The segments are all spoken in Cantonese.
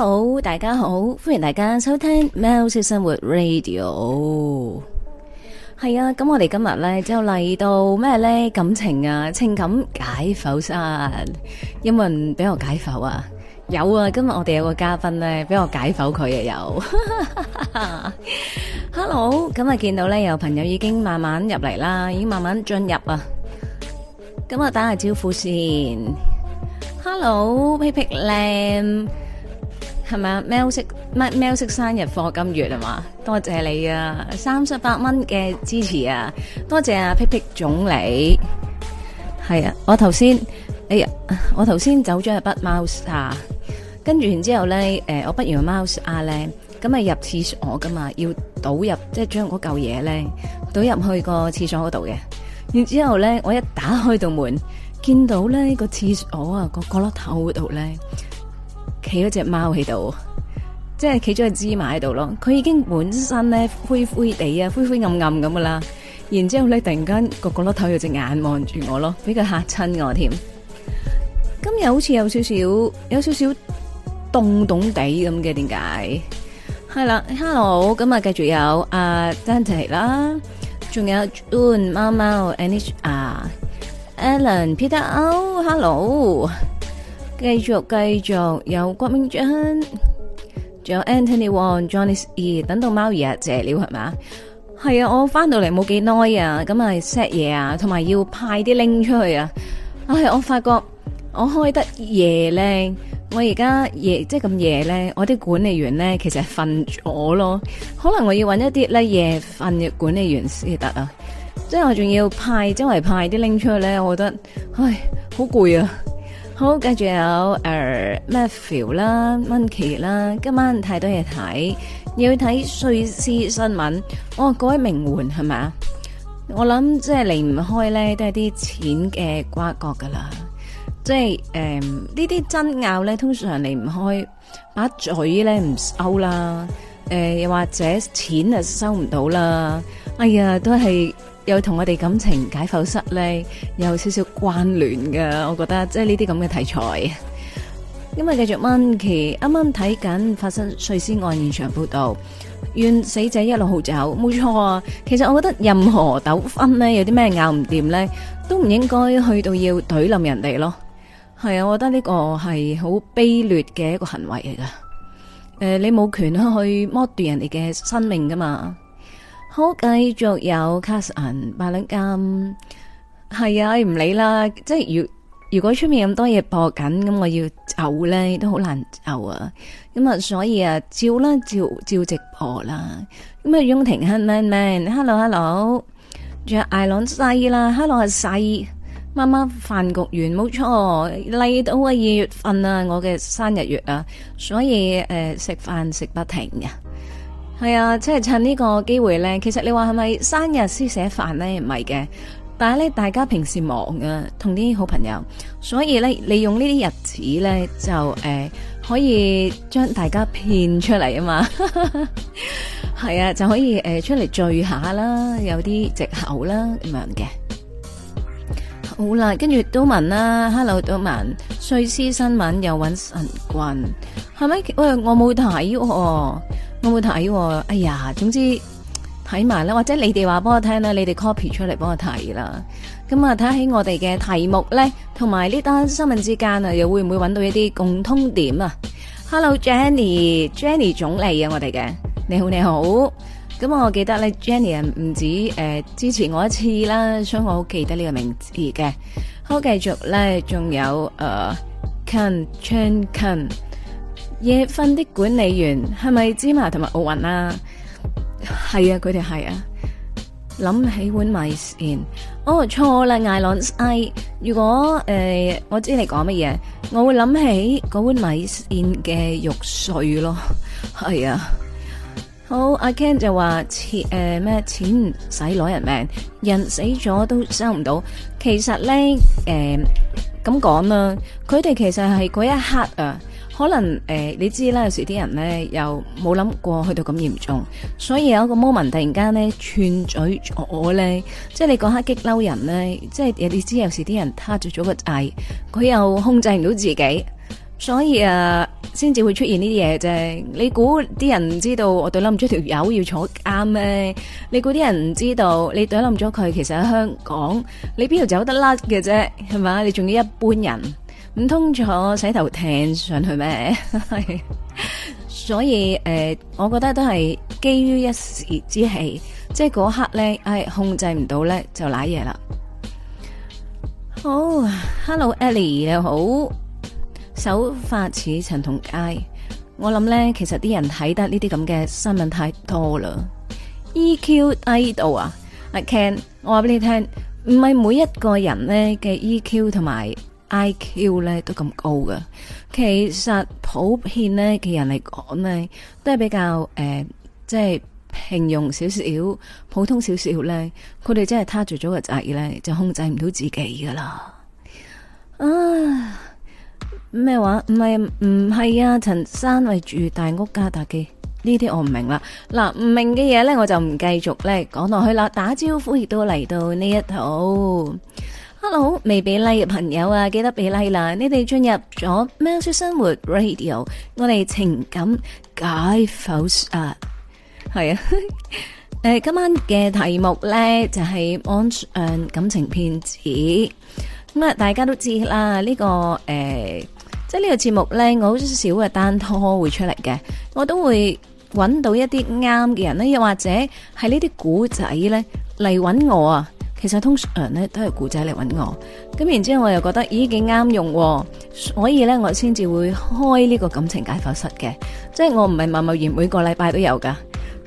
Hello，大家好，歡迎大家收聽喵式生活 Radio。係啊，咁我哋今日咧就嚟到咩咧？感情啊，情感解剖室？有冇人俾我解剖啊？有啊，今日我哋有個嘉賓咧俾我解剖佢啊有。Hello，咁啊見到咧有朋友已經慢慢入嚟啦，已經慢慢進入啊。咁啊，打下招呼先。Hello，皮皮靚。係咪啊？貓 l 咪 e 式生日賀金月係嘛？多謝你啊！三十八蚊嘅支持啊！多謝阿皮 p 總理。係啊，我頭先，哎呀，我頭先走咗一筆 mouse 啊，跟住完之後咧，誒，我不如用 mouse 啊靚，咁啊入廁所噶嘛，要倒入即係將嗰嚿嘢咧倒入去個廁所嗰度嘅。然之後咧，我一打開到門，見到咧個廁所啊個角落頭嗰度咧。企咗隻貓喺度，即係企咗隻芝麻喺度咯。佢已經本身咧灰灰地啊，灰灰暗暗咁噶啦。然之後咧，突然間個角落頭有隻眼望住我咯，畀佢吓親我添。今日好似有少少，有少少凍凍哋咁嘅，點解？係啦，hello，今日繼續有阿 Dante 啦，仲有 June 貓貓，Annie 啊 Alan，Peter，Oh，Hello 繼續繼續，有郭銘駿，仲有 Anthony Wong Johnny E，等到貓爺謝了係咪啊？係啊，我翻到嚟冇幾耐啊，咁啊 set 嘢啊，同埋要派啲拎出去啊。唉、哎，我發覺我開得夜咧，我而家夜即係咁夜咧，我啲管理員咧其實係瞓咗咯。可能我要揾一啲咧夜瞓嘅管理員先得啊。即係我仲要派周圍派啲拎出去咧，我覺得唉好攰啊。好，繼續有誒、呃、Matthew 啦，Monkey 啦，今晚太多嘢睇，要睇瑞士新聞，哦，各位名媛係咪啊？我諗即係離唔開咧，都係啲錢嘅瓜葛噶啦，即係誒呢啲爭拗咧，通常離唔開把嘴咧唔收啦，誒、呃、又或者錢啊收唔到啦，哎呀都係。有同我哋感情解剖室嚟有少少關聯噶，我覺得即係呢啲咁嘅題材。因為繼續 mon 緊，啱啱睇緊發生碎屍案現場報道，願死者一路好走，冇錯啊。其實我覺得任何糾紛咧，有啲咩拗唔掂咧，都唔應該去到要懟冧人哋咯。係啊，我覺得呢個係好卑劣嘅一個行為嚟噶。誒，你冇權去剝奪人哋嘅生命噶嘛。好，繼續有卡斯恩八兩金，係啊，唔理啦，即係如如果出面咁多嘢播緊，咁我要嘔咧都好難嘔啊，咁啊所以啊照啦，照照直播啦，咁啊雍庭黑 man，hello hello，仲有艾朗細啦，hello 細，媽媽飯局完冇錯，嚟到啊二月份啊，我嘅生日月啊，所以誒、呃、食飯食不停嘅。係啊，即係趁這個機呢個機會咧。其實你話係咪生日先寫飯咧？唔係嘅，但係咧大家平時忙啊，同啲好朋友，所以咧利用呢啲日子咧就誒、呃、可以將大家騙出嚟啊嘛。係 啊，就可以誒、呃、出嚟聚下啦，有啲藉口啦咁樣嘅。好啦，跟住都文啦，Hello 都文，瑞士新聞又搵神棍，係咪？喂，我冇睇喎。我冇睇，哎呀，總之睇埋啦，或者你哋話幫我聽啦，你哋 copy 出嚟幫我睇啦。咁啊，睇下喺我哋嘅題目咧，同埋呢單新聞之間啊，又會唔會揾到一啲共通點啊？Hello，Jenny，Jenny 總理啊，我哋嘅你好你好。咁我記得咧，Jenny 唔止誒、呃、支持我一次啦，所以我好記得呢個名字嘅。好，繼續咧，仲有誒、呃、Ken Chan Ken。夜瞓的管理員係咪芝麻同埋奧運啊？係啊，佢哋係啊。諗起碗米線，哦錯啦，艾朗艾，如果誒、呃，我知你講乜嘢，我會諗起嗰碗米線嘅肉碎咯。係啊，好，阿 Ken 就話切，誒咩錢唔使攞、呃、人命，人死咗都收唔到。其實咧誒咁講啦，佢、呃、哋其實係嗰一刻啊。可能誒、呃，你知啦，有時啲人咧又冇諗過去到咁嚴重，所以有一個 moment 突然間咧，串嘴我咧，即係你講下激嬲人咧，即係你知有時啲人攤住咗個掣，佢又控制唔到自己，所以啊，先至會出現呢啲嘢啫。你估啲人知道我對冧咗條友要坐監咩？你估啲人唔知道你對冧咗佢，其實喺香港，你邊度走得甩嘅啫，係咪？你仲要一般人。唔通坐洗頭艇上去咩？ 所以誒、呃，我覺得都係基於一時之氣，即係嗰刻咧，哎控制唔到咧就瀨嘢啦。好，Hello，Ellie 你好，手法似陳同佳。我諗咧，其實啲人睇得呢啲咁嘅新聞太多啦。E. Q. 低到啊，阿 Ken 我話俾你聽，唔係每一個人咧嘅 E. Q. 同埋。I.Q 咧都咁高㗎。其實普遍呢，嘅人嚟講呢，都係比較誒、呃，即係平庸少少、普通少少呢。佢哋真係拖住咗個債呢，就控制唔到自己噶啦。啊，咩話？唔係唔係啊？陳生為住大屋加達嘅。呢啲我唔明啦。嗱，唔明嘅嘢呢，我就唔繼續咧講落去啦。打招呼亦都嚟到呢一套。hello，未俾 like 嘅朋友啊，記得俾 like 啦！你哋進入咗喵式生活 radio，我哋情感解剖室啊？係啊，誒，今晚嘅題目咧就係網上嗯感情騙子咁啊、嗯！大家都知啦，呢、這個誒、呃，即係呢個節目咧，我好少嘅單拖會出嚟嘅，我都會揾到一啲啱嘅人咧，又或者係呢啲古仔咧嚟揾我啊！其實通常咧都係故仔嚟揾我，咁然之後我又覺得咦幾啱用，所以咧我先至會開呢個感情解剖室嘅。即係我唔係貿貿然每個禮拜都有噶，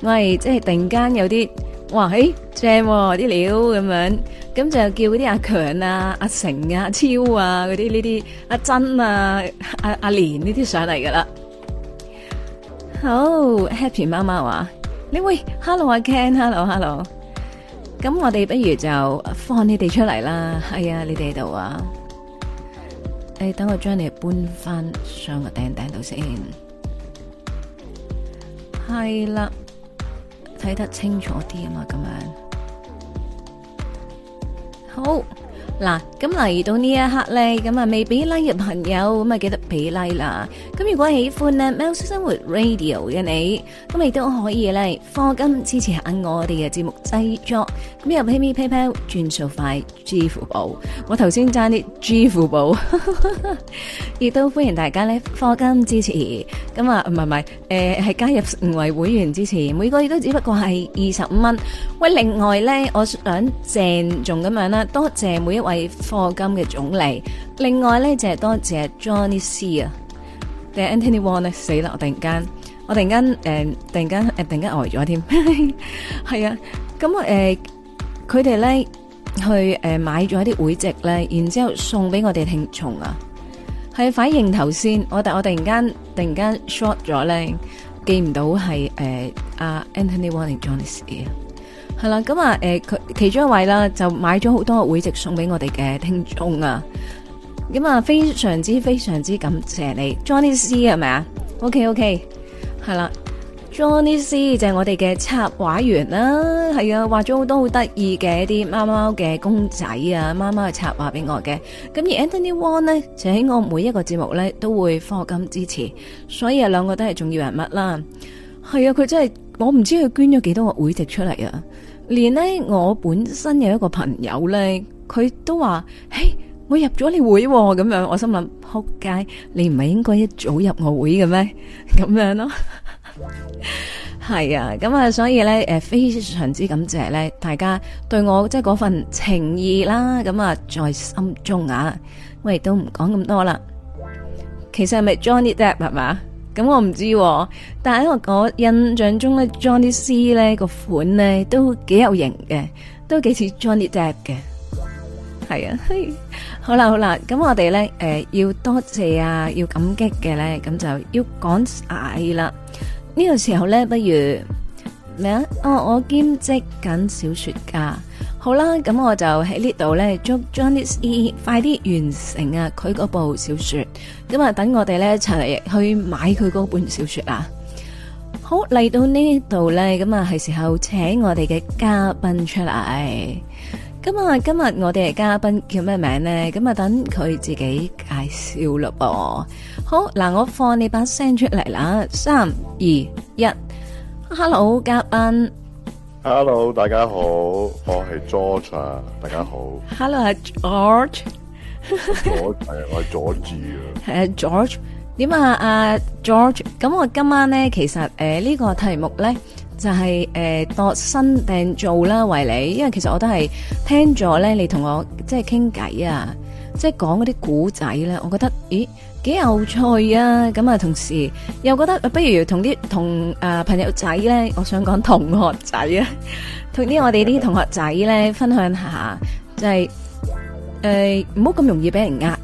我係即係突然間有啲，哇嘿、哎、正啲、哦、料咁樣，咁就叫啲阿強啊、阿成啊、阿超啊、嗰啲呢啲阿珍啊、阿阿蓮呢啲上嚟噶啦。好，好，Happy 媽媽話：你喂 Hello 阿 Ken，Hello Hello, Hello.。咁我哋不如就放你哋出嚟啦，係啊，你哋喺度啊，你等我將你搬返上個頂頂度先，係啦、啊，睇得清楚啲啊嘛，咁樣好。嗱，咁嚟到呢一刻咧，咁啊未俾拉嘅朋友，咁啊記得俾拉啦。咁如果喜歡咧《喵式生活 Radio》嘅你，咁亦都可以咧，課金支持下我哋嘅節目製作。咁入 PayMe、PayPal、轉數快，支付寶，我頭先爭啲支付寶，亦都歡迎大家咧課金支持。咁啊唔係唔係，誒係加入成為會員支持，每個月都只不過係二十五蚊。喂，另外咧，我想鄭重咁樣啦，多謝每一位課金嘅總理，另外咧就係多謝 Johnny C 啊，定係 Anthony Wong 咧死啦！我突然間，我突然間，誒、呃，突然間，誒、呃，突然間呆咗添，係、呃、啊，咁、呃、啊，誒、呃，佢哋咧去誒買咗一啲會籍咧，然之後送俾我哋聽眾啊，係反應頭先，我突我突然間，突然間 short 咗咧，記唔到係誒啊 Anthony Wong 定 Johnny C 啊？係啦，咁啊，誒，佢其中一位啦，就買咗好多嘅會籍送俾我哋嘅聽眾啊，咁啊，非常之非常之感謝你，Johnny C 係咪啊？OK OK，係啦，Johnny C 就係我哋嘅插畫員啦，係啊，畫咗好多好得意嘅一啲貓貓嘅公仔啊，貓貓嘅插畫俾我嘅，咁而 Anthony One 咧，就喺我每一個節目咧都會課金咁支持，所以啊，兩個都係重要人物啦，係啊，佢真係，我唔知佢捐咗幾多個會籍出嚟啊。連呢我本身有一個朋友咧，佢都話：嘿、欸，我入咗你會咁、哦、樣，我心諗扑街，你唔係應該一早入我會嘅咩？咁樣咯， 係 啊，咁、嗯、啊，所以咧，誒，非常之感謝咧，大家對我即係嗰份情意啦，咁、嗯、啊，在心中啊，我亦都唔講咁多啦。其實係咪 Johnny Depp 係嘛？咁、嗯、我唔知，但係為我印象中咧，Johnny C 咧個款咧都幾有型嘅，都幾似 Johnny Depp 嘅，係啊，好啦好啦，咁我哋咧誒要多謝啊，要感激嘅咧，咁就要講矮啦。呢、這個時候咧，不如咩啊？哦，我兼職緊小說家。好啦，咁我就喺呢度咧，祝 Johnny，e，快啲完成啊佢嗰部小說。咁、嗯、啊等我哋咧一齊去買佢嗰本小說啦。好，嚟到呢度咧，咁啊係時候請我哋嘅嘉賓出嚟。咁、嗯、啊今日我哋嘅嘉賓叫咩名咧？咁、嗯、啊等佢自己介紹咯噃。好嗱，我放你把聲出嚟啦，三二一，Hello 嘉賓。Hello，大家好，我係 George，大家好。Hello，阿 George。係 George, 係我係我係 George 啊。阿 George，點啊？阿 George，咁我今晚咧，其實誒呢、呃這個題目咧就係誒度身訂做啦，為你，因為其實我都係聽咗咧，你同我即係傾偈啊，即係講嗰啲古仔咧，我覺得咦。幾有趣啊！咁啊，同時又覺得不如同啲同誒朋友仔咧，我想講同學仔啊，同啲我哋啲同學仔咧分享下，就係誒唔好咁容易俾人呃啊！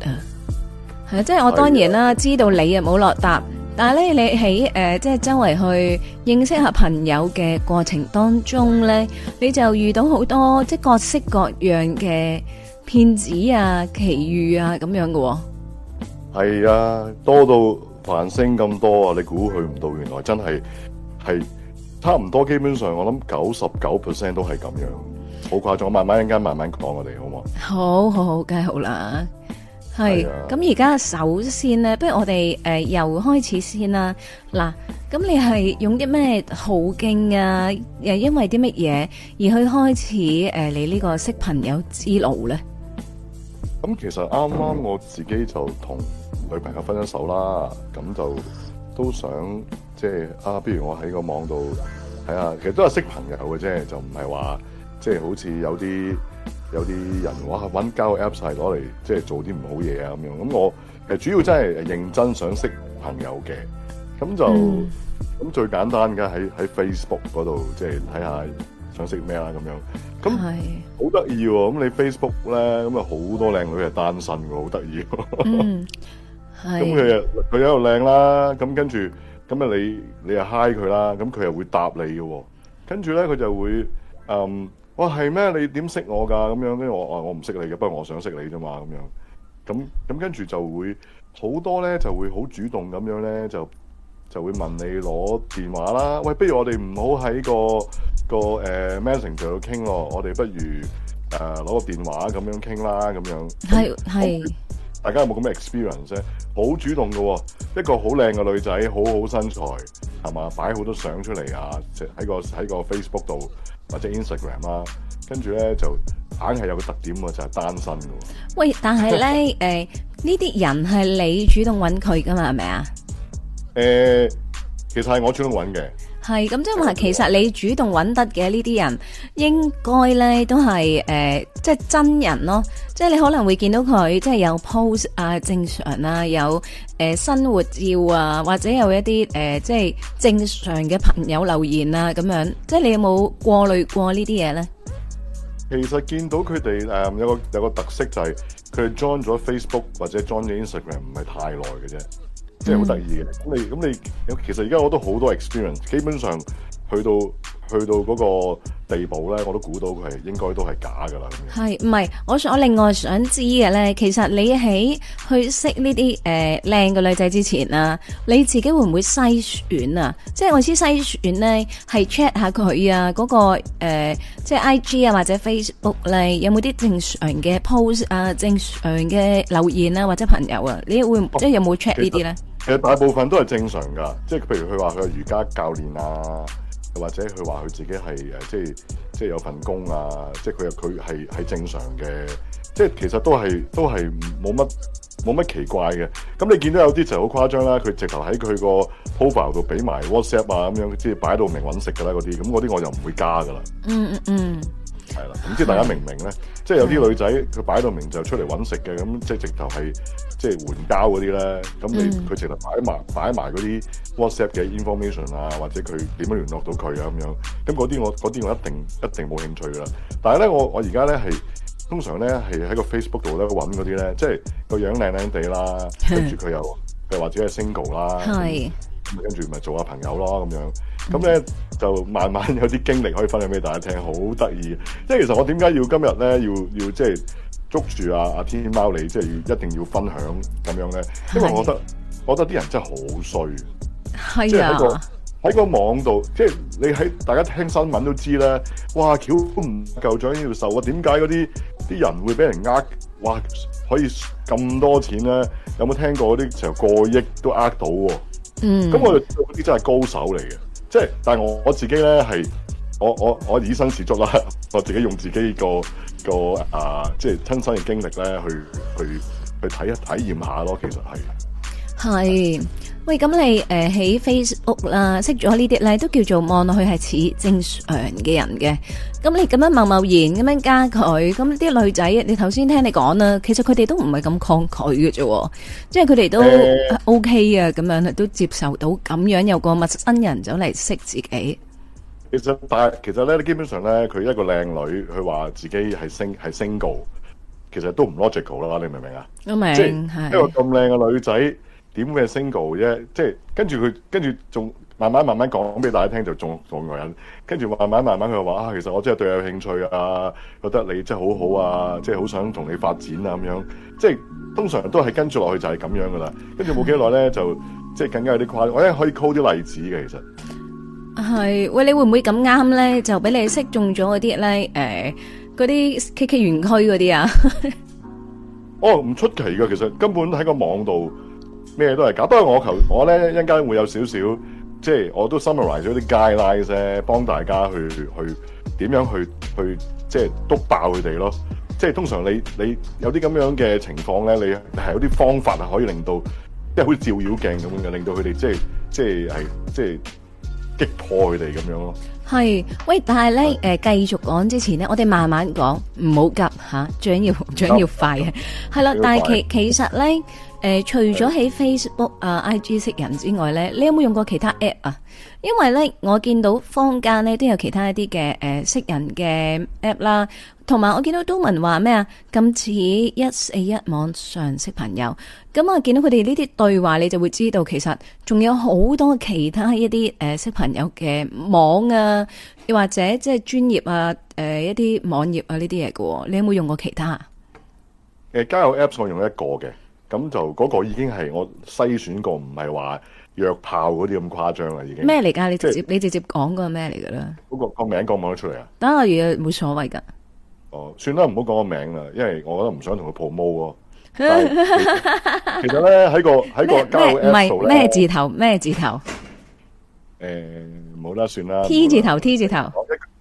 係即係我當然啦，知道你又冇落答，但係咧你喺誒即係周圍去認識下朋友嘅過程當中咧，你就遇到好多即係各式各樣嘅騙子啊、奇遇啊咁樣嘅喎。係啊，多到繁星咁多啊！你估佢唔到，原來真係係差唔多，基本上我諗九十九 percent 都係咁樣，好誇張。我慢慢一間慢慢講，我哋好唔好？好好好，梗係好啦。係咁，而家、啊、首先咧，不如我哋誒，由、呃、開始先啦。嗱，咁你係用啲咩好勁啊？又因為啲乜嘢而去開始誒、呃？你呢個識朋友之路咧？咁其實啱啱我自己就同女朋友分咗手啦，咁就都想即係、就是、啊，不如我喺個網度，係啊，其實都係識朋友嘅啫，就唔係話即係好似有啲有啲人話揾交 Apps 攞嚟即係做啲唔好嘢啊咁樣。咁我其實主要真係認真想識朋友嘅，咁就咁最簡單嘅喺喺 Facebook 嗰度，即係睇下想識咩啦咁樣。咁係，好得意喎！咁你 Facebook 咧，咁啊好多靚女係單身嘅，好得意。嗯，係。咁佢又佢又靚啦，咁跟住，咁啊你你又嗨佢啦，咁佢又會答你嘅。跟住咧，佢就會，嗯，哇係咩？你點識我噶？咁樣，跟住我話，我唔識你嘅，不過我想識你啫嘛，咁樣。咁咁跟住就會好多咧，就會好主動咁樣咧，就就會問你攞電話啦。喂，不如我哋唔好喺個。個誒，message、呃、 就要傾咯。我哋不如誒攞、呃、個電話咁樣傾啦，咁樣係係 。大家有冇咁嘅 experience 啫？好主動噶、哦，一個好靚嘅女仔，好好身材，係嘛？擺好多相出嚟啊，喺個喺個 Facebook 度或者 Instagram 啦、啊。跟住咧就硬係有個特點嘅，就係、是、單身噶。喂，但係咧誒，呢 啲、呃、人係你主動揾佢噶嘛？係咪啊？誒、呃，其實係我主動揾嘅。係咁即係話，其實你主動揾得嘅呢啲人應該，應該咧都係誒，即係真人咯。即係你可能會見到佢，即係有 post 啊，正常啊，有誒、呃、生活照啊，或者有一啲誒、呃，即係正常嘅朋友留言啊，咁樣。即係你有冇過濾過呢啲嘢咧？其實見到佢哋誒，有個有個特色就係佢哋 join 咗 Facebook 或者 join 咗 Instagram 唔係太耐嘅啫。即係好得意嘅，咁你咁你其實而家我都好多 experience，基本上去到去到嗰個地步咧，我都估到佢係應該都係假㗎啦。係唔係？我我另外想知嘅咧，其實你喺去識呢啲誒靚嘅女仔之前啊，你自己會唔會篩選啊？即係我知篩選咧係 check 下佢啊嗰個、呃、即係 IG 啊或者 Facebook 咧、啊、有冇啲正常嘅 post 啊，正常嘅留言啊，或者朋友啊，你會、哦、即係有冇 check 呢啲咧？其實大部分都係正常㗎，即係譬如佢話佢係瑜伽教練啊，或者佢話佢自己係誒，即係即係有份工啊，即係佢佢係係正常嘅，即係其實都係都係冇乜冇乜奇怪嘅。咁你見到有啲就好誇張啦、啊，佢直頭喺佢個 profile 度俾埋 WhatsApp 啊咁樣，即係擺到明揾食㗎啦嗰啲，咁嗰啲我就唔會加㗎啦。嗯嗯嗯。係啦，唔知大家明唔明咧？即係有啲女仔佢擺到明就出嚟揾食嘅，咁即係直頭係即係援交嗰啲咧。咁你佢、嗯、直頭擺埋擺埋嗰啲 WhatsApp 嘅 information 啊，或者佢點樣聯絡到佢啊咁樣。咁嗰啲我嗰啲我，我一定一定冇興趣噶啦。但係咧，我我而家咧係通常咧係喺個 Facebook 度咧揾嗰啲咧，即係個樣靚靚地啦，跟住佢又又或者係 single 啦。嗯跟住咪做下朋友咯，咁樣咁咧、嗯、就慢慢有啲經歷可以分享俾大家聽，好得意。即係其實我點解要今日咧要要即係捉住阿、啊、阿天貓你，即係要一定要分享咁樣咧？因為我覺得我覺得啲人真係好衰，啊、即係喺個喺個網度，即係你喺大家聽新聞都知呢。哇！橋唔夠長要受壽啊？點解嗰啲啲人會俾人呃？哇！可以咁多錢咧？有冇聽過啲成過億都呃到喎？嗯，咁我哋嗰啲真係高手嚟嘅，即係，但係我我自己咧係，我我我以身試足啦，我自己用自己個個啊，即係親身嘅經歷咧，去去去睇一體驗一下咯，其實係。係。喂，咁你誒喺、呃、Facebook 啦，識咗呢啲咧，都叫做望落去係似正常嘅人嘅。咁你咁樣貿貿然咁樣加佢，咁啲女仔，你頭先聽你講啦，其實佢哋都唔係咁抗拒嘅啫，即係佢哋都、欸、OK 啊，咁樣都接受到咁樣有個陌生人走嚟識自己。其實但係，其實咧，你基本上咧，佢一個靚女，佢話自己係升係 single，其實都唔 logical 啦，你明唔明啊？明，一個咁靚嘅女仔。點嘅 single 啫，就是，即係跟住佢，跟住仲慢慢慢慢講俾大家聽，就仲仲耐人。跟住慢慢慢慢佢話啊，其實我真係對你有興趣啊，覺得你真係好好啊，即係好想同你發展啊咁樣，即、就、係、是、通常都係跟住落去就係咁樣噶啦，跟住冇幾耐咧就即係、就是、更加有啲誇張，我一可以 call 啲例子嘅其實係喂，你會唔會咁啱咧？就俾你識中咗嗰啲咧？誒、呃，嗰啲 KK 園區嗰啲啊？ 哦，唔出奇噶，其實根本喺個網度。咩都係假，不過我求我咧一陣間會有少少，即係我都 summarize 咗啲 guidelines，幫大家去去點樣去去即係篤爆佢哋咯。即係通常你你有啲咁樣嘅情況咧，你係有啲方法係可以令到，即係好似照妖鏡咁樣，令到佢哋即係即係係即係擊破佢哋咁樣咯。係，喂，但係咧誒，繼續講之前咧，我哋慢慢講，唔好急吓，最緊要最緊要快嘅，係啦。但係其其實咧。誒、呃，除咗喺 Facebook 啊、IG 識人之外呢，你有冇用過其他 app 啊？因為呢，我見到坊間呢都有其他一啲嘅誒識人嘅 app 啦，同埋我見到都文話咩啊？咁似「一四一」網上識朋友，咁、嗯、啊見到佢哋呢啲對話，你就會知道其實仲有好多其他一啲誒識朋友嘅網啊，又或者即係專業啊誒、呃、一啲網頁啊呢啲嘢嘅。你有冇用過其他？誒、呃，交友 apps 我用一個嘅。咁就嗰個已經係我篩選過，唔係話約炮嗰啲咁誇張啦，已經。咩嚟噶？你直接、就是、你直接講個咩嚟噶啦？嗰、那個個名講唔講得出嚟啊！等我嘢冇所謂噶。哦，算啦，唔好講個名啦，因為我覺得唔想同佢 promo 喎。 其實咧喺個喺個交友 Apps，唔係咩字頭咩字頭。誒，冇、呃、啦，算啦。T 字頭，T 字頭。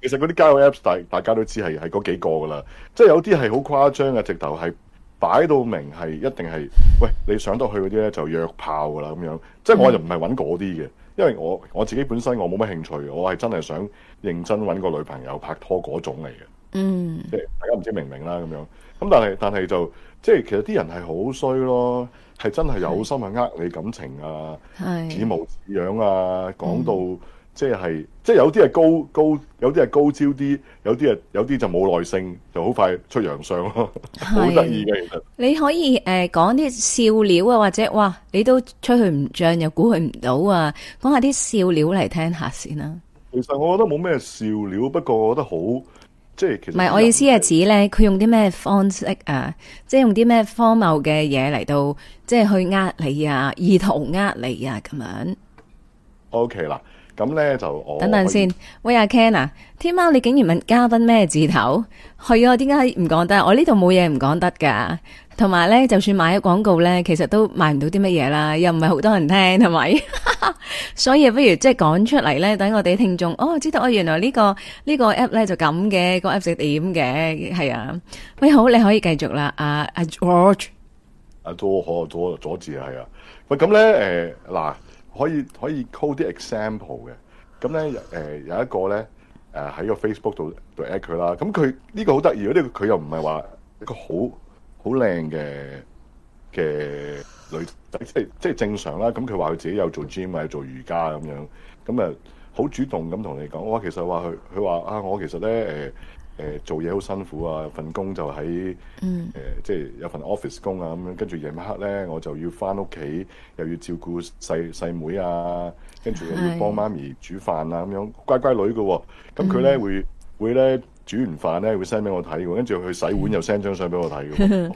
其實嗰啲交友 Apps 大大家都知係係嗰幾個噶啦，即係有啲係好誇張嘅，直頭係。擺到明係一定係，喂，你上得去嗰啲咧就約炮噶啦咁樣，即係我就唔係揾嗰啲嘅，因為我我自己本身我冇乜興趣，我係真係想認真揾個女朋友拍拖嗰種嚟嘅。嗯，即係大家唔知明唔明啦咁樣。咁但係但係就即係其實啲人係好衰咯，係真係有心去呃你感情啊，似模似樣啊，講到。嗯即係，即係有啲係高高，有啲係高招啲，有啲啊，有啲就冇耐性，就好快出洋相咯，好得意嘅。其實你可以誒講啲笑料啊，或者哇，你都吹佢唔漲，又估佢唔到啊，講下啲笑料嚟聽下先啦。其實我覺得冇咩笑料，不過我覺得好即係其實。唔係，我意思係指咧，佢用啲咩方式啊，即係用啲咩荒謬嘅嘢嚟到，即係去呃你啊，意圖呃你啊，咁樣。OK 啦。咁咧就我等等先，喂阿 Ken 啊，天貓你竟然問嘉賓咩字頭？係啊，點解唔講得？我呢度冇嘢唔講得噶。同埋咧，就算買咗廣告咧，其實都賣唔到啲乜嘢啦，又唔係好多人聽，係咪？ 所以不如即係講出嚟咧，等我哋聽眾哦、喔，知道哦，原來呢、呢個呢、呢個 app 咧就咁嘅，個 app 食點嘅，係啊。喂，好，你可以繼續啦，阿阿 George，阿佐可佐佐治係啊。喂、啊，咁咧嗱。可以可以 call 啲 example 嘅，咁咧、呃、有一個咧誒喺個 Facebook 度度 at 佢啦，咁佢呢個好得意，呢個佢又唔係話一個好好靚嘅嘅女仔，即係即係正常啦。咁佢話佢自己有做 gym 啊，有做瑜伽咁樣，咁好主動咁同你講，我其實話佢佢話啊，我其實咧誒誒做嘢好辛苦啊，份工就喺誒即係有份 office 工啊咁樣，跟住夜晚黑咧我就要翻屋企，又要照顧細細妹啊，跟住又要幫媽咪煮飯啊咁樣，乖乖女嘅喎、啊，咁佢咧會會咧煮完飯咧會 send 俾我睇喎，跟住去洗碗又 send 張相俾我睇嘅、啊，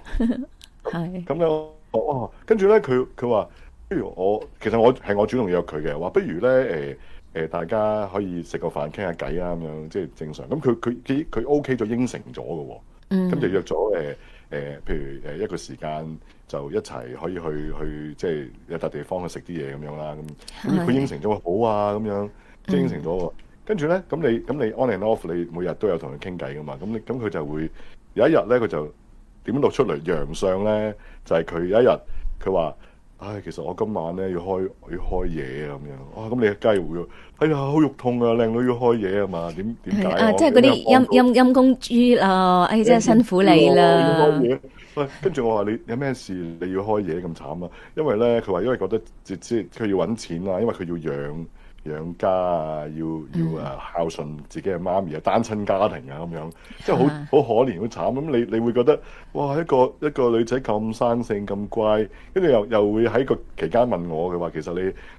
係、嗯，咁 呢，啊、跟住咧佢佢話不如我其實我係我主動約佢嘅，話不如咧誒誒，大家可以食個飯傾下偈啊，咁樣即係、就是、正常。咁佢佢佢 O K 就應承咗嘅喎，咁、嗯、就約咗誒誒，譬如誒一個時間就一齊可以去去即係、就是、有笪地方去食啲嘢咁樣啦。咁佢應承咗，好啊咁樣，即係應承咗、嗯。跟住咧，咁你咁你 on and off，你每日都有同佢傾偈嘅嘛。咁你咁佢就會有一日咧，佢就點到出嚟揚相咧，就係、是、佢有一日佢話。他說唉、哎，其實我今晚咧要開要開嘢咁樣，哇、啊！咁你嘅雞又要，哎呀好肉痛啊！靚女要開嘢啊嘛，點點解？係啊，即係嗰啲陰陰陰公豬咯，哎真係辛苦你啦。要開嘢，喂，跟住、啊、我話你，你有咩事你要開嘢咁慘啊？因為咧，佢話因為覺得即係佢要揾錢啊，因為佢要養。養家啊，要要啊孝順自己嘅媽咪啊、嗯，單親家庭啊咁樣，即係好好可憐好慘咁。你你會覺得哇，一個一個女仔咁生性咁乖，跟住又又會喺個期間問我，佢話其實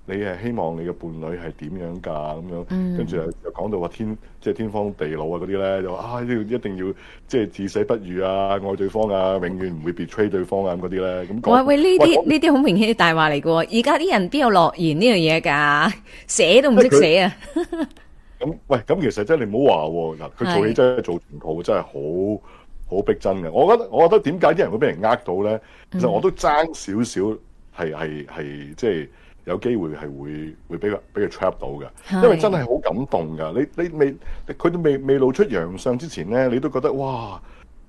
你你係希望你嘅伴侶係點樣㗎咁樣？跟、嗯、住又又講到話天即係天荒地老啊嗰啲咧，就啊呢一定要即係至死不渝啊，愛對方啊，永遠唔會 betray 對方啊嗰啲咧。咁喂喂，呢啲呢啲好明顯大話嚟嘅喎，而家啲人邊有諾言呢樣嘢㗎？寫都唔識死啊！咁 喂，咁其實真係你唔好話喎，佢做戲真做全套，真係好好逼真嘅。我覺得我覺得點解啲人會俾人呃到咧？嗯、其實我都爭少少，係係係即係有機會係會會俾佢俾佢 trap 到嘅，因為真係好感動噶你你未佢都未未露出洋相之前咧，你都覺得哇！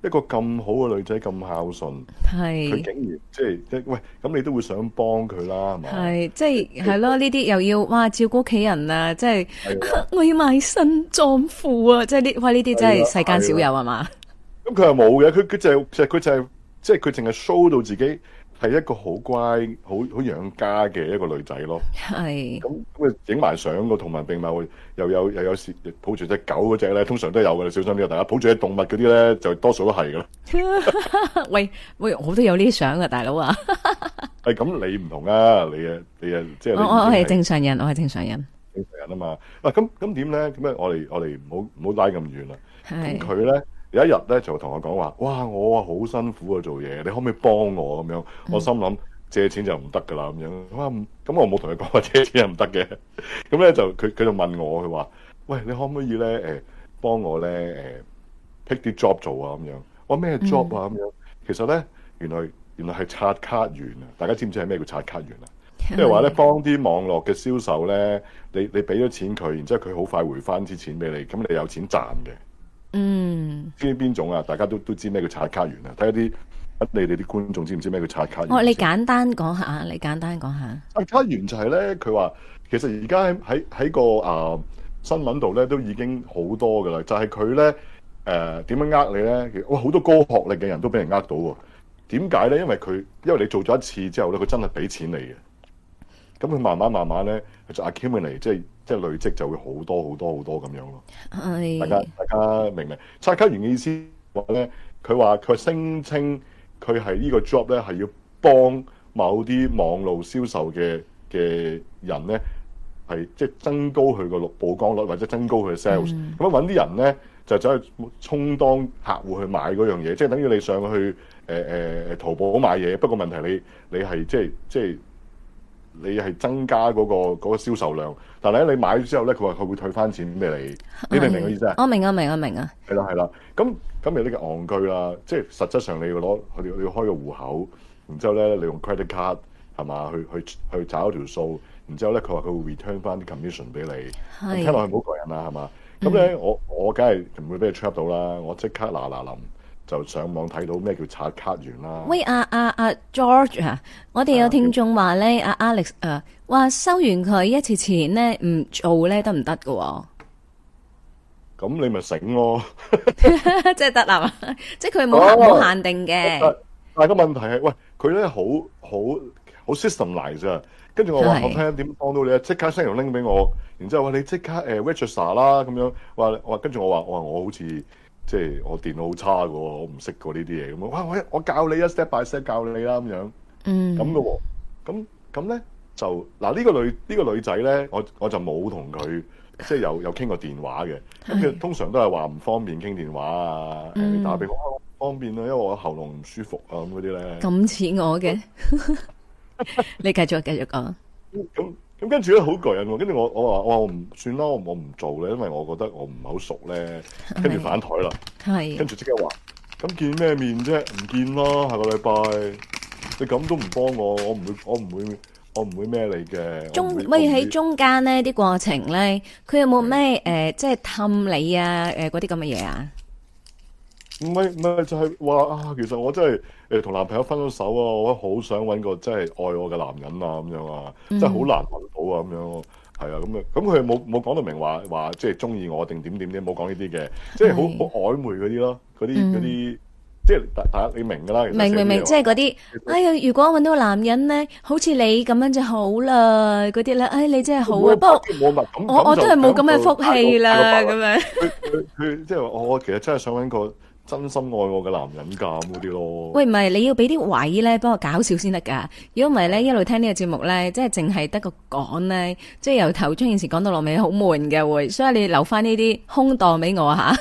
一個咁好嘅女仔咁孝順，佢竟然即係，喂咁你都會想幫佢啦，係嘛？係即係係咯，呢 啲又要話照顧屋企人啊，即係、啊、我要賣新葬父啊，即係呢，呢啲真係世間少有啊嘛？咁佢又冇嘅，佢佢、嗯、就係、是、佢就即係佢淨係 show 到自己。係一個好乖、好好養家嘅一個女仔咯。係咁咁啊，影埋相個，同埋並茂又有又有時，抱住隻狗嗰隻咧，通常都有嘅。你小心啲啊，大家抱住啲動物嗰啲咧，就多數都係噶啦。喂喂，我都有呢啲相噶，大佬啊。誒，咁你唔同啊，你誒你誒，即係我我我係正常人，我係正常人。正常人啊嘛，啊咁咁點咧？咁啊，我哋我哋唔好唔好拉咁遠啦。係。咁佢咧？有一日咧就同我講話，哇！我啊好辛苦啊做嘢，你可唔可以幫我咁樣？我心諗借錢就唔得噶啦咁樣。哇！咁我冇同佢講借錢又唔得嘅。咁 咧就佢佢就問我，佢話，喂，你可唔可以咧誒、欸、幫我咧 pick 啲 job 做啊咁樣？我話咩 job 啊咁樣？Mm. 其實咧原來原來係刷卡員啊！大家知唔知係咩叫刷卡員啊？即係話咧幫啲網絡嘅銷售咧，你你俾咗錢佢，然之後佢好快回翻啲錢俾你，咁你有錢賺嘅。嗯，知唔知邊種啊？大家都都知咩叫刷卡員啊？睇下啲你哋啲觀眾知唔知咩叫刷卡員啊？哦，你簡單講下啊！你簡單講下。刷卡員就係咧，佢話其實而家喺喺喺個、呃、新聞度咧都已經好多噶啦，就係佢咧誒點樣呃你咧？好多高學歷嘅人都俾人呃到喎。點解咧？因為佢，因為你做咗一次之後咧，佢真係俾錢你嘅。咁佢慢慢慢慢咧，就 accumulate 即係。累積就會好多好多好多咁樣咯，大家大家明唔明？拆卡員嘅意思話咧，佢話佢聲稱佢係呢個 job 咧係要幫某啲網絡銷售嘅嘅人咧，係即係增高佢個綠曝光率或者增高佢嘅 sales，咁樣揾啲人咧就走去充當客戶去買嗰樣嘢，即、就、係、是、等於你上去誒誒、呃、淘寶買嘢，不過問題是你你係即係即係。你係增加嗰個嗰個銷售量，但係咧你買咗之後咧，佢話佢會退翻錢俾你，你明唔明嘅意思啊？我明啊，我明啊，明啊。係啦，係啦。咁咁你呢個戇居啦，即係實質上你要攞佢哋，你要開個戶口，然之後咧你用 credit card 係嘛，去去去找一條數，然之後咧佢話佢會 return 翻啲 commission 俾你。係聽落去冇好人啦，係係嘛？咁咧、嗯、我我梗係唔會俾你 trap 到啦，我即刻嗱嗱臨。就上網睇到咩叫刷卡員啦。喂啊啊啊 George 啊！我哋有聽眾話咧，阿、啊啊、Alex 誒、啊、話收完佢一次錢咧，唔做咧得唔得嘅喎？咁你咪醒咯，即係得啊嘛！即係佢冇冇限定嘅、啊。但係個問題係，喂佢咧好好好 system 嚟咋。跟住我話我聽點幫到你咧，即刻 send 嚟拎俾我。然之後話你即刻誒 register 啦咁樣。話話跟住我話我話我，我好似。即係我電腦好差嘅喎，我唔識過呢啲嘢咁啊！哇，我我教你一 step by step 教你啦咁樣，嗯，咁嘅喎，咁咁咧就嗱呢個女呢個女仔咧，我我就冇同佢即係有有傾過電話嘅，咁佢通常都係話唔方便傾電話啊、嗯欸，打電話方便啊，因為我喉嚨唔舒服啊咁嗰啲咧。咁似我嘅。 你繼續繼續講，哦。咁跟住咧好攰啊！跟住我我話我話我唔算啦，我我唔做咧，因為我覺得我唔係好熟咧，跟住反枱啦，跟住即刻話，咁見咩面啫？唔見啦，下個禮拜，你咁都唔幫我，我唔會我唔會我唔會咩你嘅中，咪喺中間咧啲過程咧，佢有冇咩誒即係氹你啊誒嗰啲咁嘅嘢啊？唔係唔係就係、是、話啊，其實我真係誒同男朋友分咗手、嗯、啊，說說我好想揾個真係愛我嘅男人啊，咁樣啊，真係好難揾到啊，咁樣，係啊，咁、就、樣、是，咁佢冇冇講到明話話即係中意我定點點點，冇講呢啲嘅，即係好好曖昧嗰啲咯，嗰啲嗰啲，即係大家你明噶啦，明明明，即係嗰啲，哎呀，如果揾到個男人咧，好似你咁樣就好啦，嗰啲咧，哎，你真係好啊，不過我我真係冇咁嘅福氣啦，咁樣，佢佢即係我我其實真係想揾個。真心愛我嘅男人，咁嗰啲咯。喂，唔係你要俾啲位咧，幫我搞笑先得噶。如果唔係咧，一路聽個節呢個節目咧，即係淨係得個講咧，即係由頭將件事講到落尾，好悶嘅會。所以你留翻呢啲空檔俾我吓。啊、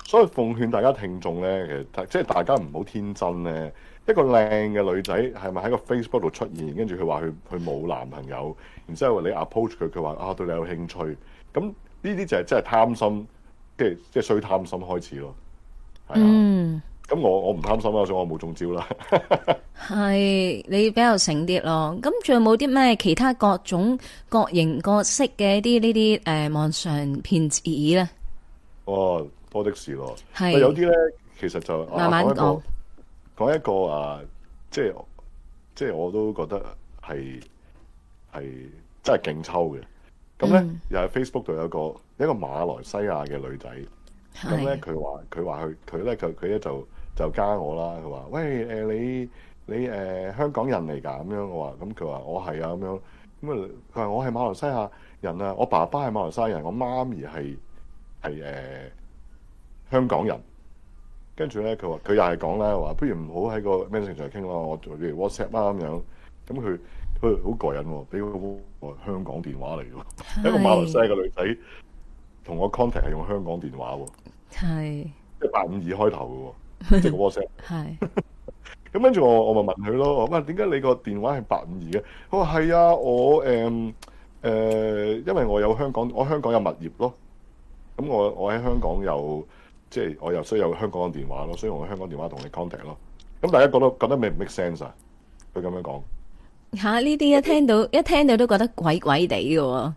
所以奉勸大家聽眾咧，其實即係大家唔好天真咧。一個靚嘅女仔係咪喺個 Facebook 度出現，跟住佢話佢佢冇男朋友，然之後你 approach 佢，佢話啊對你有興趣，咁呢啲就係真係貪心，即係即係衰貪心開始咯。嗯、啊，咁我我唔貪心啦，所以我冇中招啦。係 你比較醒啲咯。咁仲有冇啲咩其他各種各型各色嘅一啲呢啲誒網上騙子咧？哦，多的是咯。係、啊、有啲咧，其實就慢慢講。講、啊、一個，講一個啊，即係即係我都覺得係係真係勁抽嘅。咁咧、嗯、又喺 Facebook 度有一個有一個馬來西亞嘅女仔。咁咧，佢話佢話佢佢咧佢佢咧就就加我啦。佢話喂，你你誒、呃，香港人嚟㗎咁樣。我話咁，佢話我係啊，咁樣。咁啊，佢話我係馬來西亞人啊。我爸爸係馬來西亞人，我媽咪係係誒香港人。跟住咧，佢話佢又係講咧，話，不如唔好喺個 Messenger 度傾咯。我做譬如 WhatsApp 啦、啊、咁樣。咁，佢佢好過癮喎，俾個香港電話嚟喎。一個馬來西亞嘅女仔同我 contact 係用香港電話喎。係八五二開頭嘅，即係個 WhatsApp。係咁跟住我問他為什麼，我咪問佢咯。我話點解你個電話係八五二嘅？佢話係啊，我誒誒、嗯呃，因為我有香港，我香港有物業咯。咁我我喺香港有，即、就、係、是、我又需要有香港嘅電話咯，所以我香港嘅電話同你 contact 咯。咁大家覺得覺得 make 唔 make sense 啊？佢咁樣講吓，呢啲一聽到一聽到都覺得鬼鬼地嘅。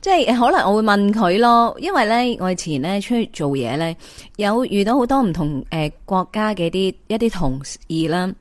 即係可能我會問佢咯，因為咧我以前咧出去做嘢咧，有遇到好多唔同誒、呃、國家嘅啲一啲同事啦。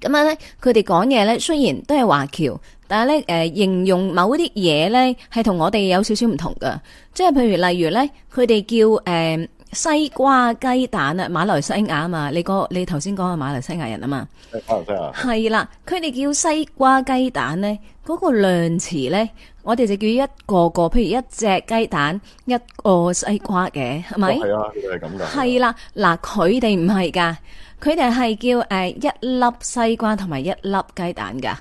咁樣咧，佢哋講嘢咧，雖然都係華僑，但係咧誒，形容某啲嘢咧係同我哋有少少唔同噶。即係譬如例如咧，佢哋叫誒、呃、西瓜雞蛋啊，馬來西亞啊嘛，你個你頭先講嘅馬來西亞人啊嘛。馬來西亞。係啦，佢哋叫西瓜雞蛋咧，嗰、嗰個量詞咧。我哋就叫一個個，譬如一隻雞蛋，一個西瓜嘅，係咪？係啊，都係咁噶。係啦，嗱，佢哋唔係噶，佢哋係叫誒一粒西瓜同埋一粒雞蛋噶。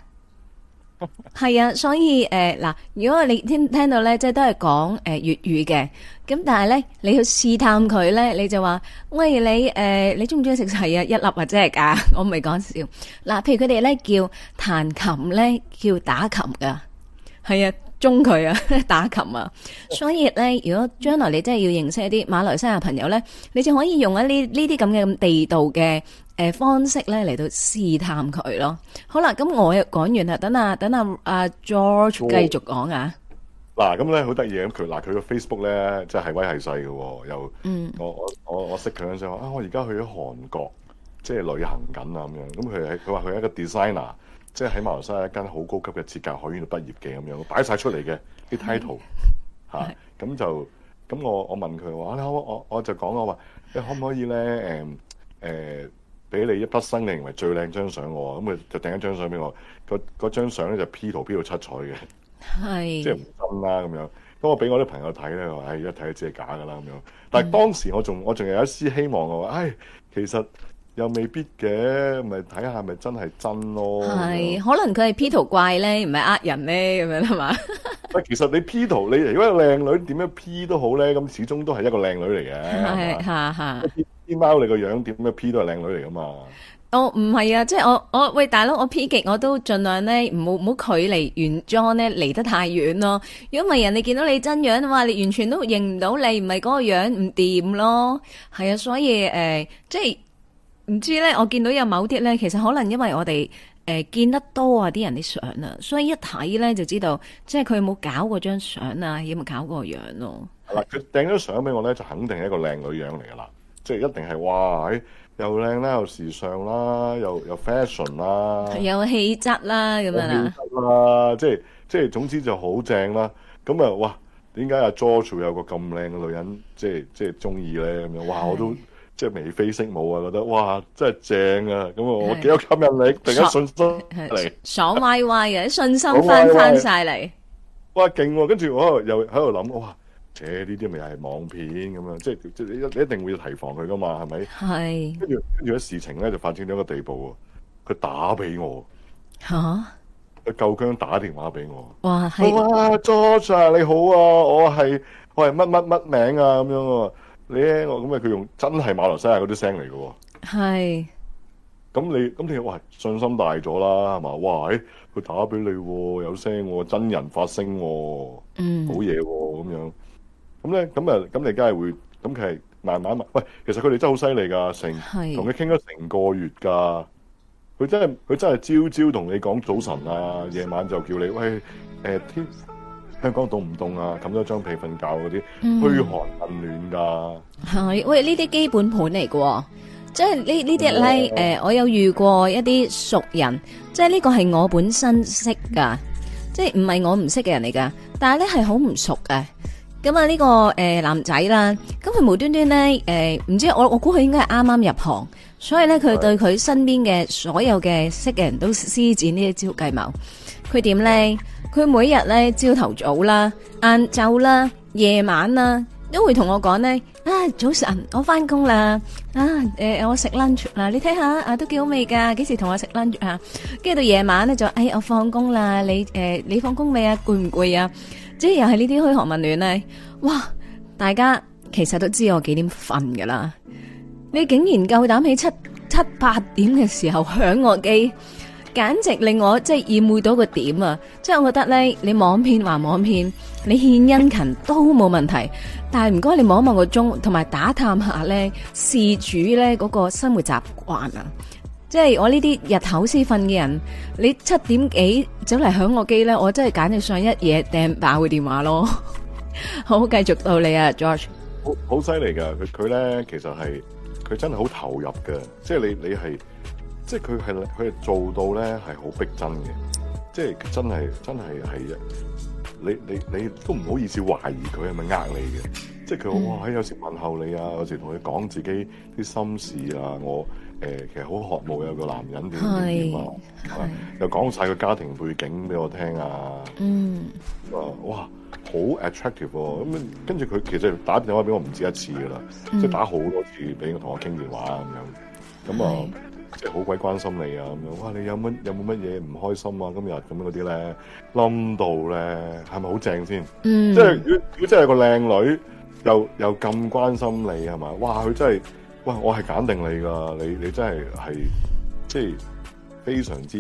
係啊，所以誒嗱，如果你聽聽到咧，即係都係講誒粵語嘅，咁但係咧，你去試探佢咧，你就話喂你誒，你中唔中意食係啊一粒或者係啊？我唔係講笑。嗱，譬如佢哋咧叫彈琴咧叫打琴噶，係啊。中佢啊，打琴啊，所以咧，如果將來你真係要認識一啲馬來西亞朋友咧，你就可以用一啲呢啲咁嘅咁地道嘅誒方式咧嚟到試探佢咯。好啦，咁我又講完啦，等啊等啊阿 George 繼續講啊。嗱，咁咧好得意嘅，咁佢嗱佢個 Facebook 咧真係威係勢嘅喎，又嗯，我我我我識佢嗰陣時候啊，我而家去咗韓國，即係旅行緊啊咁樣，咁佢係佢話佢係一個 designer。即係喺馬來西亞一間好高級嘅設計學院度畢業嘅咁樣，擺晒出嚟嘅啲 title 嚇、 啊，咁就咁我我問佢話，我我我就講我話，你可唔可以咧誒誒俾你一筆生嘅，認為最靚、嗯、張相我，咁佢就訂一張相俾我，嗰張相咧就 P 圖 P 到七彩嘅，係即係唔真啦咁樣。咁我俾我啲朋友睇咧，話唉、哎、一睇就知道假噶啦咁樣。但係當時我仲我仲有一絲希望，我話唉、哎、其實。又未必嘅，咪睇下係咪真係真咯。係，可能佢係 P 圖怪咧，唔係呃人呢，咁樣係嘛。喂， 其實你 P 圖，你如果靚女，點樣 P 都好咧，咁始終都係一個靚女嚟嘅。係、啊，吓吓。啲貓、啊、你個樣點樣 P 都係靚女嚟噶嘛。哦，唔係啊，即係我我喂大佬，我 P 極我都盡量咧，唔好唔好距離原裝咧離得太遠咯。如果唔係人哋見到你真樣嘅話，你完全都認唔到你，唔係嗰個樣唔掂咯。係啊，所以誒、呃，即係。唔知咧，我見到有某啲咧，其實可能因為我哋誒、呃、見得多啊啲人啲相啊，所以一睇咧就知道，即係佢有冇搞過張相啊，有冇搞過樣咯、啊。佢掟咗相俾我咧，就肯定係一個靚女樣嚟噶啦，即係一定係哇又靚啦，又時尚啦，又又 fashion 啦，有氣質啦咁樣啦，啦，即係即係總之就好正啦。咁啊哇，點解阿 Jo 有個咁靚嘅女人，即係即係中意咧咁樣？哇，我都～ 即係眉飛色舞啊！覺得哇，真係正啊！咁啊，我幾有吸引力，突然間信心爽歪歪啊！信心翻翻晒嚟，哇勁！跟住、啊、我又喺度諗，哇，誒呢啲咪又係網片咁啊！即係即係你一一定要提防佢噶嘛，係咪？係。跟住跟住，事情咧就發展到一個地步喎，佢打俾我嚇，佢夠姜打電話俾我。哇係。哇 George 你好啊，我係我係乜乜乜名啊咁樣喎。你咧我咁咪佢用真係馬來西亞嗰啲聲嚟嘅喎，係，咁你咁你喂信心大咗啦，係嘛？哇！誒，佢打俾你喎，有聲喎，真人發聲喎，嗯，好嘢喎，咁樣，咁咧咁啊，咁你梗係會，咁其實慢慢慢，喂，其實佢哋真係好犀利噶，成同佢傾咗成個月噶，佢真係佢真係朝朝同你講早晨啊，夜晚就叫你喂，誒天。香港凍唔凍啊？冚咗張被瞓覺嗰啲，驅、嗯、寒混暖噶。係喂，呢啲基本盤嚟嘅，即係呢呢啲咧。我有遇過一啲熟人，即係呢個係我本身識噶，即係唔係我唔識嘅人嚟噶。但係咧係好唔熟嘅。咁啊呢個、呃、男仔啦，咁佢無端端咧誒，唔、呃、知我我估佢應該係啱啱入行，所以咧佢對佢身邊嘅所有嘅識嘅人都施展呢一招計謀。佢點咧？佢每日咧，朝頭早啦、晏晝啦、夜晚啦，都會同我講咧。啊，早晨，我返工啦。啊，誒，我食 lunch 啦，你睇下啊，都幾好味㗎。幾時同我食 lunch 啊？跟住到夜晚咧，就誒，我放工啦。你誒，你放工未啊？攰唔攰啊？即係又係呢啲噓寒問暖啊！哇，大家其實都知我幾點瞓㗎喇？你竟然夠膽喺七七八點嘅時候響我機？簡直令我即係意會到個點啊！即係我覺得咧，你網騙話網騙，你獻殷勤都冇問題。但係唔該，你望一望個鐘，同埋打探下咧事主咧嗰個生活習慣啊！即係我呢啲日頭先瞓嘅人，你七點幾走嚟響我機咧，我真係簡直想一夜掟爆嘅電話咯！ 好，繼續到你啊，George。好，好犀利㗎，佢佢咧其實係佢真係好投入㗎，即係你你係。即係佢係佢係做到咧，係好逼真嘅。即係真係真係係嘅。你你你都唔好意思懷疑佢係咪呃你嘅。即係佢我喺有時問候你啊，有時同你講自己啲心事啊。我誒、呃、其實好渴望有個男人咁啊，啊。又講晒個家庭背景俾我聽啊。嗯。啊哇，好 attractive 咁，啊嗯嗯。跟住佢其實打電話俾我唔止一次噶啦，即、嗯、係、就是、打好多次俾我同我傾電話咁，啊、樣。咁、嗯、啊。即係好鬼關心你啊咁樣，哇！你有乜有冇乜嘢唔開心啊？今日咁樣嗰啲咧，冧到咧，係咪好正先？嗯、mm.，即係如果真係個靚女，又又咁關心你係嘛？哇！佢真係，哇！我係揀定你噶，你你真係係即係非常之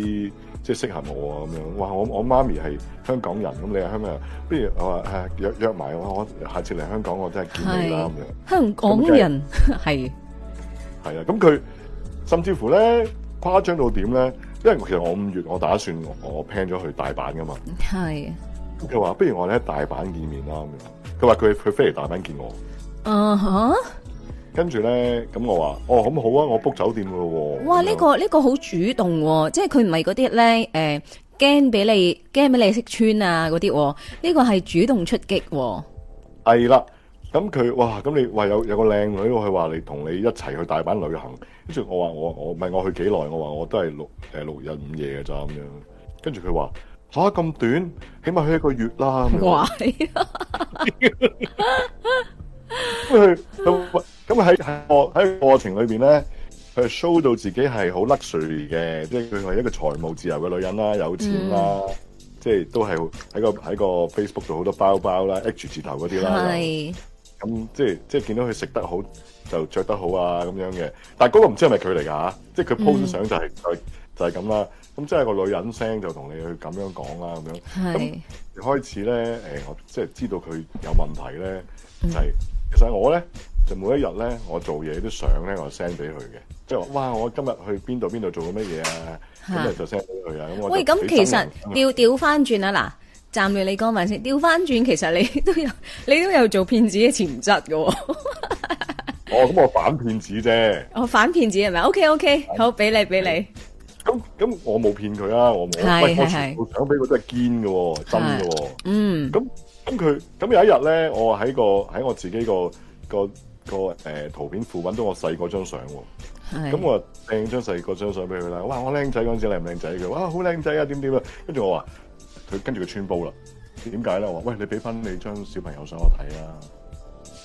即係適合我啊咁樣。哇！我我媽咪係香港人，咁你係、啊、香，香港人，不如我話誒約約埋我，下次嚟香港我真係見你啦咁樣。香港人係係啊，咁佢。甚至乎咧，誇張到點咧？因為其實我五月我打算我，我 plan 咗去大阪噶嘛，係。佢話：不如我哋喺大阪見面啦咁樣。佢話：佢佢飛嚟大阪見我。啊、uh、嚇 -huh?！跟住咧，咁我話：哦，咁好啊，我 book 酒店噶喎、哦。哇！呢、呢個呢、呢個好主動喎、哦，即係佢唔係嗰啲咧，誒驚俾你驚俾你識穿啊嗰啲、哦。呢、呢個係主動出擊、哦。係啦。咁佢哇，咁你話有有個靚女，佢話你同你一齊去大阪旅行，跟住我話我我唔係我去幾耐，我話我都係六誒六日五夜嘅咋咁樣，跟住佢話吓咁短，起碼去一個月啦。咁佢咁喺喺過程裏邊咧，佢 show 到自己係好 luxury 嘅，即係佢係一個財務自由嘅女人啦，有錢啦，嗯、即係都係喺個喺個 Facebook 度好多包包啦，H 字頭嗰啲啦。咁、嗯、即係即係見到佢食得好就着得好啊，咁樣嘅，但係嗰個唔知係咪佢嚟噶吓即係佢 po 相就係、是、嗯、就係、是、咁啦。咁、嗯、即係個女人聲就同你去咁樣講啦，咁樣。係。咁、嗯、開始咧，誒、呃，我即係知道佢有問題咧、嗯，就係、是、其實我咧就每一日咧，我做嘢啲相咧，我 send 俾佢嘅，即係話哇，我今日去邊度邊度做咗乜嘢啊？咁就 send 俾佢啊。咁我、嗯、喂，咁其實調調翻轉啊嗱。站住！你講埋先，調翻轉，其實你都有，你都有做騙子嘅潛質㗎、啊。 哦，咁我反騙子啫 ması いな、okay, okay。我反騙子係咪？O K O K，好，俾你俾你。咁咁、 嗯啊，我冇騙佢啊！我冇我我全部相俾佢都係堅嘅喎，真嘅喎。嗯。咁咁，佢咁有一日咧，我喺個喺我自己個個個個誒、呃、圖片庫揾到我細個張相喎。咁我掟張細個張相俾佢啦。哇！我靚仔嗰陣時靚唔靚仔？佢哇！好靚仔啊，點點啊！跟住我話。佢跟住佢穿煲啦，點解咧？我話：喂，你俾翻你張小朋友相我睇啊！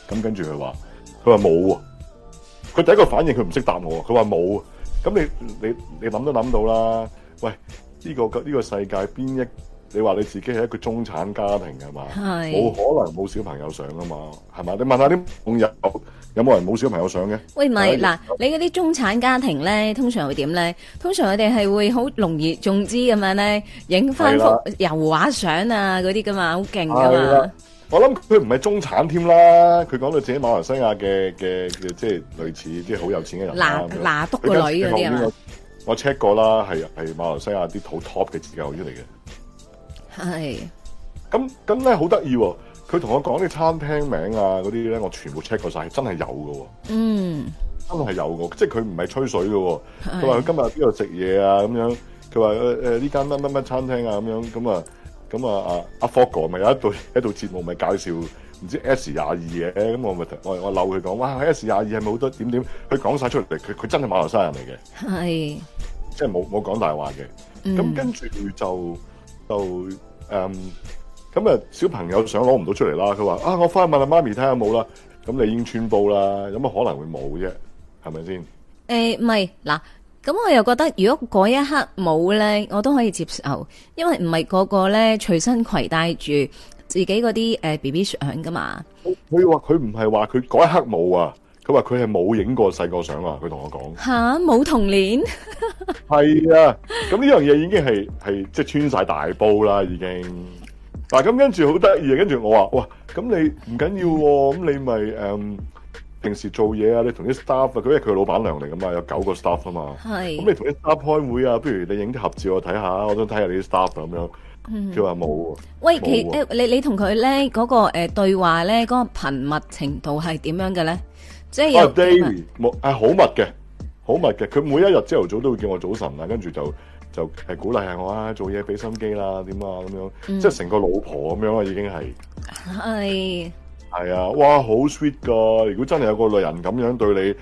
咁跟住佢話：佢話冇喎，佢第一個反應佢唔識答我，佢話冇。咁你你你諗都諗到啦，喂，呢個呢個世界邊一？你話你自己係一個中產家庭係嘛？係冇可能冇小朋友上噶嘛？係嘛？你問下啲朋友有冇人冇小朋友上嘅？喂，唔係嗱，你嗰啲中產家庭咧，通常會點咧？通常佢哋係會好隆而重之咁樣咧，影翻幅油畫相啊嗰啲噶嘛，好勁噶嘛。是我諗佢唔係中產添啦，佢講到自己馬來西亞嘅嘅嘅，即係類似即係好有錢嘅人。嗱嗱篤個女嗰啲啊！我 check 過啦，係係馬來西亞啲土 top 嘅自由女嚟嘅。係，咁咁咧好得意喎！佢同我講啲餐廳名啊，嗰啲咧我全部 check 過晒，真係有嘅。嗯，真係有嘅，即係佢唔係吹水嘅。佢話佢今日邊度食嘢啊，咁樣。佢話誒誒呢間乜乜乜餐廳啊，咁樣。咁啊咁啊啊！阿 Fogger 咪有一度一度節目咪介紹，唔知 S 廿二嘅。咁我咪我我扭佢講，哇！S 廿二係咪好多點點？佢講晒出嚟，佢佢真係馬來西亞人嚟嘅，係，即係冇冇講大話嘅。咁跟住佢就。就誒，咁、嗯、啊，小朋友相攞唔到出嚟啦。佢話啊，我翻去問下媽咪睇下冇啦。咁你已經穿煲啦，有乜可能會冇啫？係咪先？誒、欸，唔係嗱，咁我又覺得如果嗰一刻冇咧，我都可以接受，因為唔係個個咧隨身攜帶住自己嗰啲誒 B B 相噶嘛。佢話佢唔係話佢嗰一刻冇啊。佢話：佢係冇影過細個相啊！佢同、啊、我講吓，冇童年係啊。咁呢樣嘢已經係係即係穿晒大煲啦，已經嗱。咁跟住好得意啊！跟住我話：哇，咁你唔緊要喎，咁你咪誒平時做嘢啊？你同啲 staff，啊。」因為佢係老闆娘嚟噶嘛，有九個 staff 啊嘛。係咁，你同啲 staff 開會啊，不如你影啲合照我睇下，我想睇下你啲 staff 咁樣。佢話冇啊。喂，啊、其你你同佢咧嗰個誒、呃、對話咧嗰、嗰個頻密程度係點樣嘅咧？啊，David，冇，係、oh，好、哎、密嘅，好密嘅。佢每一日朝頭早都會叫我早晨，跟住就就係鼓勵下我啊，做嘢俾心機啦，點啊咁樣，嗯、即係成個老婆咁樣啊，已經係。係。係啊，哇，好 sweet 噶如果真係有個女人咁樣對你。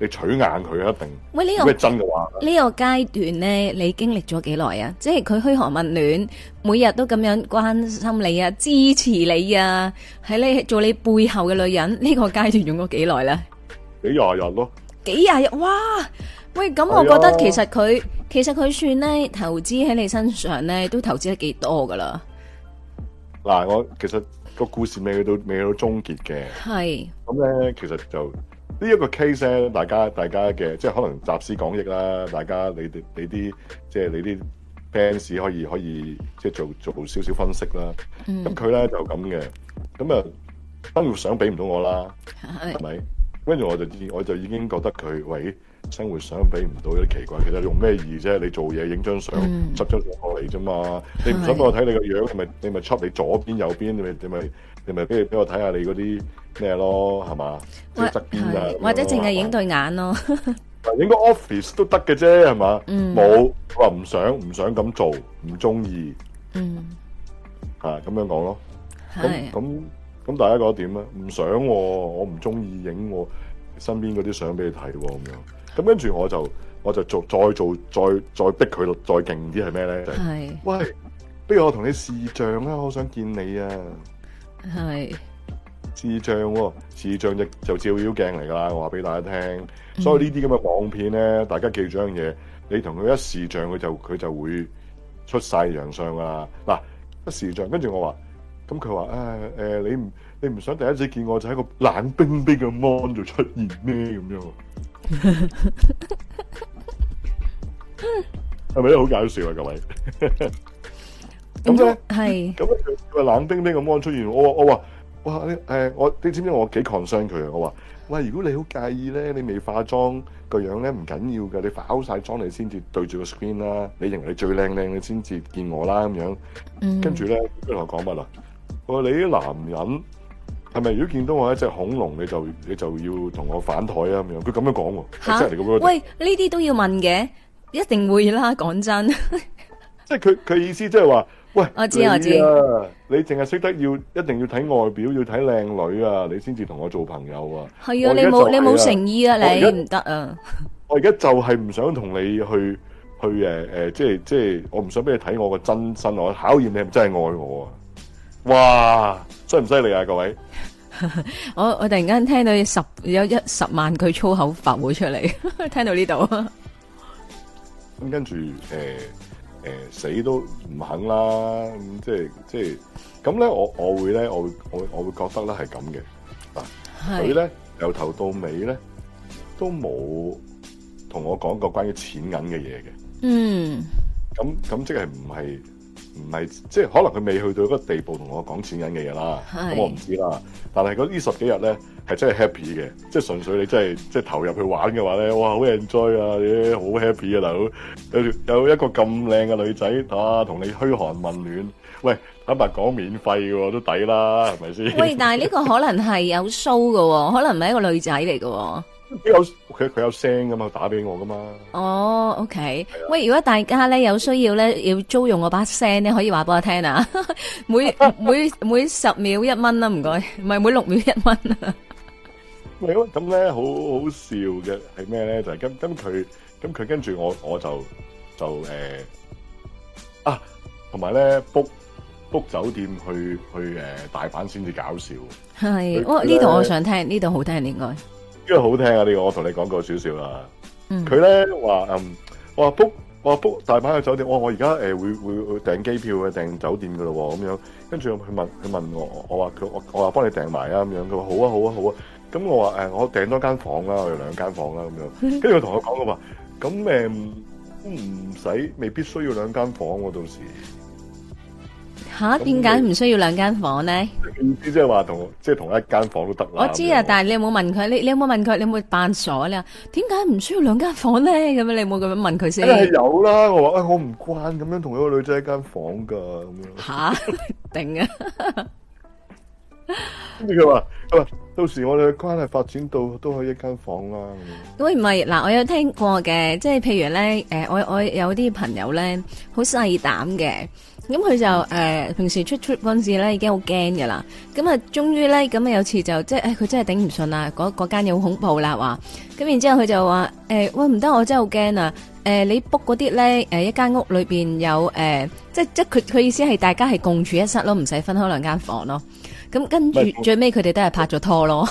你取硬佢一定。喂，呢個、真嘅話呢、呢個階段呢個階段咧，你經歷咗幾耐啊？即係佢噓寒問暖，每日都咁樣關心你啊，支持你啊，喺你做你背後嘅女人。呢、呢個階段用咗幾耐咧？幾廿日咯。幾廿日？哇！喂，咁我覺得其實佢、啊、其實佢算咧投資喺你身上咧，都投資得幾多噶啦。嗱，我其實個故事未到未到終結嘅。係。咁咧，其實就。呢一個 case 咧，大家大家嘅即係可能集思廣益啦。大家你哋你啲即係你啲 fans 可以可以即係做做少少分析啦。咁佢咧就咁嘅，咁啊生活相俾唔到我啦，係咪？跟住我就知，我就已經覺得佢喂，生活相俾唔到有啲奇怪。其實用咩意啫？你做嘢影張相，執張相過嚟啫嘛。你唔想俾我睇你個樣，你咪你咪出你，你，你左邊右邊，你咪你咪你咪俾俾我睇下你嗰啲咩咯，係嘛？側邊啊是，或者淨係影對眼咯。影 個 office 都得嘅啫，係嘛？冇佢話唔想，唔想咁做，唔中意。嗯，啊咁樣講咯。咁咁咁，大家覺得點咧？唔想，哦，我唔中意影我身邊嗰啲相俾你睇，哦，咁樣。咁跟住我就我就做再做再再逼佢，再勁啲係咩咧？係，就是，喂，不如我同你視像啦，我想見你啊。係。視像喎、哦，視像亦就照妖鏡嚟噶啦，我話俾大家聽。所以呢啲咁嘅網片咧、嗯，大家記住樣嘢，你同佢一視像，佢就佢就會出晒洋相啦。嗱，一視像，跟住我話，咁佢話，誒，誒，你唔你唔想第一次見我就喺個冷冰冰嘅 Mon 度出現咩？咁樣，係咪都好搞笑啊！各位，咁咧係，咁咧佢冷冰冰嘅 Mon 出現，我我話。哇你欸、我誒我你知唔知我幾 concern 佢啊？我話喂，如果你好介意咧，你未化妝、個樣咧唔緊要嘅，你化晒妝你先至對住個 screen 啦。你認為你最靚靚你先至見我啦咁樣。跟住咧，佢我講乜啊？我話你啲男人係咪如果見到我係隻恐龍，你就你就要同我反台啊咁樣？佢咁樣講喎嚇。喂，呢啲都要問嘅，一定會啦。講真， 即係佢佢意思即係話。喂，我知、啊、我知，你淨係識得要一定要睇外表，要睇靚女啊，你先至同我做朋友啊。係啊，啊，你冇你冇誠意啊，你唔得啊。我而家就係唔想同你去去誒誒、呃，即係即係，我唔想俾你睇我個真身，我考驗你係咪真係愛我啊？哇，犀唔犀利啊？各位， 我我突然間聽到十有一十萬句粗口發會出嚟， 聽到呢度咁，跟住誒。呃誒、呃、死都唔肯啦，咁即係即係咁咧，我我會咧，我會呢我會我，我會覺得咧係咁嘅，嗱佢咧由頭到尾咧都冇同我講過關於錢銀嘅嘢嘅，嗯，咁咁即係唔係唔係即係可能佢未去到嗰個地步同我講錢銀嘅嘢啦，咁我唔知啦，但係呢十幾日咧。係真係 happy 嘅，即係純粹你真係即係投入去玩嘅話咧，哇好 enjoy 啊，啲好 happy 啊大佬，有有一個咁靚嘅女仔，啊同你噓寒問暖，喂，坦白講免費嘅，都抵啦，係咪先？喂，但係呢個可能係有 show 嘅，可能唔係一個女仔嚟嘅。有佢佢有聲噶嘛，打俾我噶嘛。哦，OK。喂，如果大家咧有需要咧要租用我把聲咧，可以話俾我聽啊，每每每十秒一蚊啦，唔該，唔係每六秒一蚊啊。咁咧好好笑嘅係咩咧？就係、是、跟跟佢，咁佢跟住我，我就就誒、呃、啊，同埋咧 book book 酒店去去誒大阪先至搞笑。係我、哦、呢度，哦、我想聽呢度好聽應該，因為好聽啊呢、這個。我同你講過少少啦。佢咧話嗯，我話 book 我話 book 大阪嘅酒店。哦、我我而家誒會會訂機票去訂酒店噶咯咁樣。跟住佢問佢問我，我話佢我我話幫你訂埋啊咁樣。佢話好啊，好啊，好啊。咁我話誒，我訂多間房啦，我用兩間房啦咁樣。跟住佢同我講，我話咁誒唔使，未必需要兩間房喎，啊，到時吓，點解唔需要兩間房咧？意思即係話同即係同一間房都得啦。我知啊，但係你有冇問佢？你你有冇問佢？你有冇扮傻？你話點解唔需要兩間房咧？咁樣你有冇咁樣問佢先。有啦，我話誒，哎，我唔慣咁樣同一個女仔一間房噶咁樣。吓，啊， 定啊！ 跟住佢 話，咁啊，到時我哋嘅關係發展到都係一間房啦。咁唔係嗱，我有聽過嘅，即係譬如咧，誒、呃，我我有啲朋友咧，好細膽嘅，咁佢就誒、呃、平時出出 trip 嗰陣時咧，已經好驚噶啦。咁啊，終於咧，咁啊，有次就即係誒，佢、哎、真係頂唔順啦，嗰嗰間嘢好恐怖啦，話咁，然之後佢就話誒、呃，喂唔得，我真係好驚啊。誒、呃，你 book 嗰啲咧，誒、呃、一間屋裏邊有誒、呃，即係即係佢佢意思係大家係共處一室咯，唔使分開兩間房咯。咁跟住最尾佢哋都係拍咗拖咯。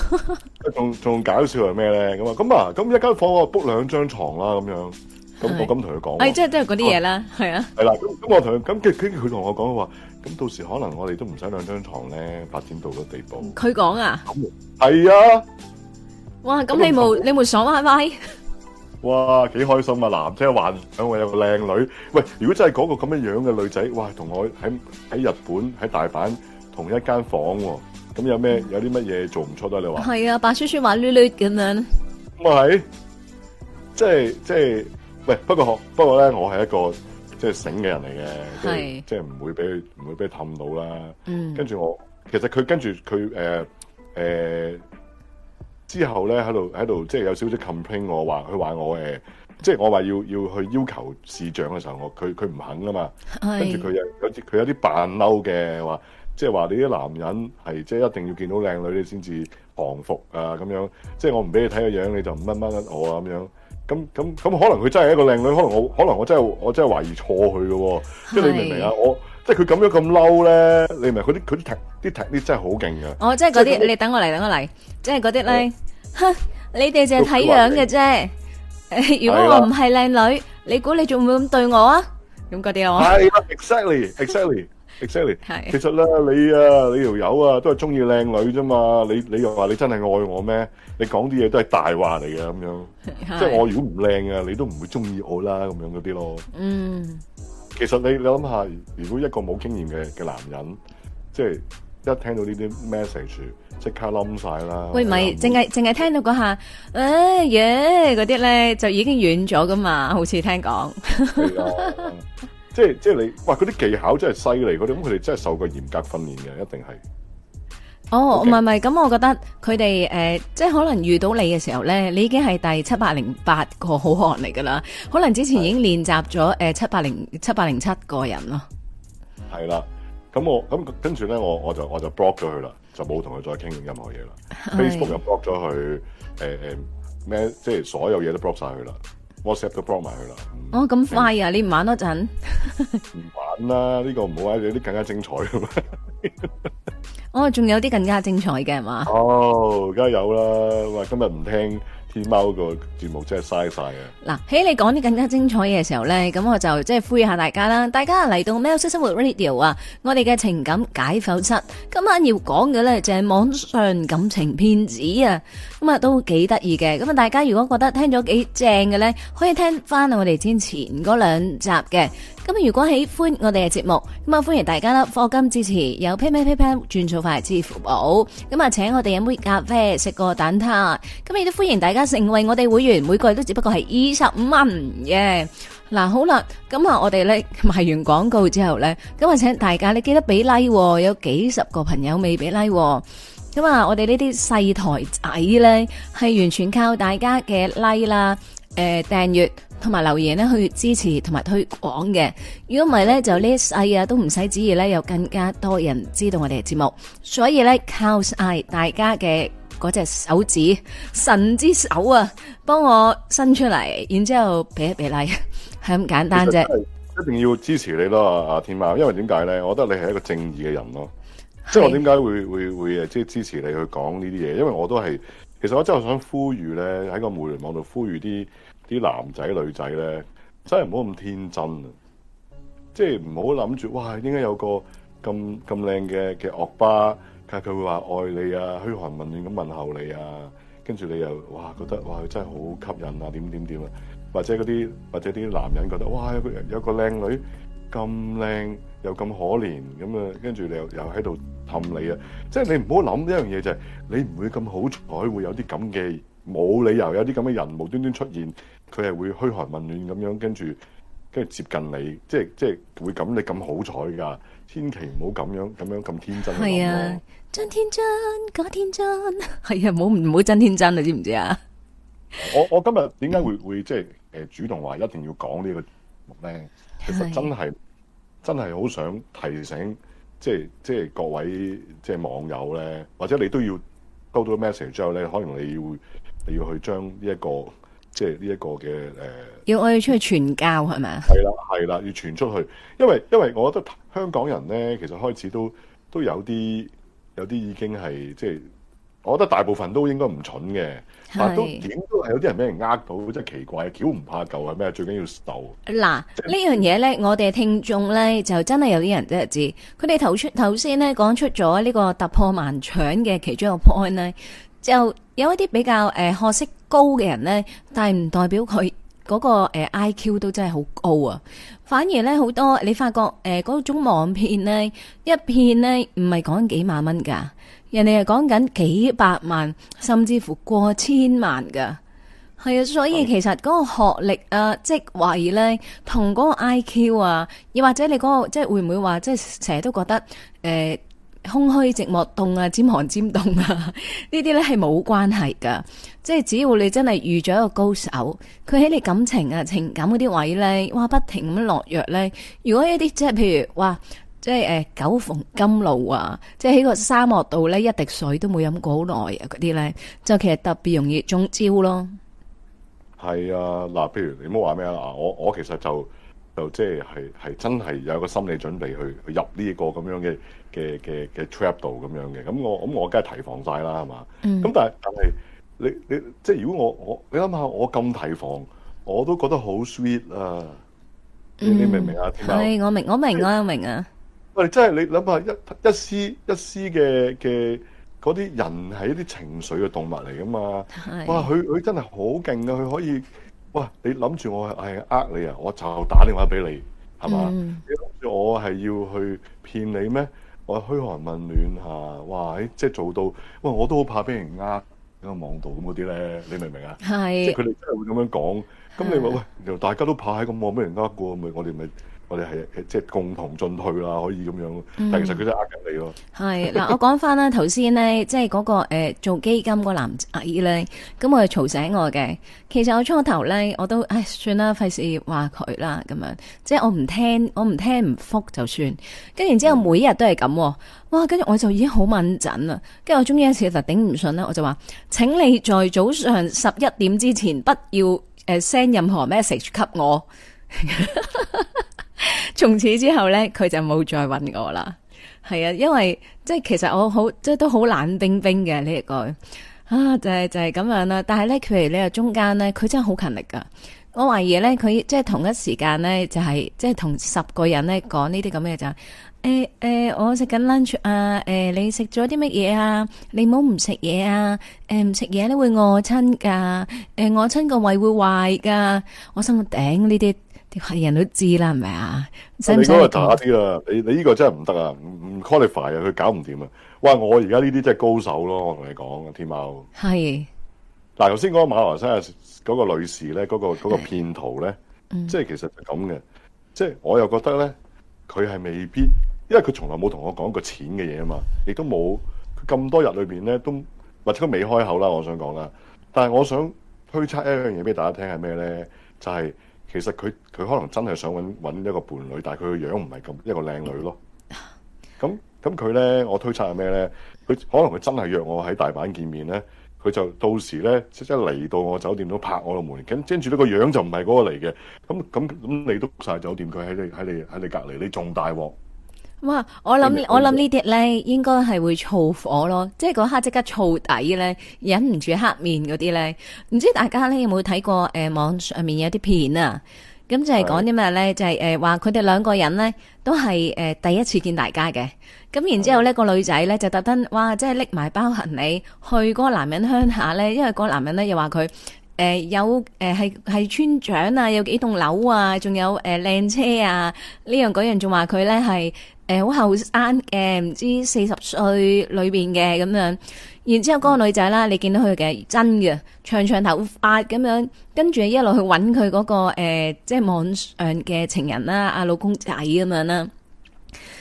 仲仲搞笑係咩咧？咁啊咁啊咁一間房我 book 兩張床啦咁樣，咁我咁同佢講。哎，即係都係嗰啲嘢啦，係啊。係啦，咁我同佢咁嘅，跟住佢同我講話，咁到時可能我哋都唔使兩張床咧，發展到個地步。佢講啊，係啊。哇！咁你冇你冇爽係咪？哇！幾開心啊！男仔幻想，我有個靚女。喂，如果真係嗰個咁樣樣嘅女仔，哇！同我喺喺日本喺大阪。同一間房喎、哦，咁有咩、嗯、有啲乜嘢做唔出得？你話係啊，白雪雪玩捋捋咁樣，咪即係即係喂。不過我不過咧，我係一個即係醒嘅人嚟嘅，即係即係唔會俾佢唔會俾氹到啦。嗯，跟住我其實佢跟住佢、呃、之後咧喺度喺度即係有少少 complain 我話佢話我、呃、即係我話要要去要求市長嘅時候，我佢佢唔肯啊嘛。跟住佢有有啲佢有啲扮嬲嘅話。即係話你啲男人係即係一定要見到靚女你先至降服啊咁樣，即係我唔俾你睇個樣你就唔乜乜我啊咁樣，咁咁咁可能佢真係一個靚女，可能我可能我真係我真係懷疑錯佢噶，即係你明唔明啊？我即係佢咁樣咁嬲，咧，你明佢啲佢啲踢啲踢啲真係好勁噶。哦，即係嗰啲，你等我嚟，等我嚟，即係嗰啲咧，你哋淨係睇樣嘅啫。如果我唔係靚女，你估你仲會咁對我啊？咁嗰啲啊？係，exactly，exactly。exactly，係，其實咧，你啊，你條友啊，都係中意靚女啫嘛，你你又話你真係愛我咩？你講啲嘢都係大話嚟嘅咁樣，即係我如果唔靚啊，你都唔會中意我啦，咁樣嗰啲咯。嗯，其實你你諗下，如果一個冇經驗嘅嘅男人，即係一聽到呢啲 message，即刻冧晒啦。喂，唔係，淨係淨係聽到嗰下，誒耶嗰啲咧，就已經遠咗噶嘛，好似聽講。即係即係你，哇！嗰啲技巧真係犀利，嗰啲咁佢哋真係受過嚴格訓練嘅，一定係。哦、oh，唔係唔係，咁我覺得佢哋誒，即係可能遇到你嘅時候咧，你已經係第七百零八個好漢嚟噶啦，可能之前已經練習咗誒七百零七百零七個人咯。係啦，咁我咁跟住咧，我我就我就 block 咗佢啦，就冇同佢再傾任何嘢啦。Facebook 又 block 咗佢，誒誒咩？即係所有嘢都 block 晒佢啦。WhatsApp 都放埋佢啦！哦，咁快啊！嗯、你唔玩多陣？唔玩啦，呢、呢個唔好啊，有啲更加精彩噶嘛！ 哦，仲有啲更加精彩嘅係嘛？哦，梗係有啦，喂，今日唔聽。啲、那、貓個節目真係嘥晒啊。嗱，喺你講啲更加精彩嘢嘅時候呢，咁我就即係呼籲下大家啦。大家嚟到喵式生活 Radio 啊，我哋嘅情感解剖室，今晚要講嘅呢，就係網上感情騙子啊。咁啊都幾得意嘅。咁啊，大家如果覺得聽咗幾正嘅呢，可以聽翻我哋之前嗰兩集嘅。咁如果喜歡我哋嘅節目，咁啊歡迎大家啦，課金支持，有 PayPay PayPal 轉數快，支付寶，咁啊請我哋飲杯咖啡，食個蛋撻，咁亦都歡迎大家成為我哋會員，每個月都只不過係二十五蚊嘅。嗱、啊，好啦，咁啊我哋咧賣完廣告之後咧，咁啊請大家你記得俾 like，有幾十個朋友未俾 like，咁啊我哋呢啲細台仔咧係完全靠大家嘅 like 啦。誒、呃，訂閱同埋留言咧，去支持同埋推廣嘅。如果唔係咧，就一、啊、呢一世啊都唔使旨意咧，有更加多人知道我哋嘅節目。所以咧，靠晒大家嘅嗰隻手指，神之手啊，幫我伸出嚟，然之後俾一俾禮，係咁簡單啫。一定要支持你咯，阿、啊啊、天喵，因為點解咧？我覺得你係一個正義嘅人咯。即係我點解會會會誒，即係支持你去講呢啲嘢？因為我都係，其實我真係想呼籲咧，喺個互聯網度呼籲啲。啲男仔女仔咧，真係唔好咁天真啊！即係唔好諗住，哇！點解有個咁咁靚嘅嘅惡霸，佢佢會話愛你啊，噓寒問暖咁問候你啊，跟住你又哇覺得哇，真係好吸引啊！點點點啊！或者嗰啲，或者啲男人覺得哇，有個有個靚女咁靚又咁可憐咁啊，跟住又又喺度氹你啊！即係你唔好諗一樣嘢就係、是，你唔會咁好彩會有啲咁嘅。冇理由有啲咁嘅人無端端出現，佢係會噓寒問暖咁樣，跟住跟住接近你，即係即係會咁你咁好彩㗎，千祈唔好咁樣咁樣咁天真。係啊，真天真，假天真。係啊，冇唔好真天真啊？知唔知啊？我我今日點解會、嗯、會即係誒主動話一定要講呢個題目呢個咩？其實真係真係好想提醒，即係即係各位即係網友咧，或者你都要溝到 message 之後咧，可能你要。你要去將呢一個，即係呢一個嘅誒，要我要出去傳教係咪啊？係啦，係啦，要傳出去，因為因為我覺得香港人咧，其實開始都都有啲，有啲已經係即係，我覺得大部分都應該唔蠢嘅，但都點都係有啲人俾人呃到，真係奇怪，橋唔怕舊係咩？最緊要受嗱、就係、呢樣嘢咧，我哋聽眾咧就真係有啲人真係知，佢哋頭出頭先咧講出咗呢個突破盲腸嘅其中一個 point 咧，就。有一啲比較誒、呃、學識高嘅人呢，但係唔代表佢嗰、嗰個、呃、I Q 都真係好高啊！反而呢，好多你發覺誒嗰種網片呢，一片呢唔係講緊幾萬蚊㗎，人哋係講緊幾百萬，甚至乎過千萬㗎。係啊，所以其實嗰個學歷啊、職位呢，同嗰個 I Q 啊，又或者你嗰、嗰個即係會唔會話即係成日都覺得誒？呃空虛、寂寞、凍啊，尖寒、尖凍啊，呢啲咧係冇關係噶，即係只要你真係遇咗一個高手，佢喺你感情啊、情感嗰啲位咧，哇，不停咁落藥咧。如果一啲即係譬如話，即係誒久逢甘露啊，即係喺個沙漠度咧一滴水都冇飲過好耐啊，嗰啲咧就其實特別容易中招咯。係啊，嗱，譬如你唔好話咩啦，我我其實就就即係係係真係有個心理準備去去入呢個咁樣嘅。嘅嘅嘅 trap 度咁樣嘅，咁我咁我梗係提防晒啦，係嘛？咁、嗯、但係但係你你即係、即係、如果我我你諗下我咁提防，我都覺得好 sweet 啊！嗯、你，你明唔明啊？我明，我明，我又明啊！喂，真係你諗下一一絲一絲嘅嘅嗰啲人係一啲情緒嘅動物嚟噶嘛？哇！佢佢真係好勁啊！佢可以哇！你諗住我係呃你啊？我就打電話俾你係嘛、嗯？你諗住我係要去騙你咩？我噓寒問暖嚇，哇！即係做到，喂我都好怕俾人呃咁個網度咁嗰啲咧，你明唔明啊？係，即係佢哋真係會咁樣講，咁你話喂，原來大家都怕喺個網俾人呃過，咪我哋咪。我哋係即係共同進退啦，可以咁樣。但其實佢就呃緊你咯、嗯。係嗱，我講翻啦，頭先呢，即係嗰、那個、呃、做基金個男阿姨呢，咧，咁就嘈醒我嘅。其實我初頭咧我都唉，算啦，費事話佢啦咁樣。即係我唔聽，我唔聽唔覆就算。跟然之後每一日都係咁、啊，哇！跟住我就已經好敏準啦。跟住我終於一次就頂唔順啦，我就話：請你在早上十一點之前不要 send 任何 message 給我。 從 此之後咧，佢就冇再搵我啦。係啊，因為即係其實我好即係都好冷冰冰嘅呢一個啊，就係、是、就係、是、咁樣啦。但係咧，佢如你啊中間咧，佢真係好勤力噶。我懷疑咧，佢即係同一時間咧，就係、是、即係同十個人咧講呢啲咁嘅就誒、是、誒、欸欸，我食緊 lunch 啊，誒、欸、你食咗啲乜嘢啊？你唔好唔食嘢啊！誒唔食嘢你會餓親噶，誒餓親個胃會壞噶。我心諗頂呢啲。啲人都知啦，係咪啊？你嗰個打啲啦，你你呢個真係唔得啊！唔唔 qualify 啊，佢搞唔掂啊！哇，我而家呢啲真係高手咯，我同你講啊，天喵。係嗱，頭先嗰個馬來西亞嗰個女士咧，嗰、嗰個、嗰個騙徒咧，即係其實係咁嘅，即係我又覺得咧，佢係未必，因為佢從來冇同我講過錢嘅嘢啊嘛，亦都冇，佢咁多日裏邊咧都或者都未開口啦，我想講啦，但係我想推測一樣嘢俾大家聽係咩咧，就係、是。其實佢佢可能真係想搵搵一個伴侶，但係佢個樣唔係咁一個靚女咯。咁咁佢咧，我推測係咩咧？佢可能佢真係約我喺大阪見面咧，佢就到時咧一嚟到我酒店都拍我嘅門，跟住呢個樣就唔係嗰個嚟嘅。咁咁咁你都晒酒店，佢喺你喺你喺你隔離，你仲大鑊！哇！我諗我諗呢啲咧，應該係會燥火咯，即係嗰刻即刻燥底咧，忍唔住黑面嗰啲咧。唔知大家咧有冇睇過誒、呃、網上面有啲片啊？咁就係講啲咩咧？就係誒話佢哋兩個人咧都係誒、呃、第一次見大家嘅。咁然之後呢、嗰個女仔咧就特登哇，即係拎埋包行李去嗰個男人鄉下咧，因為嗰個男人咧又話佢誒有誒係係村長啊，有幾棟樓啊，仲有誒呃、靚車啊，呢樣嗰樣，仲話佢咧係。誒、呃，好後生嘅，唔知四十歲裏邊嘅咁樣，然之後嗰個女仔啦，你見到佢嘅真嘅，長長頭髮咁樣，跟住一路去揾佢嗰個誒、呃，即係網上嘅情人啦，阿老公仔咁樣啦，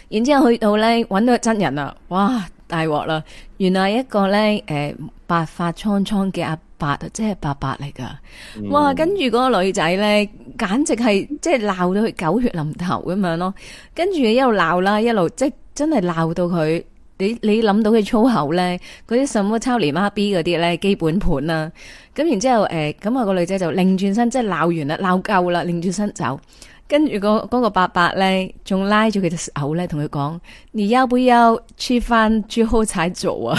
然之後去到咧，揾到個真人啦，哇，大鑊啦，原來一個咧，誒、呃，白髮蒼蒼嘅阿。八即係八八嚟噶、嗯，哇！跟住嗰個女仔咧，簡直係即係鬧到佢狗血淋頭咁樣咯。跟住一路鬧啦，一路即係真係鬧到佢。你你諗到佢粗口咧，嗰啲什麼抄你媽 B 嗰啲咧，基本盤啦、啊。咁然之後誒，咁、呃、啊個女仔就擰轉身，即係鬧完啦，鬧夠啦，擰轉身走。那個那個、伯伯跟住個嗰個八八咧，仲拉咗佢隻手咧，同佢講：你要不要吃飯之後才做啊？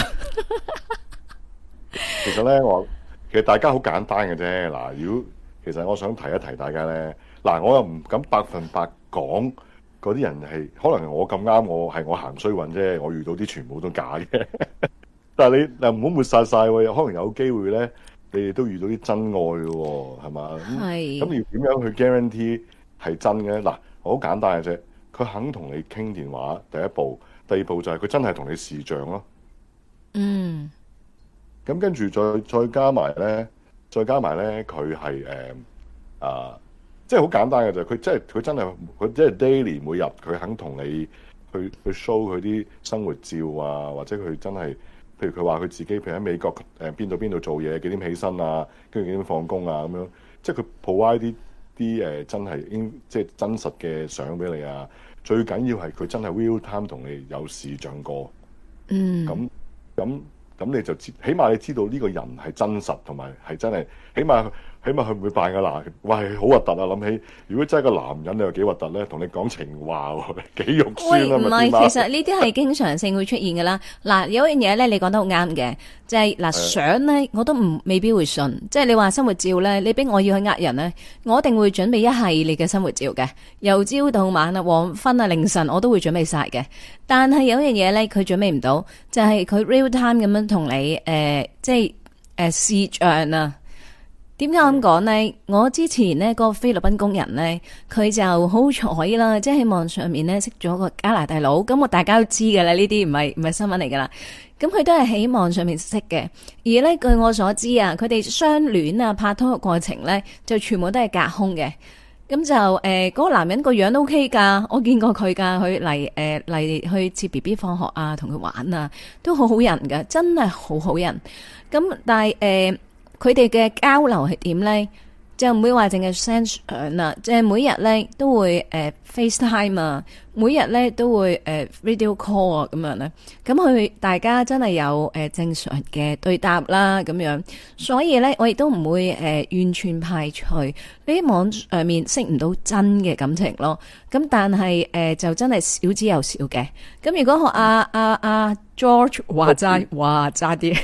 其實咧，我。其實大家好簡單嘅啫，嗱，如果其實我想提一提大家咧，嗱，我又唔敢百分百講嗰啲人係，可能我咁啱，我係我行衰運啫，我遇到啲全部都假嘅。 但係你唔好抹殺晒喎，可能有機會咧，你哋都遇到啲真愛嘅喎，係咪？係。咁要點樣去 guarantee 係真嘅咧？嗱，好簡單嘅啫，佢肯同你傾電話，第一步；第二步就係佢真係同你視像咯。嗯。咁跟住再再加埋咧，再加埋咧，佢係誒啊，即係好簡單嘅就係、是、佢，即係佢真係佢即係 daily 每日佢肯同你去去 show 佢啲生活照啊，或者佢真係，譬如佢話佢自己譬如喺美國誒邊度邊度做嘢，幾點起身啊，跟住幾點放工啊咁樣，即係佢 provide 啲啲誒真係應即係真實嘅相俾你啊。最緊要係佢真係 real time 同你有視像過，嗯、mm.，咁咁。咁你就知，起碼，你知道呢個人係真實同埋係真係起碼。起碼佢唔會扮噶啦，喂，好核突啊！諗起如果真係個男人你又幾核突咧，同你講情話，啊，幾肉酸啊！唔係，其實呢啲係經常性會出現噶啦。嗱， 有樣嘢咧，你講得好啱嘅，即係嗱，相咧我都唔未必會信。即係你話生活照咧，你逼我要去呃人咧，我一定會準備一系列嘅生活照嘅，由朝到晚啊，黃昏啊，凌晨我都會準備晒嘅。但係有一樣嘢咧，佢準備唔到，就係、是、佢 real time 咁樣同你誒、呃，即係誒視像啊。點解咁講呢？我之前呢個菲律賓工人呢，佢就好彩啦，即係喺網上面呢識咗個加拿大佬。咁我大家都知噶啦，呢啲唔係唔係新聞嚟噶啦。咁佢都係喺網上面識嘅。而呢，據我所知啊，佢哋相戀啊，拍拖過程呢，就全部都係隔空嘅。咁就誒，嗰，呃嗰個男人個樣都 OK 噶，我見過佢噶，佢嚟誒嚟去接 BB 放學啊，同佢玩啊，都好好人噶，真係好好人。咁但係誒。呃佢哋嘅交流係點咧？即係唔會話淨係 send 相啦，即係每日咧都會誒、呃、FaceTime 啊。每日咧都會、呃、video call 啊咁樣咧，咁佢大家真係有、呃、正常嘅對答啦咁樣，所以咧我亦都唔會誒、呃、完全排除呢啲網上面識唔到真嘅感情咯。咁但係誒、呃、就真係少之又少嘅。咁如果學阿阿阿 George 話齋 話齋啲一，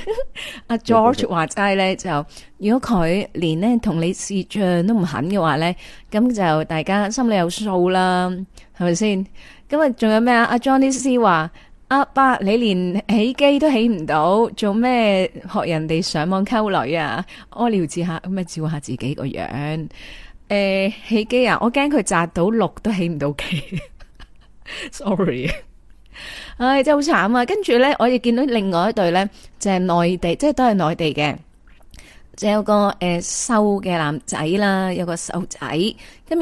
阿、 啊、George 話齋咧就如果佢連咧同你視像都唔肯嘅話咧。咁就大家心裏有數啦，係咪先？咁啊，仲有咩啊？阿 Johnny C 話阿伯，你連起機都起唔到，做咩學人哋上網溝女啊？屙尿試下咁啊，照下自己個樣。誒、欸，起機啊，我驚佢扎到綠都起唔到機。 Sorry，唉、 哎，真係好慘啊！跟住咧，我哋見到另外一對咧，就係、是、內地，即、就、係、是、都係內地嘅。就有個誒、呃、瘦嘅男仔啦，有個瘦仔，咁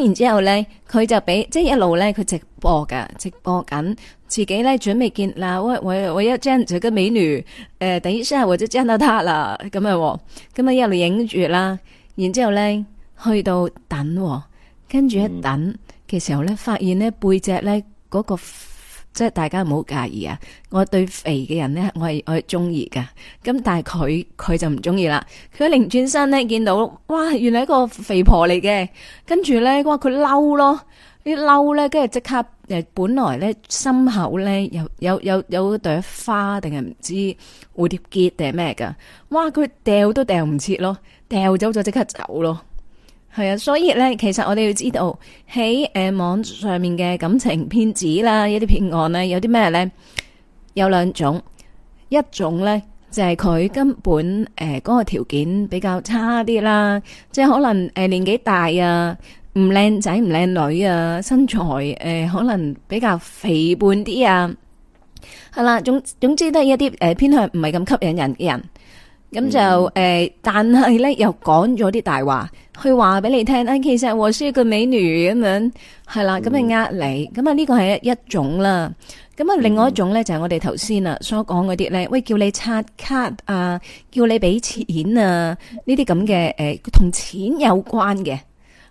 然之後咧，佢就俾即係一路咧，佢直播噶，直播緊自己咧準備見啦，我我我一見就個美女，誒、呃，等一下我就見到他啦，咁啊、哦，咁啊一路影住啦，然之後咧去到等、哦，跟住一等嘅、嗯、時候咧，發現咧背脊咧嗰個。即係大家唔好介意啊！我對肥嘅人咧，我係我係中意噶。咁但係佢佢就唔中意啦。佢一擰轉身咧，見到哇，原來一個肥婆嚟嘅，跟住咧哇，佢嬲咯，啲嬲咧，跟住即刻誒，本來咧心口咧有有有有一朵花定係唔知蝴蝶結定係咩噶？哇！佢掉都掉唔切咯，掉走咗即刻走咯。係啊，所以咧，其實我哋要知道喺誒網上面嘅感情騙子啦，一啲騙案咧有啲咩咧？有兩種，一種咧就係佢根本誒嗰個條件比較差啲啦，即係可能誒年紀大啊，唔靚仔唔靚女啊，身材誒可能比較肥胖啲啊，係啦，總總之都係一啲誒偏向唔係咁吸引人嘅人。咁就誒、嗯，但係咧又講咗啲大話，去話俾你聽咧。其實我需要個美女咁樣，係啦，咁啊呃，你，咁啊呢個係一種啦。咁啊，另外一種咧就係、是、我哋頭先啊所講嗰啲咧，喂叫你刷卡啊，叫你俾錢啊，呢啲咁嘅誒同錢有關嘅，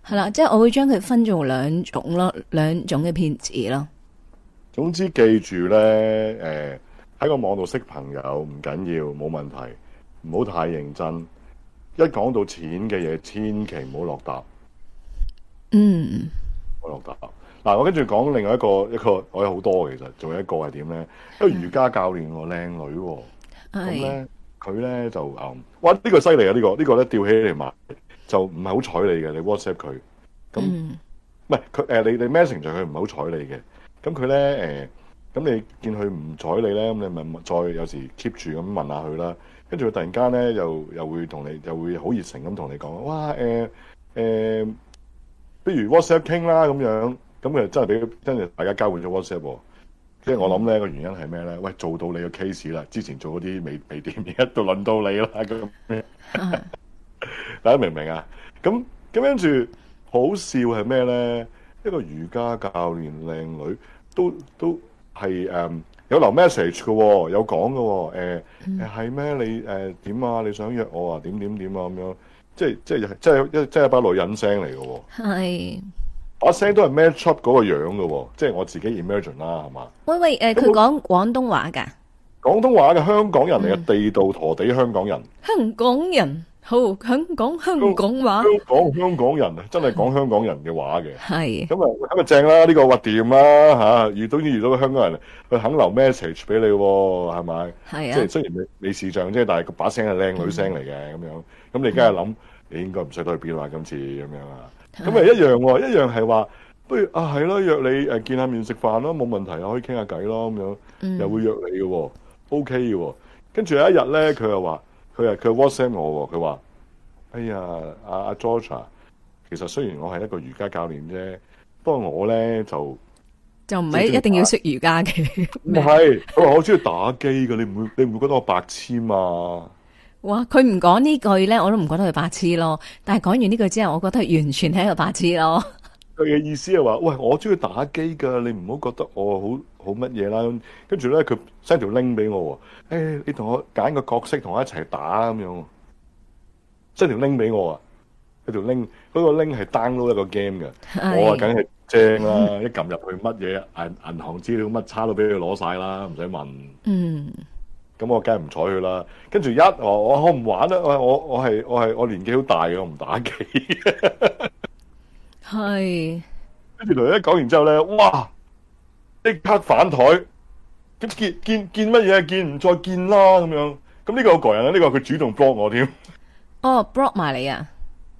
係啦，即、就、係、是、我會將佢分做兩種咯，兩種嘅騙子咯。總之記住咧，誒、呃、喺個網度識朋友唔緊要，冇問題。唔好太認真。一講到錢嘅嘢，千祈唔好落答。嗯，唔好落答嗱、啊。我跟住講另外一個一個，我有好多嘅。其實仲有一個係點咧？一、嗯、個瑜伽教練喎、哦，靚女咁咧，佢咧就誒、呃，哇！呢、呢個犀利啊！呢、呢個呢個呢個咧吊起嚟賣就唔係好睬你嘅。你 WhatsApp 佢咁，唔係佢你你 message 佢唔係好睬你嘅，咁佢咧，咁你見佢唔睬你咧，咁你咪再有時 keep 住咁問下佢啦。跟住佢突然間咧，又又會同你，又會好熱誠咁同你講，哇誒誒，不如 WhatsApp 傾啦咁樣，咁佢真係俾真係大家交換咗 WhatsApp 喎。即係我諗咧個原因係咩咧？喂，做到你個 case 啦，之前做嗰啲未未，未點都輪到你啦。咁、uh -huh. 大家明唔明啊？咁咁跟住好笑係咩咧？一個瑜伽教練靚女都都係誒。Um, 有留 message 嘅、哦，有講嘅、哦，喎、欸。係、嗯、咩？你誒點、欸、啊？你想約我啊？點點點啊？咁樣，即係即係即係一即係一把女人聲嚟嘅喎。係，把聲都係 match up 嗰個樣嘅喎、哦，即係我自己 imagine 啦，係嘛？喂喂佢講、呃、廣東話㗎。廣東話嘅香港人嚟嘅，地道陀地香港人。嗯、香港人。好，香港香港話，香港香港人啊，真係講香港人嘅話嘅。係。咁啊，咁啊正啦，呢個核掂啦吓。遇到呢遇到個香港人，佢、這個啊啊、肯留 message 俾你、啊，係咪？係啊。即係雖然未未視像啫，但係個把聲係靚女聲嚟嘅咁樣。咁你梗係諗，你應該唔使去邊啦，今次咁樣，樣啊。咁啊一樣，一樣係話，不如啊係咯、啊，約你誒、呃、見下面食飯咯，冇問題啊，可以傾下偈咯咁樣。又會約你嘅、啊嗯、OK 嘅、啊。跟住有一日咧，佢又話。佢啊，佢 WhatsApp 我喎。佢話：哎呀，阿阿 George，其實雖然我係一個瑜伽教練啫，呢不過我咧就就唔係一定要識瑜伽嘅。唔 係，佢話我好中意打機嘅。你唔會，你唔會覺得我白痴嘛？哇！佢唔講呢句咧，我都唔覺得佢白痴咯。但係講完呢句之後，我覺得佢完全係一個白痴咯。佢嘅意思係話，喂，我中意打機噶，你唔好覺得我好好乜嘢啦。跟住咧，佢 send 條 link 俾我，誒、欸，你同我揀個角色，同我一齊打咁樣。send 條 link 俾我啊，有條 link，嗰個 link 係、嗰個、download 一個 game 嘅，我然啊梗係精啦，一撳入去乜嘢銀銀行資料乜叉都俾佢攞晒啦，唔使問。嗯。咁我梗係唔睬佢啦。跟住一我我唔玩啦，我我我係我係我,我,我年紀好大嘅，我唔打機。 係跟住嚟一講完之後咧，哇！即刻反台，咁見見見乜嘢？見唔再見啦咁樣。咁呢個有個人、這個我哦、啊，呢個佢主動幫我添。哦，b o block 埋你啊！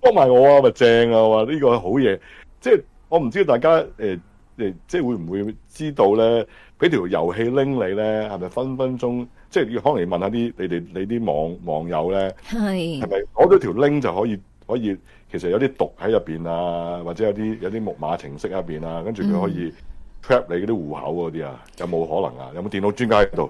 幫埋我啊，咪正啊！話呢個好嘢，即、就、係、是、我唔知道大家誒誒、呃，即係會唔會知道咧？俾條遊戲拎你咧，係咪分分鐘即係可能問下啲你哋你啲網網友咧？係係咪攞咗條拎就可以可以？其實有啲毒喺入面啊，或者有啲有啲木馬程式入面啊，跟住佢可以 trap 你嗰啲戶口嗰啲啊，嗯、有冇可能啊？有冇電腦專家喺度？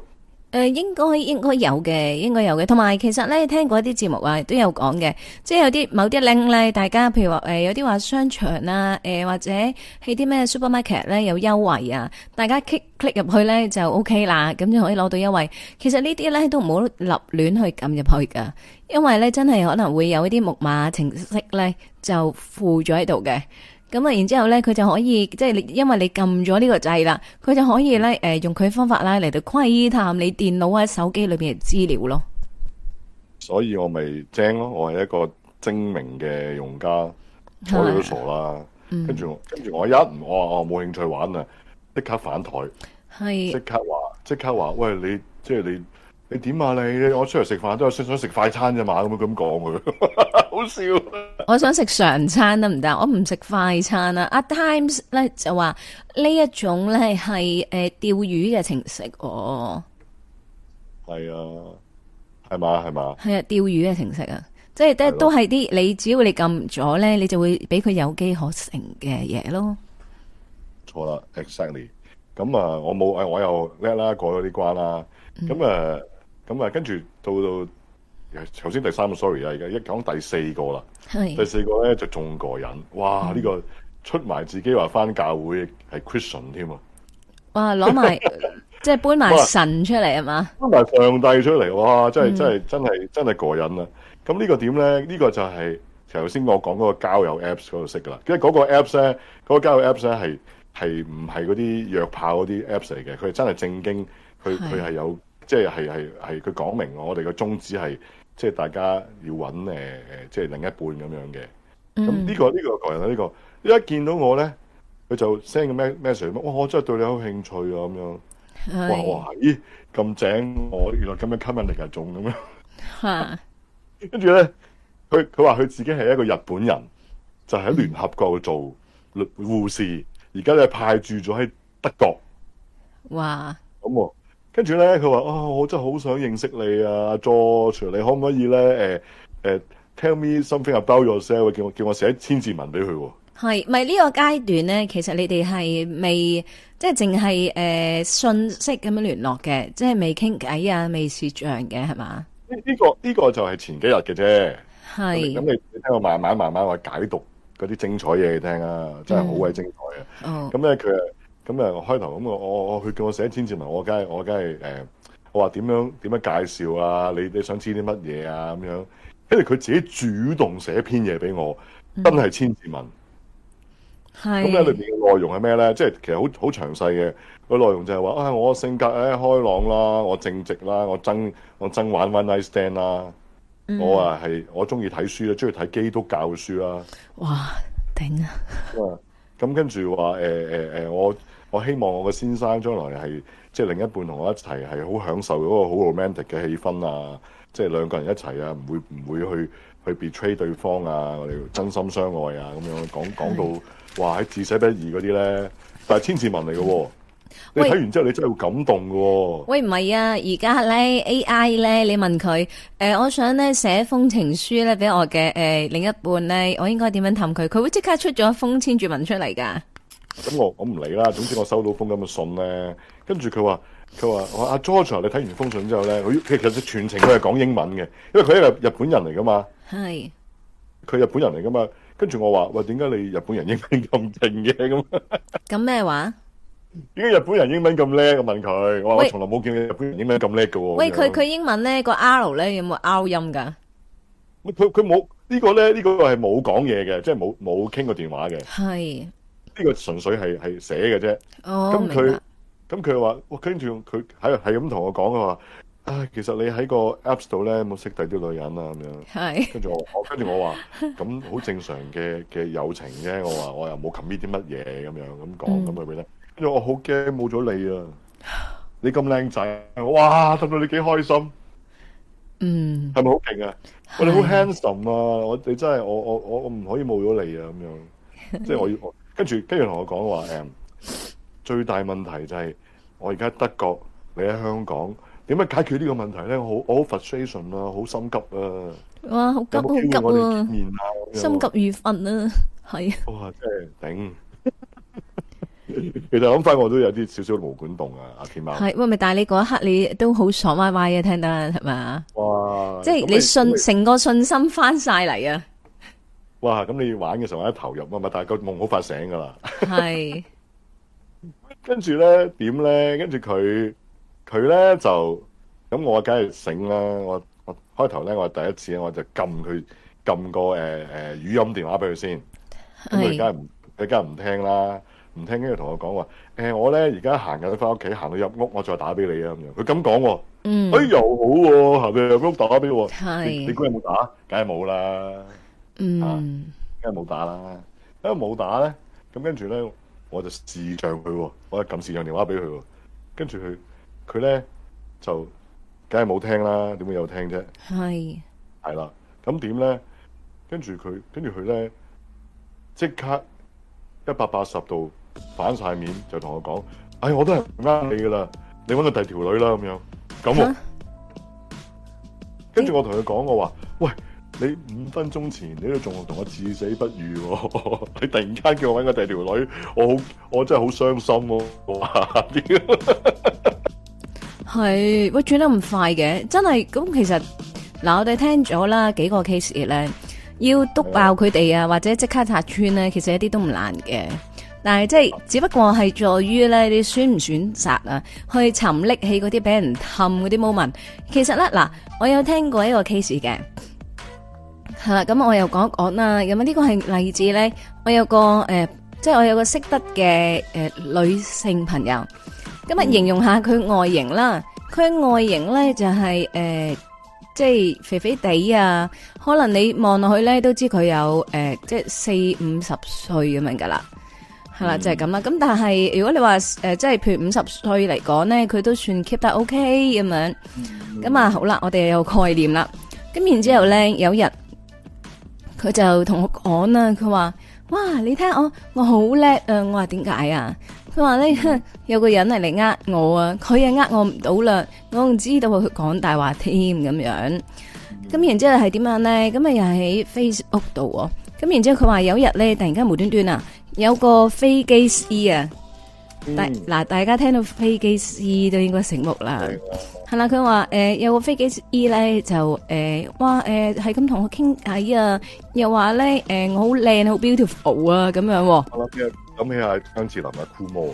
誒、呃，應該應該有嘅，應該有嘅。同埋其實咧，聽過一啲節目啊，都有講嘅，即係有啲某啲 link 咧，大家譬如話誒，有啲話商場啦、啊，誒、呃、或者係啲咩 supermarket 咧，有優惠啊，大家 click click 入去咧就 OK 啦，咁就可以攞到優惠。其實呢啲咧都唔好立亂去撳入去噶因為咧真係可能會有一啲木馬程式咧就附咗喺度嘅。咁啊，然之後咧，佢就可以即係你，因為你撳咗呢個掣啦，佢就可以咧，誒、呃，用佢方法啦嚟到窺探你電腦啊、手機裏邊嘅資料咯。所以我，我咪正咯，我係一個精明嘅用家，我哋都傻啦。跟住，跟住、嗯、我一，我話我冇興趣玩啊，即刻反台，即刻話，即刻話，喂，你即係你。你點啊你？你我出嚟食飯都係想想食快餐啫嘛，咁樣咁講 好笑、啊。我想食常餐得唔得？我唔食快餐啦。At times 咧就話呢一種咧係誒釣魚嘅程式哦。係啊，係嘛？係嘛？係啊，釣魚嘅程式啊，即係都都係啲你只要你撳咗咧，你就會俾佢有機可乘嘅嘢咯。錯啦，exactly。咁啊，我冇誒，我又叻啦，過咗啲關啦。咁啊～、嗯咁、嗯、啊，跟住到到頭先第三個 sorry 啊，而家一講第四個啦，第四個咧就仲過癮。哇！呢、嗯呢個出埋自己話返教會係 Christian 添啊！哇！攞埋 即係搬埋神出嚟啊嘛！搬埋上帝出嚟哇！真係、嗯、真係真係真係過癮啦、啊！咁、嗯、呢個點咧？呢、呢個就係頭先我講嗰個交友 Apps 嗰度識㗎啦。因為嗰個 Apps 咧，嗰、嗰個交友 Apps 咧係唔係嗰啲約炮嗰啲 Apps 嚟嘅？佢係真係正經，佢佢係有。即係系系，佢講明我哋嘅宗旨係，即係大家要揾誒，即係另一半咁樣嘅。咁呢個呢個個人呢個，一見到我咧，佢就 send 個 message，我真係對你好興趣啊咁樣。哇哇咦，咁正我，原來咁樣吸引力係重咁樣。跟住咧，佢佢話佢自己係一個日本人，就喺聯合國做護士，而家咧派駐咗喺德國。哇！咁喎。跟住咧，佢話：，啊、哦、我真係好想認識你啊 George 你可唔可以咧？誒 tell me something about yourself，叫我叫我寫千字文俾佢喎。係，咪、這個、呢個階段咧，其實你哋係未，即係淨係誒信息咁樣聯絡嘅，即係未傾偈啊，未視像嘅，係嘛？呢、這個個呢、這個就係前幾日嘅啫。係。咁你，你聽我慢慢慢慢話解讀嗰啲精彩嘢你聽，聽啊，真係好鬼精彩啊！哦。咁咧佢咁啊！我開頭咁我我我佢叫我寫千字文，我梗係我梗係誒，我話點、欸、樣點樣介紹啊？你你想知啲乜嘢啊？咁樣，跟住佢自己主動寫一篇嘢俾我，嗯、真係千字文。咁咧，裏面嘅內容係咩咧？即、就、係、是、其實好好詳細嘅。個內容就係話啊，我性格誒開朗啦，我正直啦，我憎我憎玩玩 One Night Stand 啦。嗯、我啊係我中意睇書啦，中意睇基督教書啦。哇！頂啊！咁跟住話、欸欸、我。我希望我嘅先生將來係即係另一半同我一齊係好享受嗰個好 romantic 嘅氣氛啊！即係兩個人一齊啊，唔會唔會去去 betray 對方啊！我哋真心相愛啊！咁樣講講到話喺字寫得意嗰啲咧，但係千字文嚟嘅喎。你睇完之後，你真係會感動㗎喎。喂，唔係啊！而家咧 AI 咧，你問佢，呃，我想咧寫封情書咧俾我嘅，呃，另一半咧，我應該點樣氹佢？佢會即刻出咗封千字文出嚟㗎。咁我我唔理啦。總之我收到封咁嘅信咧，跟住佢話佢話我阿 George 你睇完封信之後咧，佢其實全程佢係講英文嘅，因為佢係日本人嚟噶嘛。係佢日本人嚟噶嘛？跟住我話喂，點解你日本人英文咁勁嘅？咁咁咩話？點解日本人英文咁叻？我問佢，我話我從來冇見你日本人英文咁叻噶。喂，佢佢英文咧、個 R 咧有冇凹音噶？佢佢冇呢、呢個咧呢個係冇講嘢嘅，即係冇冇傾過電話嘅。係。呢、這個純粹係係寫嘅啫，咁佢咁佢話，說，跟跟我跟住佢係係咁同我講嘅話，唉、哎，其實你喺個 Apps 度咧，冇識第啲女人啦、啊、咁樣，跟住我，跟我跟住我話，咁好正常嘅嘅友情啫，我話我又冇 commit 啲乜嘢咁樣咁講咁咪得，因為、嗯、我好驚冇咗你啊，你咁靚仔，哇，睇到你幾開心，嗯，係咪好勁啊？我哋好 handsome 啊，我哋真係我我我我唔可以冇咗你啊，咁樣，即係我要 跟住跟住同我講話誒，最大問題就係我而家德國，你喺香港，點樣解決呢個問題咧？我好我好 frustration 啊，好心急啊！哇，好急好、啊、急啊有有！心急如焚啊，係啊！哇，真係頂！其實諗翻我都有啲少少毛管動啊，阿天貓係喂咪？但係你嗰一刻你都好爽歪歪啊，聽到係咪？哇！即係你信成個信心翻晒嚟啊！哇！咁你玩嘅時候一投入，咪咪，但係個夢好快醒噶啦。係。跟住咧點咧？跟住佢佢咧就咁，我梗係醒啦。我我開頭咧，我第一次咧，我就撳佢撳個誒誒語音電話俾佢先。咁佢而家唔，佢梗係唔聽啦，唔聽，跟住同我講話誒，我咧而家行緊翻屋企，行到入屋，我再打俾你啊，咁樣。佢咁講，嗯，哎又好喎，行到入屋打俾我，係。你估有冇打？梗係冇啦。嗯，梗係冇打啦，因為冇打咧，咁跟住咧，我就視像佢喎，我就撳視像電話俾佢喎，跟住佢，佢咧就梗係冇聽啦，點會有聽啫？係係啦，咁點咧？跟住佢，跟住佢咧，即刻一百八十度反晒面，就同我講：，唉，我都係唔啱你噶啦，你搵到第二條女啦咁樣。咁，跟住我同佢講，我話喂。你五分鐘前你都仲同我至死不渝喎、哦， 你突然間叫我揾個第二條女，我好我真係好傷心咯、哦。啲嘢係轉得咁快嘅，真係咁。其實嗱，我哋聽咗啦幾個 case 咧，要督爆佢哋啊，或者即刻拆穿咧，其實一啲都唔難嘅。但係即係只不過係在於咧你選唔選擇啊，去沉溺起嗰啲俾人氹嗰啲 moment。其實咧嗱，我有聽過一個 case 嘅。係、嗯、啦，咁我又講一講啦，咁呢個係例子咧，我有個誒、呃，即係我有個識得嘅誒女性朋友，咁、嗯、啊形容下佢外形啦，佢外形咧就係、是、誒、呃，即係肥肥地啊，可能你望落去咧都知佢有誒、呃，即係四五十歲咁樣噶啦，係啦就係咁啦，咁、嗯嗯、但係如果你話誒、呃，即係譬如五十歲嚟講咧，佢都算 keep 得 OK 咁樣，咁、嗯、啊、嗯嗯嗯、好啦，我哋又有概念啦，咁然之後咧有日。佢就同我講啦，佢話，哇，你睇我，我好叻啊！我話點解啊？佢話咧，有個人係嚟呃我啊，佢又呃我唔到啦，我唔知道佢講大話添咁樣。咁然之後係點樣咧？咁啊又喺 Facebook 度喎。咁然之後佢話有一日咧，突然間無端端啊，有個飛機師啊。大嗱、 嗯，大家聽到飛機師都應該醒目啦。係啦，佢話誒有個飛機師咧，就誒、呃、哇誒係咁同我傾偈啊，又話咧誒我好靚好 beautiful 啊咁樣。係啦，諗起阿張智霖阿酷魔，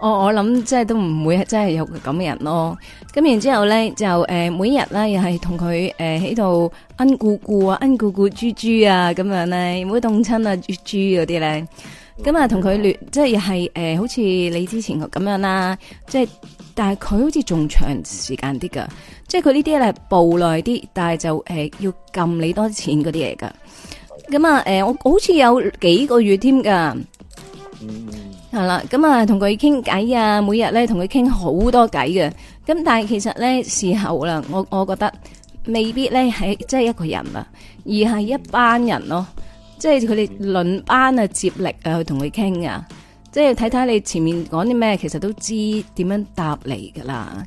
我我諗即係都唔會真係有咁嘅人咯。咁然後之後咧就、呃、每日咧又係同佢誒喺度恩故故啊，恩故故豬豬啊咁樣咧，唔會凍親啊豬豬嗰啲咧。珠珠那些呢？咁啊，同佢聯，即係係誒，好似你之前咁樣啦，即係但係佢好似仲長時間啲噶，即係佢呢啲咧係暴耐啲，但係就誒、呃、要撳你多錢嗰啲嘢噶。咁啊，誒、呃，我好似有幾個月添噶，mm-hmm，係啦，咁啊，同佢傾偈啊，每日咧同佢傾好多偈嘅。咁但係其實咧事後啦，我我覺得未必咧係即係一個人啦，而係一班人咯。即係佢哋輪班啊，接力啊，去同佢傾啊。即係睇睇你前面講啲咩，其實都知點樣答嚟噶啦。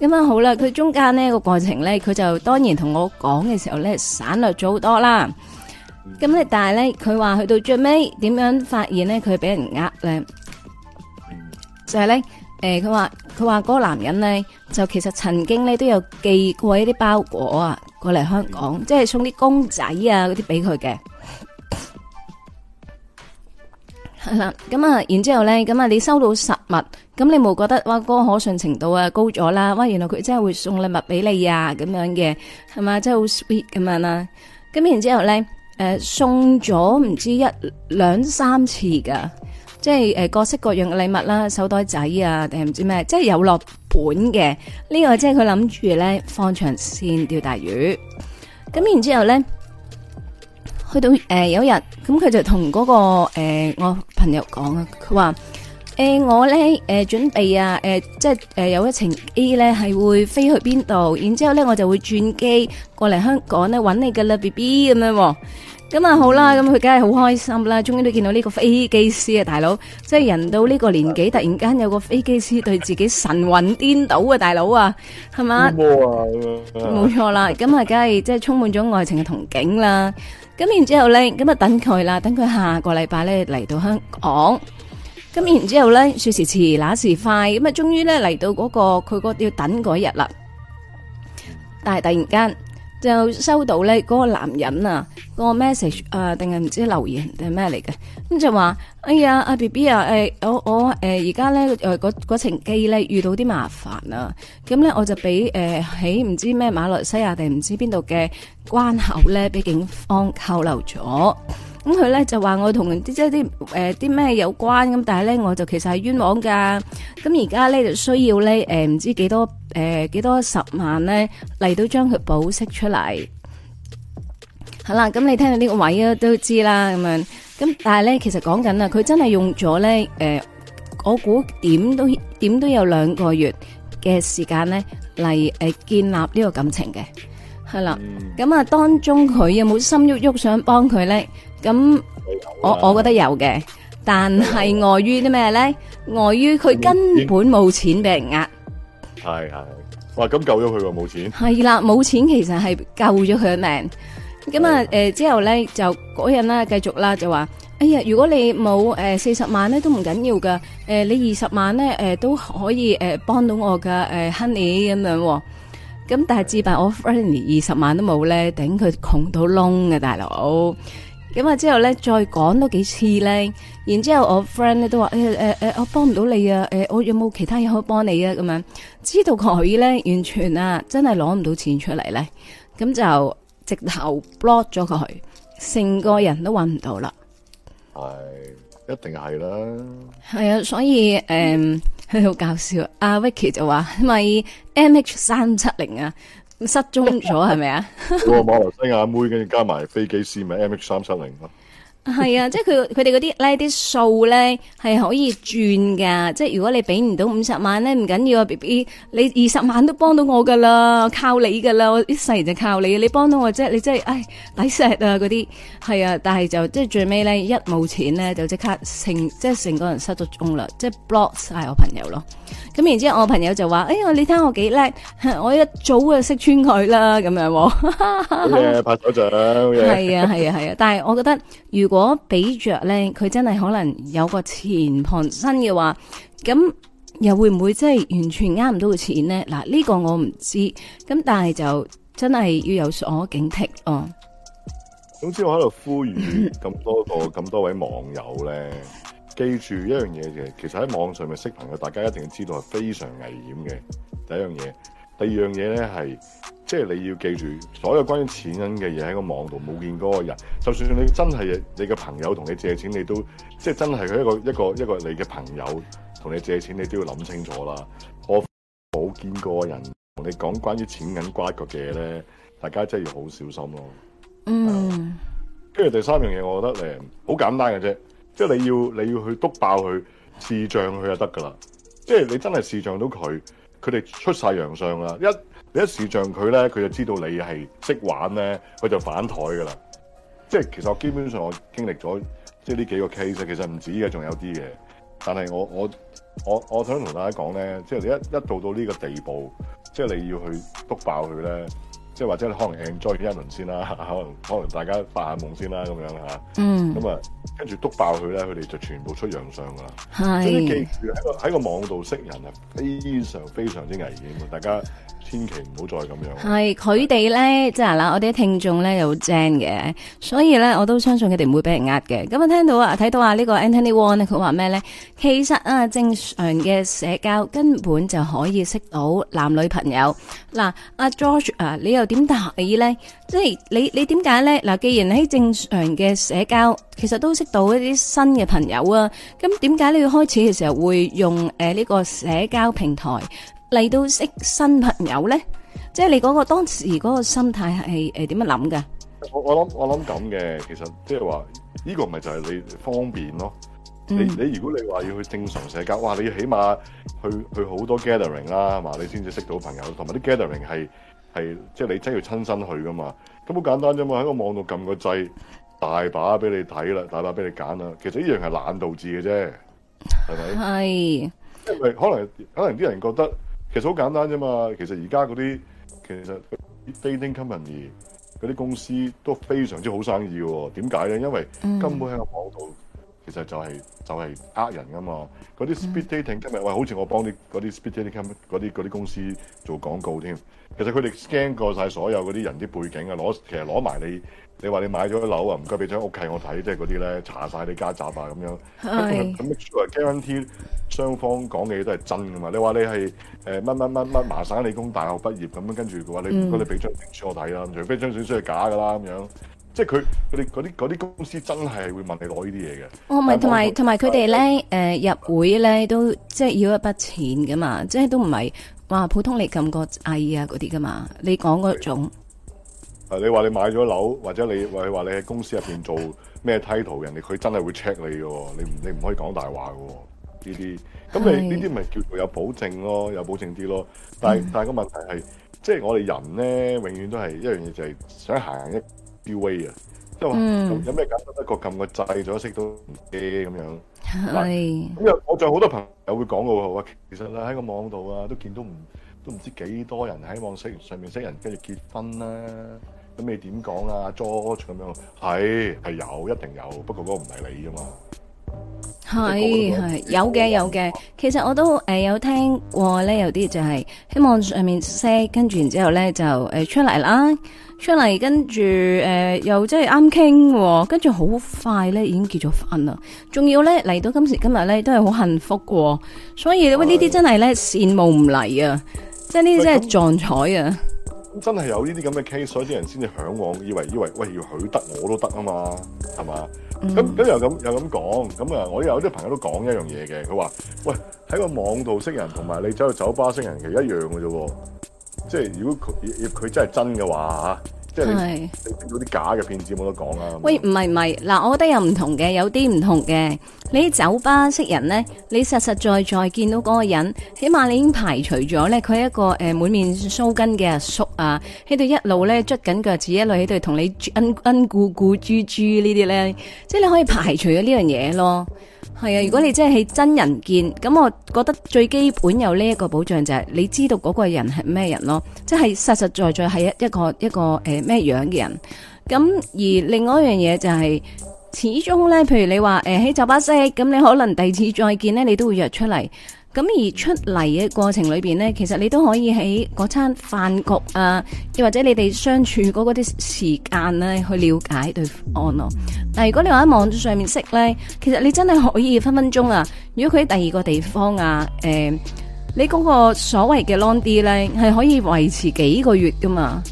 咁樣，好啦，佢中間呢個過程呢，佢就當然同我講嘅時候呢，省略咗好多啦。咁咧，但係呢，佢話去到最尾點樣發現呢？佢俾人呃呢？就係呢，誒，佢話佢話嗰男人呢，就其實曾經呢都有寄過一啲包裹啊過嚟香港，即係送啲公仔啊嗰啲俾佢嘅。係啦，咁啊，然之後咧，咁啊，你收到實物，咁你冇覺得哇，嗰個可信程度啊高咗啦，哇，原來佢真係會送禮物俾你啊，咁樣嘅，係嘛，真係好 sweet 咁樣啦。咁、嗯、然之後咧，誒、呃，送咗唔知一兩三次噶，即係誒，各式各樣嘅禮物啦，手袋仔啊，定係唔知咩，即係有落本嘅。呢、這個即係佢諗住咧，放長線釣大魚。咁然之後咧。佢到去到誒、呃、有一日咁佢就同嗰、那個誒、呃、我朋友講啊，佢話誒我咧誒、呃、準備啊誒、呃、即係誒、呃、有一程 A 咧係會飛去邊度，然之後咧我就會轉機過嚟香港咧搵你噶啦 B B 咁樣，咁啊好啦，咁佢梗係好開心啦，終於都見到呢個飛機師啊大佬，即係人到呢個年紀 突然間有個飛機師對自己神魂顛倒啊大佬啊，係嘛？冇 錯、嗯、 啦，咁啊梗係即係充滿咗愛情嘅憧憬啦。咁然之後咧，咁啊等佢啦，等佢下個禮拜咧嚟到香港。咁然之後咧，說時遲那時快，咁啊終於咧嚟到嗰個，佢個要等嗰日啦。但係突然間。就收到咧，嗰個男人啊，個 message 啊，定係唔知留言定係咩嚟嘅？咁就話：哎呀，阿 B B 啊，誒、哎，我我誒，而家咧誒，嗰、呃、程機咧遇到啲麻煩啊，咁咧我就俾誒喺唔知咩馬來西亞定唔知邊度嘅關口咧，俾警方扣留咗。咁佢咧就話我同啲即啲誒啲咩有關咁，但係咧我就其實係冤枉噶。咁而家咧就需要咧誒唔知幾多誒幾多十萬咧嚟到將佢保釋出嚟。好啦，咁你聽到呢個位啊都知啦咁樣。咁但係咧其實講緊啊，佢真係用咗咧誒，我估點都點都有兩個月嘅時間咧嚟誒建立呢個感情嘅。係、嗯、啦，咁啊當中佢有冇心喐喐想幫佢咧？咁、嗯啊、我我覺得有嘅，但係礙於啲咩咧？礙於佢根本冇錢俾人壓、啊。係 係、哎哎，哇！咁救咗佢喎，冇錢。係、嗯、啦，冇錢其實係救咗佢嘅命。咁、嗯、啊誒、呃，之後咧就嗰日啦，繼續啦，就話：哎呀，如果你冇誒四十萬咧都唔緊要噶，誒、呃、你二十萬咧誒、呃、都可以誒幫、呃、到我噶，誒、呃、Honey 咁樣、哦。咁但係至弊，我 friend 二十萬都冇咧，頂佢窮到窿嘅、啊、大佬。咁啊，之後咧再講多幾次咧，然之後我 friend 咧都話誒誒誒，我幫唔到你啊，誒、哎，我有冇其他嘢可以幫你啊？咁樣，知道佢咧完全啊，真係攞唔到錢出嚟咧，咁就直頭 block 咗佢，成個人都搵唔到啦。係、哎，一定係啦。係、哎、啊，所以誒，佢、嗯、好搞笑。阿、嗯啊、Vicky 就話，咪 MH 三七零啊。失蹤咗係咪啊？個 不是 馬來西亞妹跟住加埋飛機師咪 MH370 咯。係 啊，即係佢，佢哋嗰啲呢啲數呢，係可以轉噶，即係如果你俾唔到五十萬呢，唔緊要啊，B B，你二十萬都幫到我噶啦，我靠你噶啦，我一世人就靠你，你幫到我即係你真係唉抵石啊嗰啲，係啊，但係就即係最尾呢，一冇錢呢，就即刻成即係成個人失咗蹤啦，即係 block 晒我朋友咯。咁然之後我朋友就話，哎呀，你睇我幾叻，我一早就識穿佢啦，咁樣，哦。好 嘢， 啊，拍咗掌係啊係啊係啊，但係我覺得如果。如果比著咧，佢真係可能有個前傍身嘅話，咁又會唔會即係完全呃唔到錢咧？嗱，呢個我唔知，咁但係就真係要有所警惕哦。總之我喺度呼籲咁多個咁多位網友咧，記住一樣嘢嘅，其實喺網上面識朋友，大家一定要知道係非常危險嘅第一樣嘢。第二樣嘢咧係，即係你要記住，所有關於錢銀嘅嘢喺個網度冇見嗰個人，就算你真係你嘅朋友同你借錢，你都即係真係佢一個一個一個你嘅朋友同你借錢，你都要諗清楚啦。我冇見過人同你講關於錢銀瓜葛嘅嘢咧，大家真係要好小心咯。Mm. 嗯。跟住第三樣嘢，我覺得呢，好簡單嘅啫，即係你要你要去督爆佢視像佢就得噶啦，即係你真係視像到佢。佢哋出晒洋相啦！一你一視像佢咧，佢就知道你係識玩咧，佢就反台噶啦。即係其實我基本上我經歷咗即係呢幾個 case，其實唔止嘅，仲有啲嘢。但係我我我我想同大家講咧，即係你一一到到呢個地步，即係你要去篤爆佢咧。即係或者你可能 enjoy 一輪先啦，可能可能大家發下夢先啦咁樣嗯。咁、mm. 啊，跟住督爆佢咧，佢哋就全部出洋相㗎啦。係。所以記住喺個喺個網度識人啊，非常非常之危險㗎，大家。千祈唔好再咁樣。係佢哋咧，即係嗱，我哋啲聽眾咧又精嘅，所以咧我都相信佢哋唔會俾人呃嘅。咁啊，聽到啊，睇到啊，呢個 Anthony Wong 咧，佢話咩咧？其實啊，正常嘅社交根本就可以識到男女朋友。嗱、啊，阿 George 啊，你又點答你咧？即係你你點解咧？嗱，既然喺正常嘅社交，其實都識到一啲新嘅朋友啊，咁點解你要開始嘅時候會用呢、啊呢個社交平台？嚟到識新朋友咧，即係你嗰個當時嗰個心態係誒點樣諗㗎？我我諗我諗咁嘅，其實即係話呢個唔咪就係你方便咯。你你如果你話要去正常社交，哇！你起碼去去好多 gathering 啦，係嘛？你先至識到朋友，同埋啲 gathering 係係即係你真係要親身去噶嘛？咁好簡單啫嘛，喺個網度撳個掣，大把俾你睇啦，大把俾你揀啦。其實呢樣係懶導致嘅啫，係咪？係，可能可能啲人覺得。其實好簡單啫嘛，其實而家嗰啲其實啲 dating company 嗰啲公司都非常之好生意嘅，點解咧？因為根本喺個網度。其實就係、是、就係、是、呃人噶嘛，嗰啲 speed dating 今、mm、日 -hmm. 喂，好似我幫啲啲 speed dating 嗰啲嗰啲公司做廣告添。其實佢哋 scan 過晒所有嗰啲人啲背景啊，攞其實攞埋你，你話你買咗樓啊，唔該俾張屋契我睇，即係嗰啲咧查晒你家集啊咁樣。咁、mm -hmm. sure guarantee 雙方講嘅嘢都係真噶嘛？你話你係誒乜乜乜乜麻省理工大學畢業咁樣，跟住佢話你唔果你俾張證書我睇啦，除、mm、非 -hmm. 張證書係假噶啦咁樣。即係佢佢哋嗰啲啲公司真係會問你攞、哦、呢啲嘢嘅。我咪同埋同埋佢哋咧，誒、呃、入會咧都即係要一筆錢嘅嘛，即係都唔係話普通你咁個藝啊嗰啲嘅嘛，你講嗰種。你話你買咗樓，或者你話你話你喺公司入邊做咩 title 人哋佢真係會 check 你嘅喎，你唔你唔可以講大話嘅喎，呢啲。咁你呢啲咪叫做有保證咯，有保證啲咯。但係、嗯、但係個問題係，即係我哋人咧，永遠都係一樣嘢就係想行一。Uway 啊，即係話有咩簡單得過撳個掣，仲有識到機咁樣。咁又我仲有好多朋友會講咯，話其實咧喺個網度啊，都見到唔都唔知幾多人喺網上面識人，跟住結婚啦。咁你點講啊？George 咁樣，係係有，一定有。不過嗰個唔係你啫嘛。係係有嘅有嘅，其實我都誒有聽過咧，有啲就係喺網上面識，跟住然之後咧就誒出嚟啦。出嚟，跟住誒又真係啱傾，跟住好快咧已經結咗婚啦，仲要咧嚟到今時今日咧都係好幸福喎，所以喂呢啲、哎、真係咧羨慕唔嚟啊，即係呢啲真係撞彩啊、哎，真係有呢啲咁嘅 case，所以啲人先至向往，以為以為喂要佢得我都得啊嘛，係嘛？咁、嗯、咁又咁又咁講，咁啊我有啲朋友都講一樣嘢嘅，佢話喂喺個網度識人，同埋你走去酒吧識人其實一樣嘅啫。即係如果佢佢真係真嘅話吓，即係嗰啲假嘅騙子冇得講啦。喂，唔係唔係，嗱，我覺得有唔同嘅，有啲唔同嘅。你喺酒吧識人咧，你實實在在見到嗰個人，起碼你已經排除咗咧，佢係一個誒滿面鬚根嘅阿叔啊，喺度一路咧捉緊腳趾，一路喺度同你恩恩顧顧朱朱呢啲咧，即係你可以排除咗呢樣嘢咯。係啊，如果你真係喺真人見，咁我覺得最基本有呢一個保障就係，你知道嗰個人係咩人咯，即係實實在在係一一個一個誒咩樣嘅人。咁而另外一樣嘢就係，始終呢，譬如你話誒喺酒吧識，咁你可能第二次再見呢，你都會約出嚟。咁而出嚟嘅過程裏面呢，其實你都可以喺嗰餐飯局啊，又或者你哋相處嗰個啲時間咧，去了解對方咯、啊。但如果你話喺網上面識呢，其實你真係可以分分鐘啊。如果佢喺第二個地方啊，誒、呃，你嗰個所謂嘅 long di 咧，係可以維持幾個月噶嘛。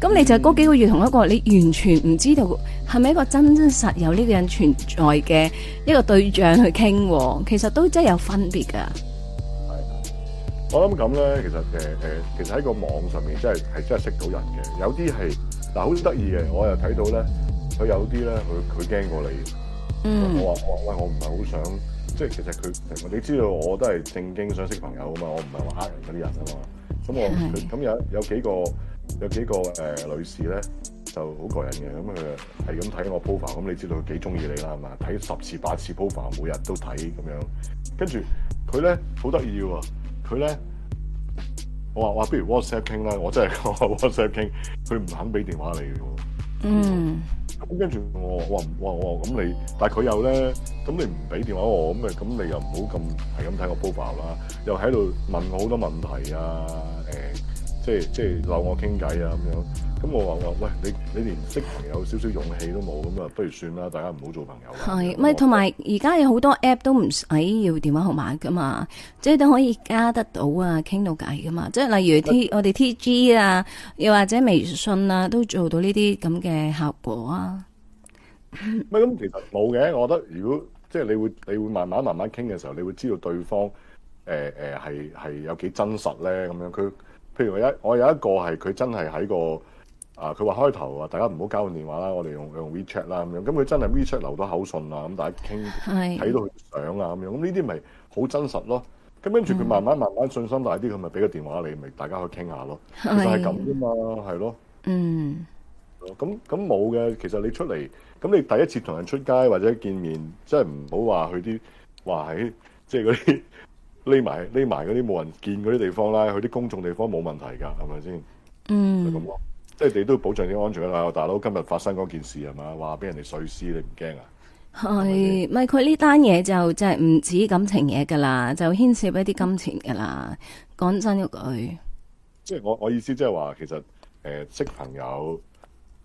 咁你就嗰幾個月同一個你完全唔知道係咪一個真，真實有呢個人存在嘅一個對象去傾、啊，其實都真係有分別噶。我諗咁咧，其實、呃、其實喺個網上面真係係真係識到人嘅。有啲係嗱，好得意嘅，我又睇到咧，佢有啲咧，佢佢驚過你。嗯。我話我喂，我唔係好想即係其實佢你知道我都係正經想識朋友啊嘛，我唔係話呃人嗰啲人啊嘛。咁我咁有有幾個有幾個誒、呃、女士咧就好過癮嘅，咁佢係咁睇我 profile 咁你知道佢幾中意你啦嘛？睇十次八次 profile 每日都睇咁樣，跟住佢咧好得意喎。佢咧，我話我不如 WhatsApp 傾啦。我真係講話 WhatsApp 傾，佢唔肯俾電話你喎、嗯。嗯。咁跟住我話，唔哇我。」咁你，但係佢又咧，咁你唔俾電話我，咁咪咁你又唔好咁係咁睇我 b 爆啦。又喺度問我好多問題啊，誒、欸，即係即係留我傾偈啊咁樣。咁、嗯、我話話喂，你你連識朋友少少勇氣都冇？咁啊不如算啦，大家唔好做朋友。係咪？同埋而家有好多 app 都唔使要電話號碼噶嘛，即係都可以加得到啊，傾到偈噶嘛。即係例如 T、嗯、我哋 T G 啊，又或者微信啊，都做到呢啲咁嘅效果啊。咁、嗯、其實冇嘅，我覺得如果即係你會你會慢慢慢慢傾嘅時候，你會知道對方誒誒係係有幾真實咧。咁樣佢譬如我一我有一個係佢真係喺個。啊！佢話開頭啊，大家唔好交換電話啦，我哋用用 WeChat 啦咁樣，咁佢真係 WeChat 留到口信啊，咁大家傾睇到佢相啊，咁樣，咁呢啲咪好真實咯。咁跟住佢慢慢、嗯、慢慢信心大啲，佢咪俾個電話你，咪大家去傾下咯。其實係咁啫嘛，係咯。嗯。咁咁冇嘅，其實你出嚟咁，你第一次同人出街或者見面，真係唔好話去啲話喺即係嗰啲匿埋匿埋嗰啲冇人見嗰啲地方啦。去啲公眾地方冇問題㗎，係咪先？嗯。咁你哋都保障啲安全啦，大佬，今日發生嗰件事係嘛？話俾人哋碎屍，你唔驚啊？係咪？佢呢單嘢就真係唔止感情嘢㗎啦，就牽涉一啲金錢㗎啦。講真一句，即係我我意思就是說，即係話其實誒、呃、識朋友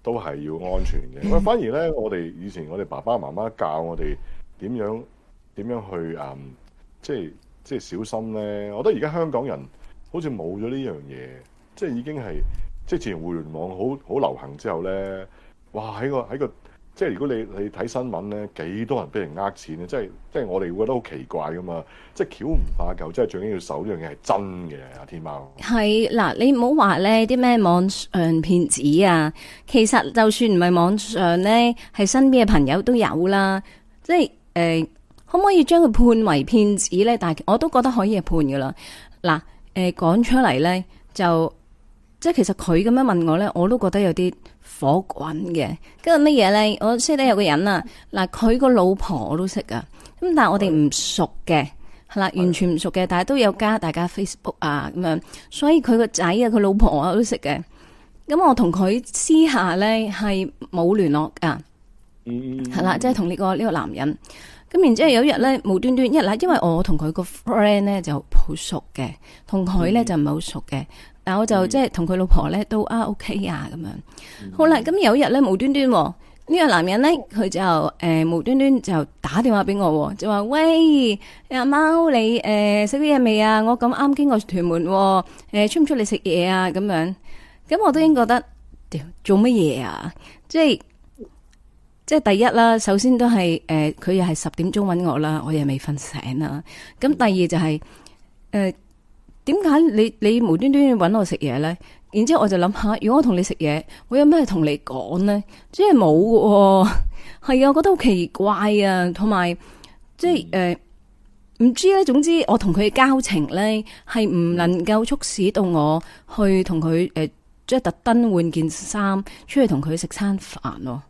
都係要安全嘅。反而咧，我哋以前我哋爸爸媽媽教我哋點樣點樣去誒、嗯，即係即係小心咧。我覺得而家香港人好似冇咗呢樣嘢，即係已經係。即係自然互聯網好好流行之後咧，哇！喺個喺個即係如果你你睇新聞咧，幾多，多人俾人呃錢呢？即係即係我哋會覺得好奇怪㗎嘛！即係橋唔怕舊，即係最緊要受呢樣嘢係真嘅啊！天貓係嗱，你唔好話咧啲咩網上騙子啊，其實就算唔係網上咧，係身邊嘅朋友都有啦。即係誒、呃，可唔可以將佢判為騙子咧？但係我都覺得可以係判㗎啦。嗱、呃、誒，講出嚟咧就。即係其實佢咁樣問我，我呢，我都覺得有啲火滾嘅。跟住乜嘢呢？我識得有個人啊，嗱，佢個老婆我都識噶，咁但係我哋唔熟嘅，係啦，完全唔熟嘅，但係都有加大家 Facebook 啊咁樣。所以佢個仔啊，佢老婆啊都識嘅。咁我同佢私下呢係冇聯絡噶，係、嗯、啦、嗯嗯，即係同呢個呢個男人。咁然之後有一日呢，無端端一嚟，因為我同佢個 friend 呢就好熟嘅，同佢呢就唔係好熟嘅。但我就即係同佢老婆咧都啊 OK 啊咁樣，好啦，咁有一日咧無端端呢、呢個男人咧，佢就誒、呃、無端端就打電話俾我，就話喂阿貓你誒食啲嘢未啊？我咁啱經過屯門誒、呃，出唔出嚟食嘢啊？咁樣，咁我都已經覺得屌、呃、做乜嘢啊？即係即係第一啦，首先都係誒佢又係十點鐘搵我啦，我又未瞓醒啦。咁第二就係、是、誒。呃點解你你無端端要揾我食嘢呢？然之後我就諗下，如果我同你食嘢，我有咩同你講呢？即係冇喎，係啊，我覺得好奇怪啊，同埋即係誒，唔、呃、知呢。總之，我同佢嘅交情呢，係唔能夠促使到我去同佢誒，即係特登換件衫出去同佢食餐飯咯。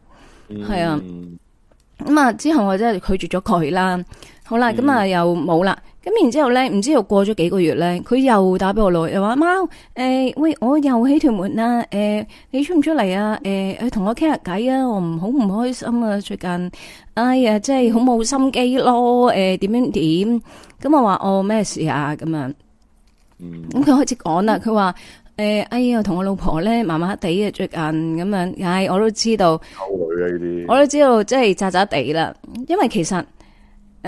係、嗯、啊，咁啊之後我真係拒絕咗佢啦。好啦，咁、嗯、啊又冇啦，咁然之後咧，唔知又過咗幾個月咧，佢又打俾我老，又話貓誒喂，我又起屯門啦，誒、欸，你出唔出嚟啊？誒、欸，去同我傾下偈啊，我唔好唔開心啊，最近，哎呀，即係好冇心機咯，誒、欸，點樣點？咁我話哦咩事啊？咁樣，咁、嗯、佢開始講啦，佢話誒，哎呀，同我老婆咧麻麻地啊，最近咁樣，唉、哎，我都知道，溝女啦啲，我都知道，即係渣渣地啦，因為其實。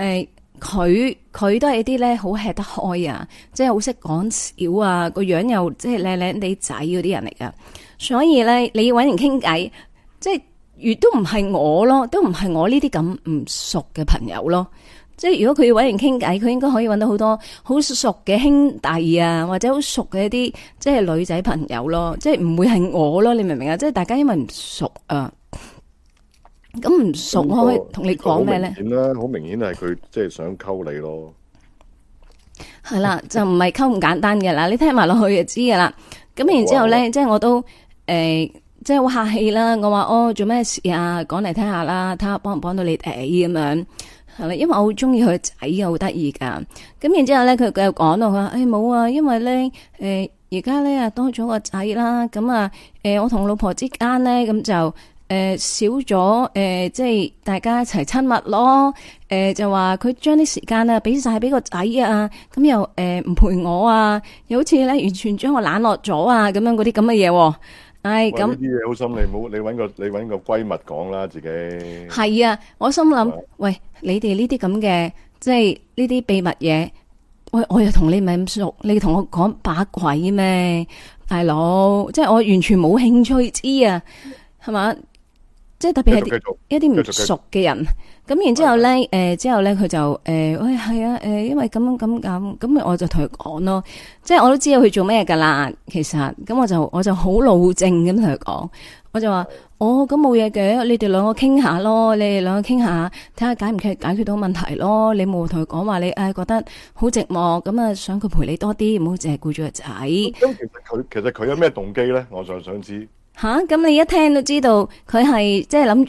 誒、呃，佢佢都係啲咧好吃得開啊，即係好識講笑啊，個樣又即係靚靚地仔嗰啲人嚟噶。所以咧，你要搵人傾偈，即係亦都唔係我咯，都唔係我呢啲咁唔熟嘅朋，朋友咯。即係如果佢要搵人傾偈，佢應該可以搵到好多好熟嘅兄弟啊，或者好熟嘅一啲即係女仔朋友咯。即係唔會係我咯，你明唔明啊？即係大家因為唔熟啊。咁唔熟、那個，我可以同你講咩咧？點、這、咧、個？好 明顯係佢即係想溝你咯。係啦，就唔係溝唔簡單嘅啦 你聽埋落去就知噶啦。咁然之後咧，即係、啊就是、我都誒，即係好客氣啦。我話哦，做咩事啊？講嚟聽下啦，睇下幫唔幫到你誒咁樣係啦。因為我好中意佢仔噶，好得意噶。咁然之後咧，佢佢又講到佢話誒冇啊，因為咧誒而家咧啊多咗個仔啦。咁啊誒，我同老婆之間咧咁就。誒、呃，少咗誒、呃，即係大家一齊親密咯。誒、呃，就話佢將啲時間啊，俾晒俾個仔啊，咁又誒唔陪我啊，又好似咧完全將我冷落咗啊，咁樣嗰啲咁嘅嘢。唉，咁呢啲嘢好心，你唔好你搵個你搵個閨蜜講啦，自己係啊，我心諗，喂，你哋呢啲咁嘅，即係呢啲秘密嘢，喂，我又同你唔係咁熟，你同我講把鬼咩，大佬，即係我完全冇興趣知啊，係嘛？ 即係特別係一啲唔熟嘅人。咁然後呢、呃、之後咧，誒之後咧，佢就誒，喂係啊，誒、呃，因為咁咁咁，咁我就同佢講咯。即係我都知道佢做咩噶啦，其實咁我就我就好老正咁同佢講，我就話，哦咁冇嘢嘅，你哋兩個傾下咯，你哋兩個傾下，睇下解唔解解決到問題咯。你冇同佢講話，你誒、哎、覺得好寂寞，咁、嗯、啊想佢陪你多啲，唔好淨係顧住個仔。其實佢其實佢有咩動機咧？我就想知。吓，咁你一聽都知道佢係即係諗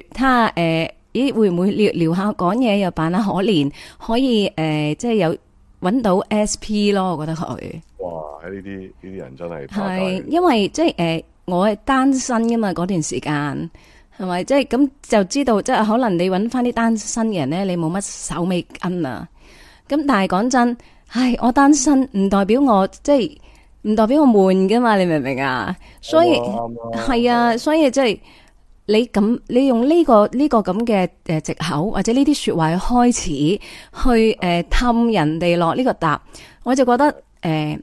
住，他誒，咦會唔會聊聊下講嘢又扮得可憐，可以誒，即係有揾到 SP 咯，我覺得佢。哇！喺呢啲呢啲人真係係，因為即係誒，我係單身噶嘛嗰段時間，係咪即係咁就知道，即係可能你揾翻啲單身嘅人咧，你冇乜手尾筋啊。咁但係講真，唉，我單身唔代表我即係。唔代表我悶噶嘛？你明唔明啊？所以係啊，所以即係你咁，你用呢、這個呢、這個咁嘅誒藉口或者呢啲說話去開始去誒氹、呃、人哋落呢個答，我就覺得誒、呃、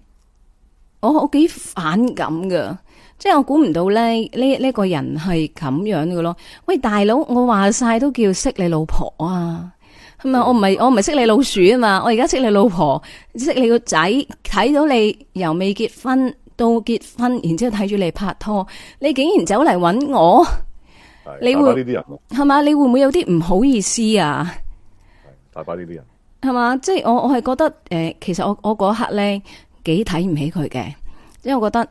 我我幾反感噶，即係我估唔到咧呢呢、這個人係咁樣嘅咯。喂，大佬，我話晒都叫識你老婆啊。咁啊！我唔係我唔係識你老鼠啊嘛！我而家識你老婆，識你個仔，睇到你由未結婚到結婚，然之後睇住你拍拖，你竟然走嚟搵我，你會係嘛？你會唔會有啲唔好意思啊？大把呢啲人係嘛？即係我我係覺得誒、呃，其實我我嗰刻呢幾睇唔起佢嘅，因為我覺得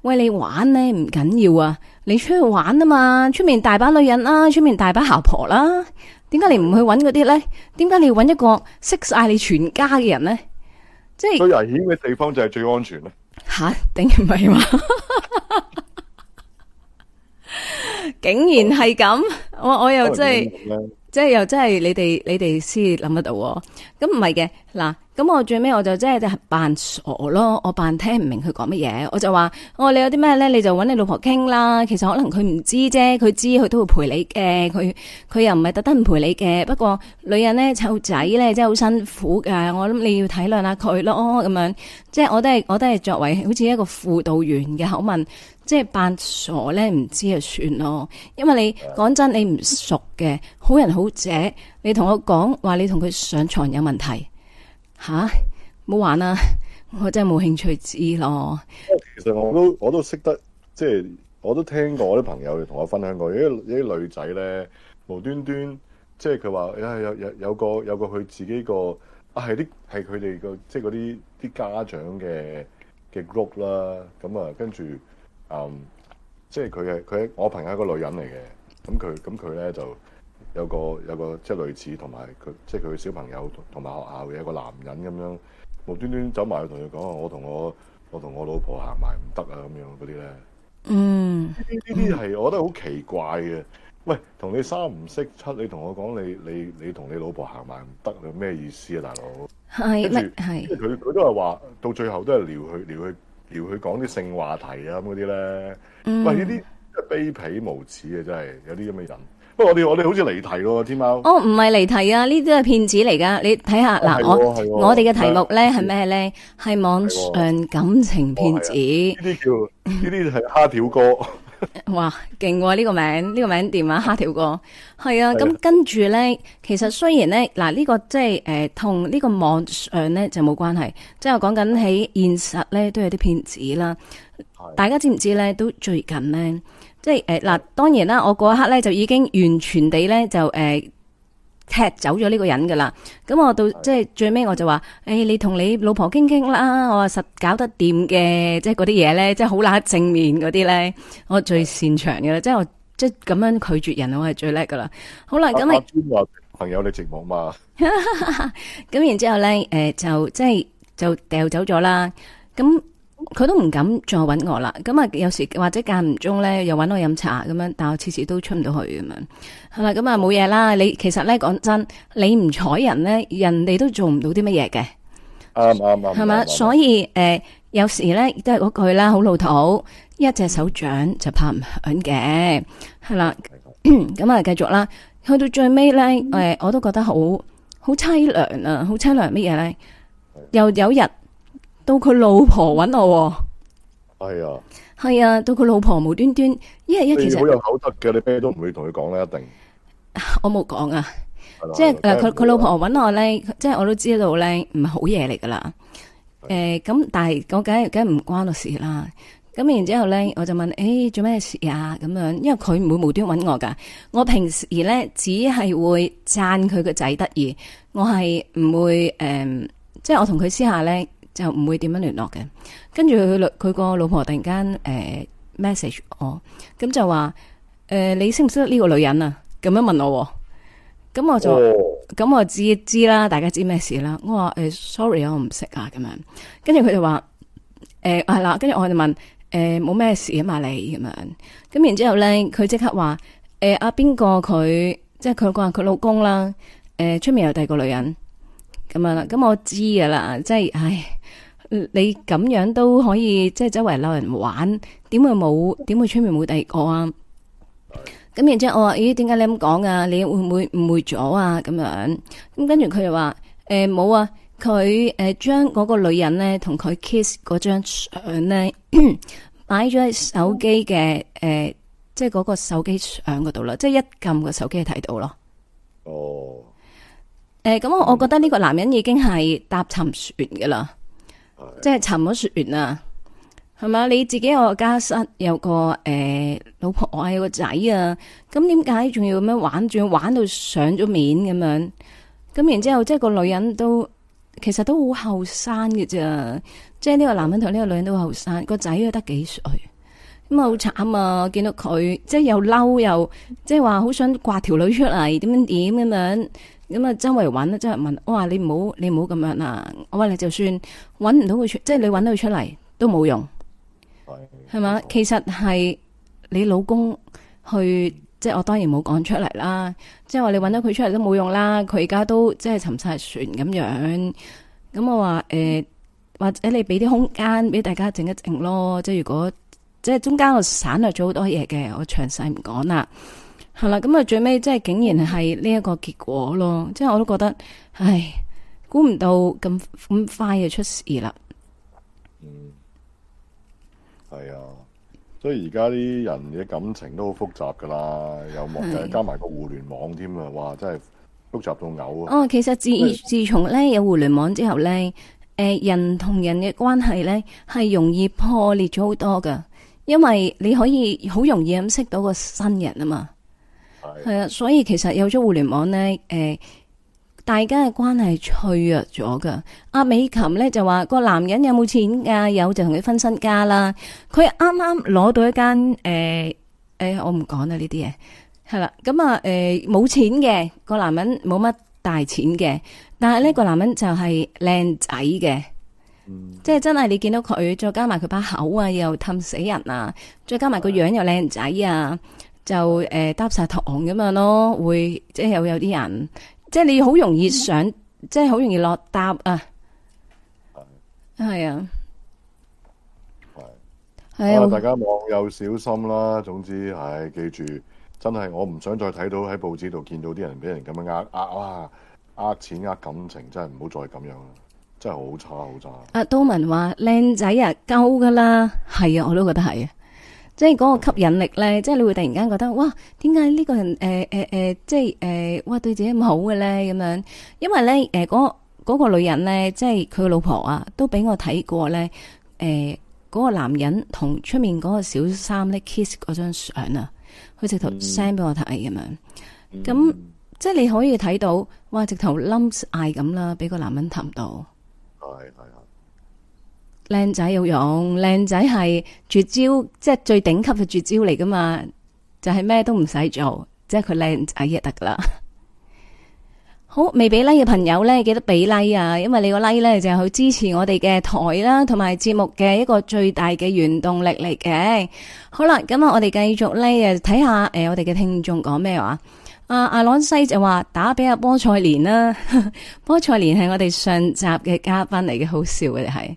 喂你玩呢唔緊要啊，你出去玩啊嘛，出面大把女人啦、啊，出面大把姣婆啦。點解你唔去揾嗰啲咧？點解你要揾一個識晒你全家嘅人咧？即係最危險嘅地方就係最安全咧吓？頂唔係嘛？ 竟然係咁，我我又真係。即係又真係你哋你哋先諗得到喎，咁唔係嘅。嗱，咁我最尾我就真係扮傻咯，我扮聽唔明佢講乜嘢，我就話，哦，你有啲咩咧，你就搵你老婆傾啦，其實可能佢唔知啫，佢知佢都會陪你嘅，佢佢又唔係特登唔陪你嘅，不過女人咧湊仔咧真係好辛苦噶，我諗你要體諒下佢咯，咁樣即係我都係我都係作為好似一個輔導員嘅口吻。即係扮傻咧，唔知啊算咯。因為你講、嗯、真，你唔熟嘅好人好姐，你同我講話，說你同佢上床有問題吓，冇玩啦！我真係冇興趣知咯。其實我都我都識得，即、就、係、是、我都聽過我啲朋友同我分享過，有啲有啲女仔呢無端端，即係佢話，有有有個有個佢自己個啊係啲係佢哋個即係嗰啲啲家長嘅嘅 group 啦，咁啊跟住。嗯、即係佢係，佢係我朋友一個女人嚟嘅，咁佢咁佢咧就有個有個即係類似同埋佢，即係佢嘅小朋友同埋學校嘅一個男人咁樣，無端端走埋去同佢講啊，我同我我同我老婆行埋唔得啊，咁樣嗰啲咧，嗯，呢啲係我覺得好奇怪嘅、嗯，喂，同你三唔識七，你同我講你你你同你老婆行埋唔得，你咩意思啊，大佬？係，係，佢佢都係話到最後都係撩佢撩佢。撩聊佢講啲性話題啊，咁嗰啲咧，喂呢啲卑鄙無恥嘅，真係有啲咁嘅人。不過我哋我哋好似離題咯，天喵。哦，唔係離題啊，呢啲都係騙子嚟噶。你睇下嗱、哦，我我哋嘅題目咧係咩咧？係網上感情騙子。呢啲、哦、叫呢啲係蝦條哥。 哇，勁喎、啊！呢、這個名，呢、這個名點啊，黑條歌，係啊。咁跟住咧，其實雖然咧，嗱呢、這個即係誒，同、呃、呢個網上咧就冇關係，即係講緊喺現實咧都有啲騙子啦。大家知唔知咧？都最近咧，即係誒嗱，當然啦，我嗰一刻咧就已經完全地咧就誒。呃踢走咗呢個人噶啦，咁我到即係最尾我就話，誒、欸，你同你老婆傾傾啦，我實搞得掂嘅。即係嗰啲嘢咧，即係好乸正面嗰啲咧，我最擅長嘅啦，即係我即係咁樣拒絕人，我係最叻噶啦。好啦，咁阿尊話，朋友你寂寞嘛？咁 然之後咧，誒、呃、就即係就掉走咗啦，咁。佢都唔敢再揾我啦，咁啊有時或者間唔中咧又揾我飲茶咁樣，但我次次都出唔到去咁樣，係啦咁啊冇嘢啦。你其實咧講真，你唔睬人咧，人哋都做唔到啲乜嘢嘅，啱啱啱，係、嗯、嘛、嗯嗯嗯？所以誒、呃，有時咧都係嗰句啦，好老土，一隻手掌就拍唔響嘅，係啦。咁、嗯嗯 嗯、啊，繼續啦，去到最尾咧誒，我都覺得好好凄涼啊，好凄涼乜嘢咧？又有日。到佢老婆揾我，係啊，係啊。到佢老婆無端端，因為一其實你好有口德嘅，你咩都唔會同佢講啦。一定我冇講啊。即係誒，佢佢老婆揾我咧，即係我都知道咧，唔係好嘢嚟噶啦。誒、呃，咁但係我梗係梗唔關我事啦。咁然之後咧，我就問誒、哎、做咩事啊？咁樣，因為佢唔會無端揾我噶。我平時咧只係會讚佢個仔得意，我係唔會誒，即、呃、係、就是、我同佢私下咧。就唔會點樣聯絡嘅，跟住佢佢個老婆突然間誒、呃、message 我，咁就話誒，你識唔識得呢個女人啊？咁樣問我，咁我就咁、mm. 我就知知啦，大家知咩事啦？我話誒、呃、sorry 我、呃、啊，我唔識啊咁樣。跟住佢就話誒係啦，跟住我就問誒，冇咩事啊嘛你咁樣。咁然之後咧，佢、呃啊、即刻話誒阿邊個佢即係佢話佢老公啦，誒、呃、出面有第二個女人。咁啦，咁我知噶啦，即係唉，你咁樣都可以，即係周圍鬧人玩，點會冇？點會出面冇第二個啊？咁然之後我話咦，點解你咁講啊？你會唔會誤會咗啊？咁樣，咁跟住佢就話誒冇啊，佢誒將嗰個女人咧同佢 kiss 嗰張相咧擺咗喺手機嘅誒，即係嗰個手機相嗰度啦，即係一撳個手機睇到咯。哦。誒，咁我覺得呢個男人已經係搭沉船㗎啦，即係沉咗船啊，係嘛？你自己有個家室，有個誒老婆，還有個仔啊，咁點解仲要咁樣玩轉玩到上咗面咁樣？咁然之後，即係個女人都其實都好後生嘅啫，即係呢個男人同呢個女人都後生，個仔都得幾歲，咁啊好慘啊！我見到佢即係又嬲又即係話好想刮條女出嚟，點樣點咁樣。咁啊，周圍揾，周圍問，我話你唔好，你唔好咁樣啦。我話你就算揾唔到佢出，即係你揾到佢出嚟都冇用，係、嗯、嘛？其實係你老公去，即係我當然冇講出嚟啦。即係話你揾到佢出嚟都冇用啦。佢而家都即係沉晒船咁樣。咁我話誒、呃，或者你俾啲空間俾大家靜一靜咯。即係如果即係中間我省略咗好多嘢嘅，我詳細唔講啦。係啦，咁啊，最尾即係竟然係呢一個結果咯。即係我都覺得，唉，估唔到咁咁快就出事啦。嗯，係啊，所以而家啲人嘅感情都好複雜噶啦。有網加埋個互聯網添啊，哇，真係複雜到嘔啊。哦，其實自自從咧有互聯網之後咧，誒，人同人嘅關係咧係容易破裂咗好多噶，因為你可以好容易咁識到個新人啊嘛。係啊，所以其實有咗互聯網咧，誒、呃，大家嘅關係脆弱咗噶。阿美琴咧就話個男人有冇錢㗎、啊，有就同佢分身家啦。佢啱啱攞到一間誒誒，我唔講啦呢啲嘢。係啦，咁啊誒，冇錢嘅個男人冇乜大錢嘅，但係呢個男人就係靚仔嘅，嗯、即係真係你見到佢，再加埋佢把口啊，又氹死人啊，再加埋個樣又靚仔啊。就誒、呃、搭晒托行咁樣咯，會即係有有啲人，即係你好容易想，嗯、即係好容易落搭啊！係啊，係啊，大家網友小心啦。總之係記住，真係我唔想再睇到喺報紙度見到啲人俾人咁樣呃呃啊，呃、啊、錢呃感情，真係唔好再咁樣，真係好差好差。阿、啊、都文話靚仔啊，夠㗎啦，係啊，我都覺得係啊。即係嗰個吸引力呢，嗯、即係你會突然間覺得哇，點解呢個人誒誒誒，即係誒、呃，哇對自己咁好嘅呢？咁樣？因為呢，誒嗰嗰個女人呢，即係佢嘅老婆啊，都俾我睇過呢，誒、呃，嗰、嗰個男人同出面嗰個小三呢 kiss 嗰張相啊，佢直頭 send 俾我睇咁、嗯、樣。咁、嗯、即係你可以睇到，哇！直頭冧晒咁啦，俾個男人氹到。嗯嗯嗯靚仔有用，靚仔係絕招，即係最頂級嘅絕招嚟噶嘛？就係、是、咩都唔使做，即係佢靚仔就得噶啦。 好，未俾 like 嘅朋友咧，記得俾 like 啊！因為你個 like 咧就係、是、好支持我哋嘅台啦，同埋節目嘅一個最大嘅原動力嚟嘅。好啦，今日我哋繼續 like 睇下誒我哋嘅聽眾講咩話？阿、啊、阿朗西就話打俾阿菠菜蓮啦，菠菜蓮係我哋上集嘅嘉賓嚟嘅，好笑嘅、啊、係。你係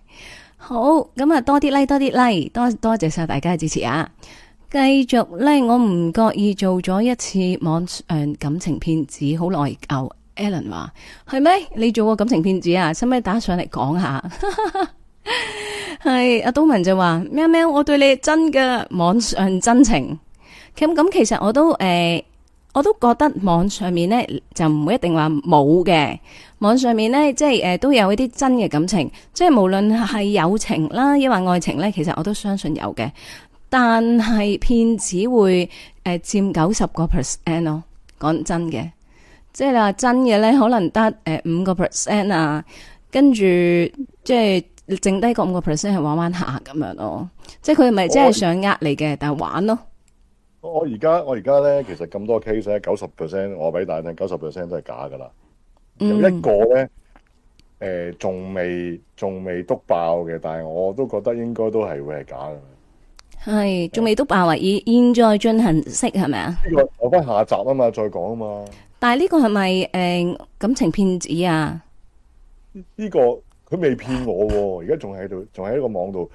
好，咁啊多啲 like，多啲 like，多多謝晒大家嘅支持啊！繼續咧，我唔覺意做咗一次網上感情騙子，好內疚。Alan 話係咪？你做過感情騙子啊？使唔使打上嚟講下？係 阿東文就話喵喵， 我對你真嘅網上真情。咁咁，其實我都誒。呃我都覺得網上面咧就唔會一定話冇嘅，網上面咧即係誒都有一啲真嘅感情，即係無論係友情啦，抑或愛情咧，其實我都相信有嘅。但係騙子會誒佔九十個 percent 咯，講、呃哦、真嘅，即係你話真嘅咧，可能得誒五個 percent 啊，跟住，即係剩低個五個 percent 係玩玩下咁樣咯、哦，即係佢咪真係想呃你嘅、嗯，但係玩咯。我而家我而家咧，其實咁多 case 咧，九十 percent 我俾大家聽，九十 percent 都係假噶啦、嗯。有一個咧，誒、呃，仲未仲未督爆嘅，但係我都覺得應該都係會係假嘅。係仲未督爆啊？以現在進行式係咪啊？呢個留翻下集啊嘛，再講啊嘛。但係呢個係咪誒感情騙子啊？呢個佢未騙我、啊，而家仲喺度，仲喺一個網度，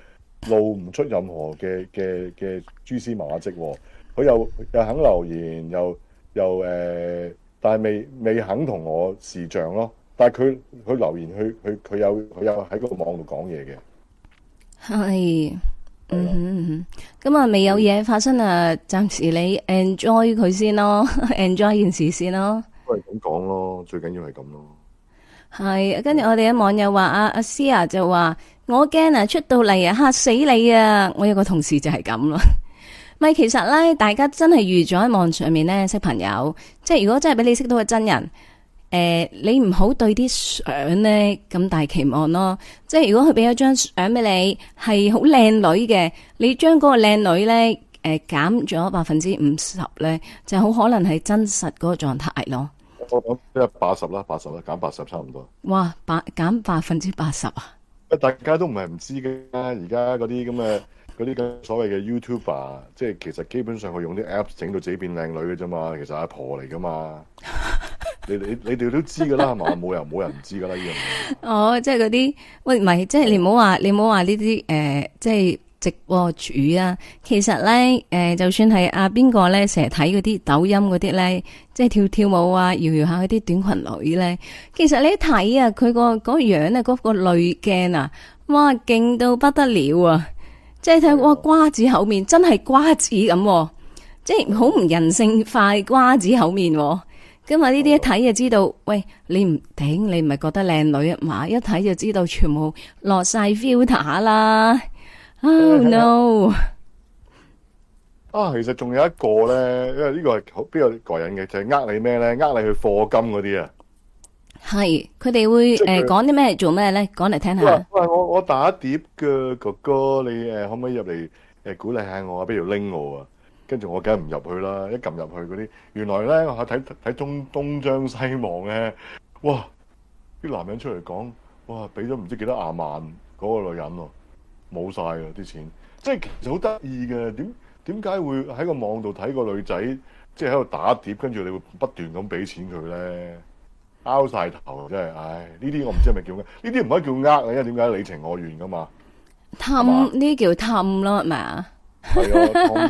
露唔出任何嘅嘅嘅蛛絲馬跡、啊。佢又又肯留言，又又誒、呃，但係未未肯同我視像咯。但係佢佢留言，佢佢佢有佢有喺個網度講嘢嘅。係，嗯哼，咁啊未有嘢發生啊，暫、嗯、時你 enjoy 佢先咯，enjoy 件事先咯。都係咁講咯，最緊要係咁咯。係，跟住我哋嘅網友話阿 sia 就話我驚啊出到嚟，啊嚇死你啊！我有個同事就係咁咯。咪其實咧，大家真係預咗喺網上面咧識朋友，即係如果真係俾你識到個真人，誒、呃，你唔好對啲相咧咁大期望咯。即係如果佢俾咗張相俾你，係好靚女嘅，你將嗰個靚女咧，誒、呃，減咗百分之五十咧，就好可能係真實嗰個狀態咯。我講即係八十啦，八十啦，減八十差唔多。哇，百減百分之八十啊！大家都唔係唔知嘅，而家嗰啲咁嘅。嗰啲咁所謂嘅 YouTuber，即係其實基本上佢用啲 Apps 整到自己變靚女嘅啫嘛，其實阿婆嚟噶嘛。 你你你哋都知噶啦，係嘛？冇人冇人唔知噶啦，依樣。哦，即係嗰啲喂唔係，即係你唔好話你唔好話呢啲誒，即係直播主啊。其實咧誒、呃，就算係阿邊個咧成日睇嗰啲抖音嗰啲咧，即係跳跳舞啊、搖搖下嗰啲短裙女咧，其實你一睇啊，佢個嗰樣咧嗰個濾鏡啊，哇，勁到不得了啊！即係睇，哇瓜子口面，真係瓜子咁，即係好唔人性化瓜子口面。今日呢啲一睇就知道，嗯、喂，你唔頂，你唔係覺得靚女啊嘛！一睇就知道全部落晒 filter 啦。Oh no！、嗯嗯、啊，其實仲有一個呢，因為呢個係好比較過癮嘅，就係、是、呃你咩呢？呃你去課金嗰啲啊。係，佢哋會誒講啲咩做咩咧？講嚟聽下。喂，我我打碟嘅哥哥，你誒可唔可以入嚟誒鼓勵下我，我啊？我不如拎我啊！跟住我梗係唔入去啦。一撳入去嗰啲，原來咧我睇睇中東張西望咧，哇！啲男人出嚟講，哇！俾咗唔知幾多廿萬嗰個女人喎，冇晒嘅啲錢，即係其實好得意嘅。點點解會喺個網度睇個女仔，即係喺度打碟，跟住你會不斷咁俾錢佢咧？拗晒頭，真係，唉！呢啲我唔知係咪叫呢啲唔可以叫呃，因為點解你情我願噶嘛？氹呢啲叫氹囉，係 咪啊？係 啊、嗰個，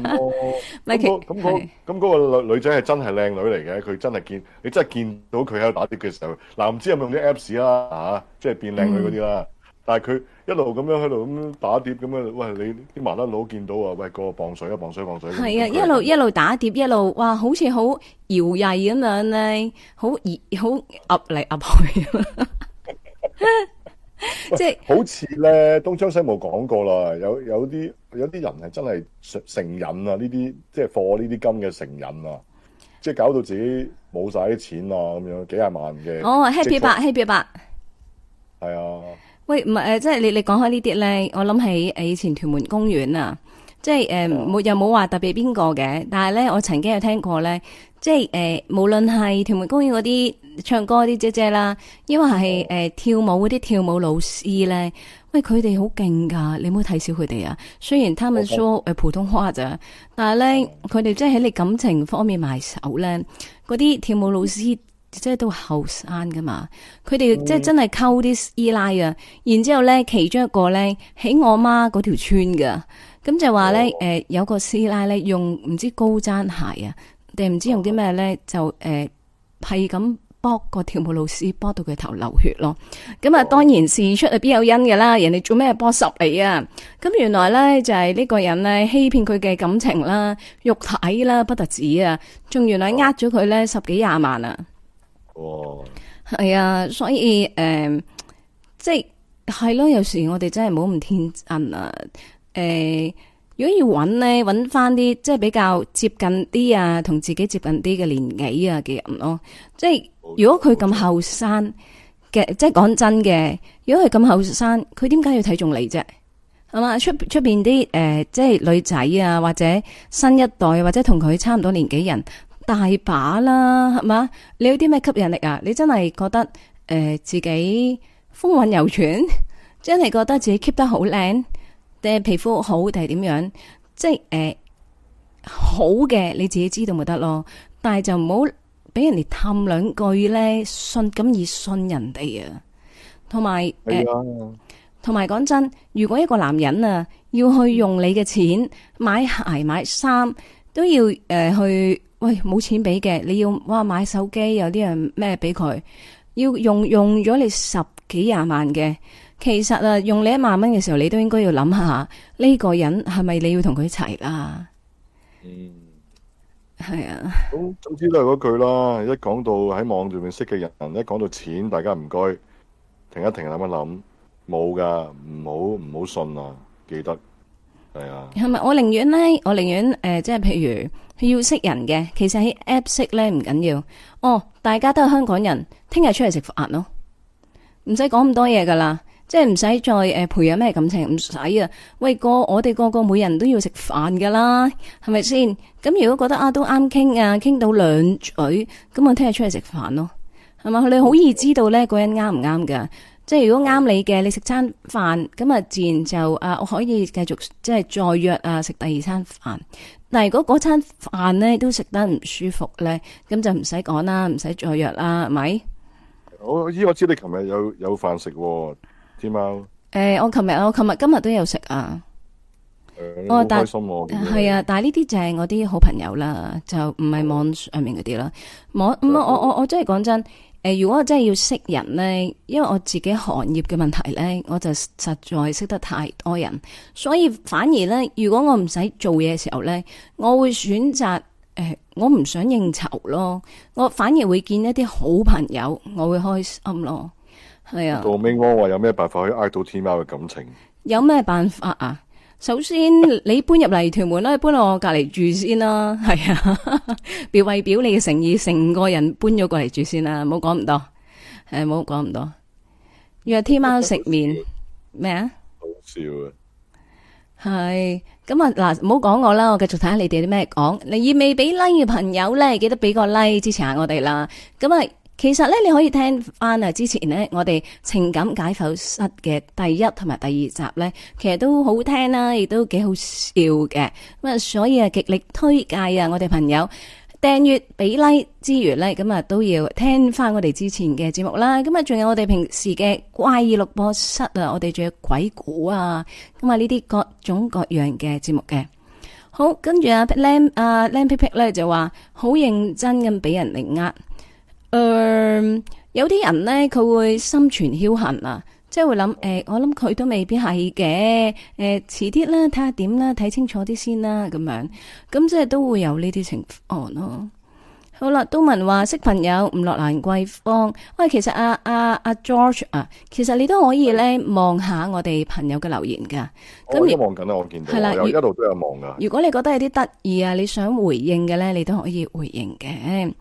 咁嗰咁嗰個女、嗰個、女仔係真係靚女嚟嘅，佢真係見你真係見到佢喺度打碟嘅時候，嗱唔知有冇用啲 Apps 啦啊，即、就、係、是、變靚女嗰啲啦，但係佢。一路咁樣喺度咁打碟咁樣，喂你啲麻甩佬見到啊，喂個磅水啊，磅水磅水。係啊，一路一路打碟，一路哇，好似好搖曳咁樣咧、 就是，好熱，好壓嚟壓去。即係，好似咧，東張西望講過啦，有有啲有啲人係真係成成癮啊！呢啲即係課呢啲金嘅成癮啊，即係搞到自己冇晒啲錢啊，咁樣幾廿萬嘅。哦，happy 百 happy 百，係啊。喂，唔係誒，即係你你講開呢啲咧，我諗起誒以前屯門公園啊，即係誒冇又冇話特別邊個嘅，但係咧我曾經有聽過咧，即係誒、呃、無論係屯門公園嗰啲唱歌啲姐姐啦，因為係誒跳舞嗰啲跳舞老師咧，喂佢哋好勁噶，你唔好睇小佢哋啊。雖然他們說誒、okay. 呃、普通話咋，但係咧佢哋即係喺你感情方面埋手咧，嗰啲跳舞老師。即係都後生噶嘛，佢哋即係真係溝啲師奶啊，然之後咧，其中一個咧喺我媽嗰條村噶，咁就話咧，誒、哦呃、有個師奶咧用唔知高踭鞋啊，定唔知用啲咩咧，就誒係咁剝個跳舞老師，剝到佢頭流血咯。咁啊，當然事出係必有因噶啦，人哋做咩剝十嚟啊？咁原來咧就係、是、呢個人咧欺騙佢嘅感情啦、肉體啦，不特止啊，仲原來呃咗佢咧十幾廿萬啊！哦，係啊，所以誒、呃，即係係咯，有時我哋真係唔好咁天真啊。誒、呃，如果要揾呢，揾翻啲即係比較接近啲啊，同自己接近啲嘅年紀啊嘅人咯。Oh. 即係如果佢咁後生嘅，即係講真嘅，如果佢咁後生，佢點解要睇中你啫？係嘛，出出邊啲誒，即係女仔啊，或者新一代，或者同佢差唔多年紀人。大把啦，係嘛？你有啲咩吸引力啊？你真係覺得誒、呃、自己風韻猶存，真係覺得自己 keep 得好靚，定係皮膚好，定係點樣？即係誒、呃、好嘅，你自己知道咪得咯？但係就唔好俾人哋氹兩句咧，信咁易信人哋啊。同埋誒，同埋講真，如果一個男人啊要去用你嘅錢買鞋買衫，都要誒、呃、去。喂，冇錢俾嘅，你要哇買手機，有啲人咩俾佢，要用用咗你十幾廿萬嘅，其實啊，用你一萬蚊嘅時候，你都應該要諗下呢個人係咪你要同佢一齊啦？嗯，係啊。咁總之都係嗰句啦，一講到喺網上面識嘅人，一講到錢，大家唔該停一停諗一諗，冇噶，唔好唔好信啊，記得。係啊，係咪？我寧願咧，我寧願誒，即係譬如要識人嘅，其實喺 app 識咧唔緊要。哦，大家都係香港人，聽日出嚟食飯咯，唔使講咁多嘢噶啦，即係唔使再誒培養咩感情，唔使啊。喂，哥，我哋個個每人都要食飯噶啦，係咪先？咁如果覺得啊都啱傾啊，傾到兩嘴，咁我聽日出嚟食飯咯，係咪？你好易知道咧，個人啱唔啱㗎。即係如果啱你嘅，你食餐飯咁啊，自然就啊，我可以繼續即係再約啊食第二餐飯。但係如果嗰餐飯咧都食得唔舒服咧，咁就唔使講啦，唔使再約啦，係咪？好，依我知你琴日有有飯食喎，天貓。誒、欸，我琴日我琴日今日都有食、欸、啊。我好開心，我係啊，但係呢啲就係我啲好朋友啦，就唔係網上面嗰啲啦。網、嗯、我我我，我真係講真。誒，如果我真係要識人呢？因為我自己行業嘅問題呢，我就實在識得太多人，所以反而呢，如果我唔使做嘢嘅時候呢，我會選擇誒、欸，我唔想應酬咯，我反而會見一啲好朋友，我會開心咯，係啊。到尾我話有咩辦法可以挨到天喵嘅感情？有咩辦法啊？首先，你搬入嚟屯門啦，搬到我隔籬住先啦，係啊，表為表你嘅誠意，成個人搬咗過嚟住先啦，唔好講咁多，誒，唔好講咁多，約天喵食麵，咩啊？好笑啊！係，咁啊嗱，唔好講我啦，我繼續睇下你哋啲咩講。你未俾 like 嘅朋友咧，記得俾個 like 支持下我哋啦。咁啊。其實咧，你可以聽翻啊！之前咧，我哋情感解剖室嘅第一同埋第二集咧，其實都好聽啦，啊，亦都幾好笑嘅。咁啊，所以啊，極力推介啊，我哋朋友訂閱俾 Like 之餘咧，咁啊都要聽翻我哋之前嘅節目啦。咁啊，仲有我哋平時嘅怪異錄播室啊，我哋仲有鬼故啊，咁啊呢啲各種各樣嘅節目嘅。好，跟住阿 Lam 阿 Lam Pip 咧，就話好認真咁俾人嚟呃。嗯、uh，有啲人咧，佢會心存僥倖啊，即係會諗，誒、呃，我諗佢都未必係嘅，誒、呃，遲啲啦，睇下點啦，睇清楚啲先啦，咁樣，咁即係都會有呢啲情況咯。好啦，都文話識朋友唔落蘭桂坊，喂，其實阿阿阿 George 啊，其實你都可以咧望下我哋朋友嘅留言噶。我都望緊啦，我見到係啦，一路都有望噶。如果你覺得有啲得意啊，你想回應嘅咧，你都可以回應嘅。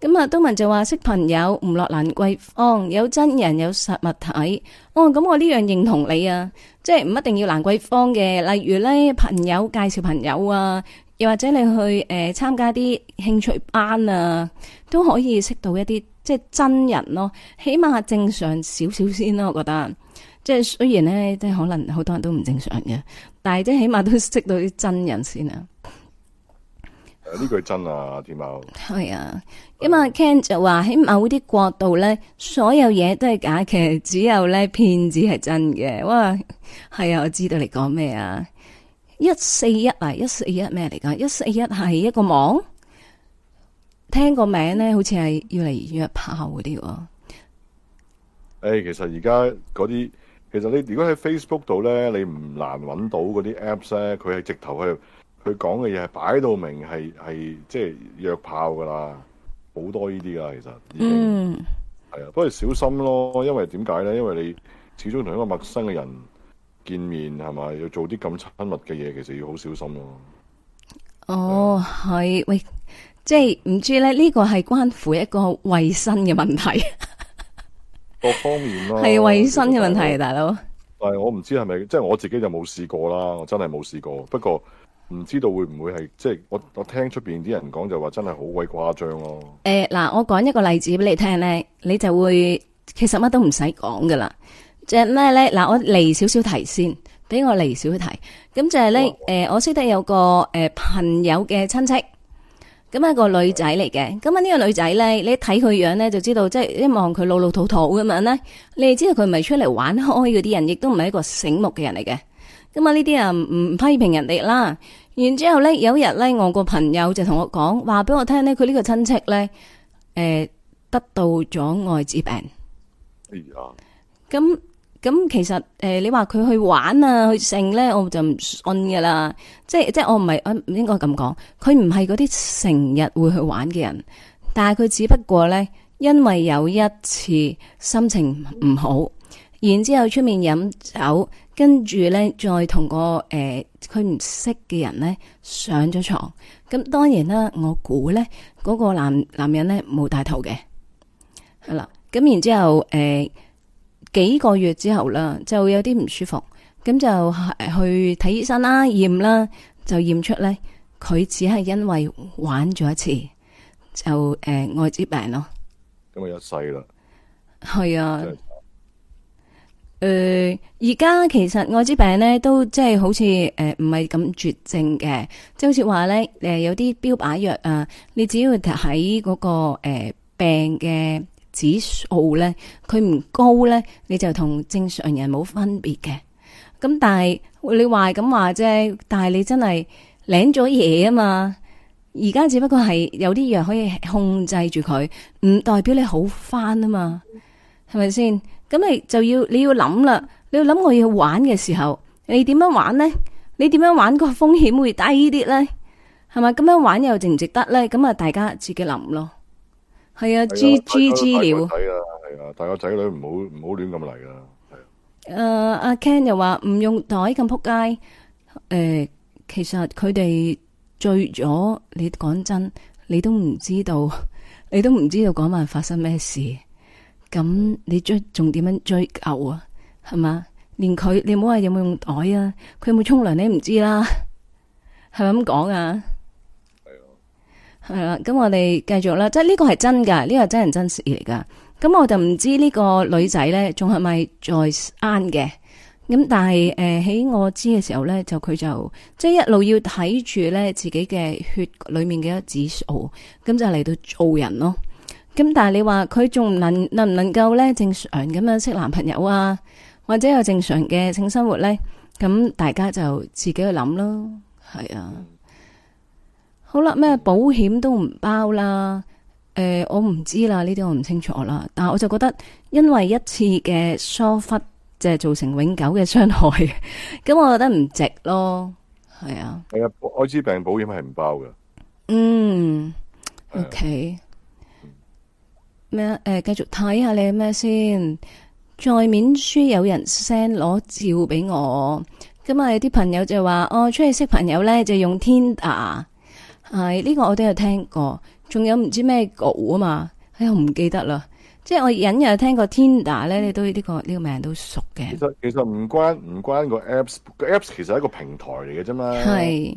咁啊，東文就話識朋友唔落蘭桂坊，有真人有實物體哦，咁我呢樣認同你啊，即係唔一定要蘭桂坊嘅。例如咧，朋友介紹朋友啊，又或者你去誒參加啲興趣班啊，都可以識到一啲即係真人咯。起碼正常少少先啦我覺得。即係雖然咧，即係可能好多人都唔正常嘅，但係即係起碼都識到啲真人先啊。呢句真的是啊，天喵係啊，咁啊 Ken 就話喺某啲國度咧，所有嘢都係假嘅，其實只有咧騙子係真嘅。哇，係啊，我知道你講咩啊，一四一啊，一四一咩嚟噶？一四一係一個網，聽個名咧，好似係要嚟約炮嗰啲喎。誒、欸，其實而家嗰啲，其實你如果喺 Facebook 度咧，你唔難揾到嗰啲 apps 咧，佢係直頭係。佢講嘅嘢係擺到明，係係即係約炮噶啦，好多呢啲噶，其實，嗯，係啊，不過小心咯，因為點解咧？因為你始終同一個陌生嘅人見面，係咪要做啲咁親密嘅嘢，其實要好小心咯。哦，係喂，即係唔知咧，呢個係關乎一個衛生嘅問題， 各方面咯，啊，係衛生嘅問題，啊，大佬。但係我唔知係咪，即係我自己就冇試過啦，我真係冇試過。不過。唔知道會唔會係即係我我聽出面啲人講就話真係好鬼誇張咯。誒、欸、嗱，我講一個例子俾你聽咧，你就會其實乜都唔使講噶啦。即係咩咧？嗱，我嚟少少提先，俾我嚟少少提。咁就係咧，誒、呃，我識得有個誒、呃、朋友嘅親戚，咁係個女仔嚟嘅。咁啊呢個女仔咧，你一睇佢樣咧，就知道即係、就是、一望佢老老土土咁樣咧，你哋知道佢唔係出嚟玩開嗰啲人，亦都唔係一個醒目嘅人嚟嘅。咁啊！呢啲人唔批評人哋啦。然之後咧，有一日咧，我個朋友就同我講話俾我聽咧，佢呢個親戚咧，誒，得到咗艾滋病。咁、哎、咁其實誒、呃，你話佢去玩啊，去性咧、啊，我就唔信噶啦。即係即係我唔係唔應該咁講，佢唔係嗰啲成日會去玩嘅人，但係佢只不過咧，因為有一次心情唔好。然之後出面飲酒，跟住、呃、呢，再同個誒佢唔識嘅人呢上咗床，咁當然啦，我估呢嗰個男男人呢冇帶頭嘅，係啦。咁然之後誒、呃、幾個月之後啦，就有啲唔舒服，咁就去睇醫生啦，驗啦，就驗出呢，佢只係因為玩咗一次就誒艾、呃、滋病咯，咁啊一世啦，係啊。誒、呃，而家其實艾滋病咧都即係好似誒唔係咁絕症嘅，即係好似話咧誒有啲標靶藥啊，你只要喺嗰、那個誒、呃、病嘅指數咧，佢唔高咧，你就同正常人冇分別嘅。咁但係你話咁話啫，但係你，你真係領咗嘢啊嘛，而家只不過係有啲藥可以控制住佢，唔代表你好返啊嘛？係咪先？咁你就要你要諗啦，你要諗我要玩嘅時候，你點樣玩呢？你點樣玩個風險會低啲呢？係咪？咁樣玩又值唔值得呢？咁啊，大家自己諗咯。係啊,啊，G G G 料。係啊，係啊，大個仔女唔好唔好亂咁嚟啊。阿、啊啊 uh, Ken 又話唔用袋咁扑街。誒、呃，其實佢哋醉咗，你講真，你都唔知道，你都唔知道嗰晚發生咩事。咁你追仲點樣追究啊？係嘛？連佢你唔好話有冇用袋啊？佢有冇沖涼你唔知啦？係咪咁講啊？係啊，係啦。咁我哋繼續啦。即係呢個係真噶，呢個係真人真事嚟噶。咁我就唔知呢個女仔咧，仲係咪再啱嘅？咁但係誒、喺、呃、我知嘅時候咧，就佢就即係、就是、一路要睇住咧自己嘅血裏面嘅一指數，咁就嚟到做人咯。咁但係你話佢仲能能唔能夠呢正常咁樣識男朋友啊，或者有正常嘅性生活呢？咁大家就自己去諗咯。係啊，好啦，咩保險都唔包啦。誒、呃，我唔知啦，呢啲我唔清楚啦。但係我就覺得，因為一次嘅疏忽，即係造成永久嘅傷害，咁 我覺得唔值咯。係啊，係啊，愛滋病保險係唔包㗎。嗯，O K。Okay 咩？誒、呃，繼續睇下你係咩先？在面書有人 send 攞照俾我，咁啊有啲朋友就話，我、哦、出去識朋友咧就用 Tinder，係呢、這個我都有聽過。仲有唔知咩 group 啊嘛，哎呀唔記得啦。即係我隱約聽過 Tinder 咧，你都呢、這個呢、這個名都熟嘅。其實其實唔關唔關個 apps，個 apps 其實係一個平台嚟嘅啫嘛。係，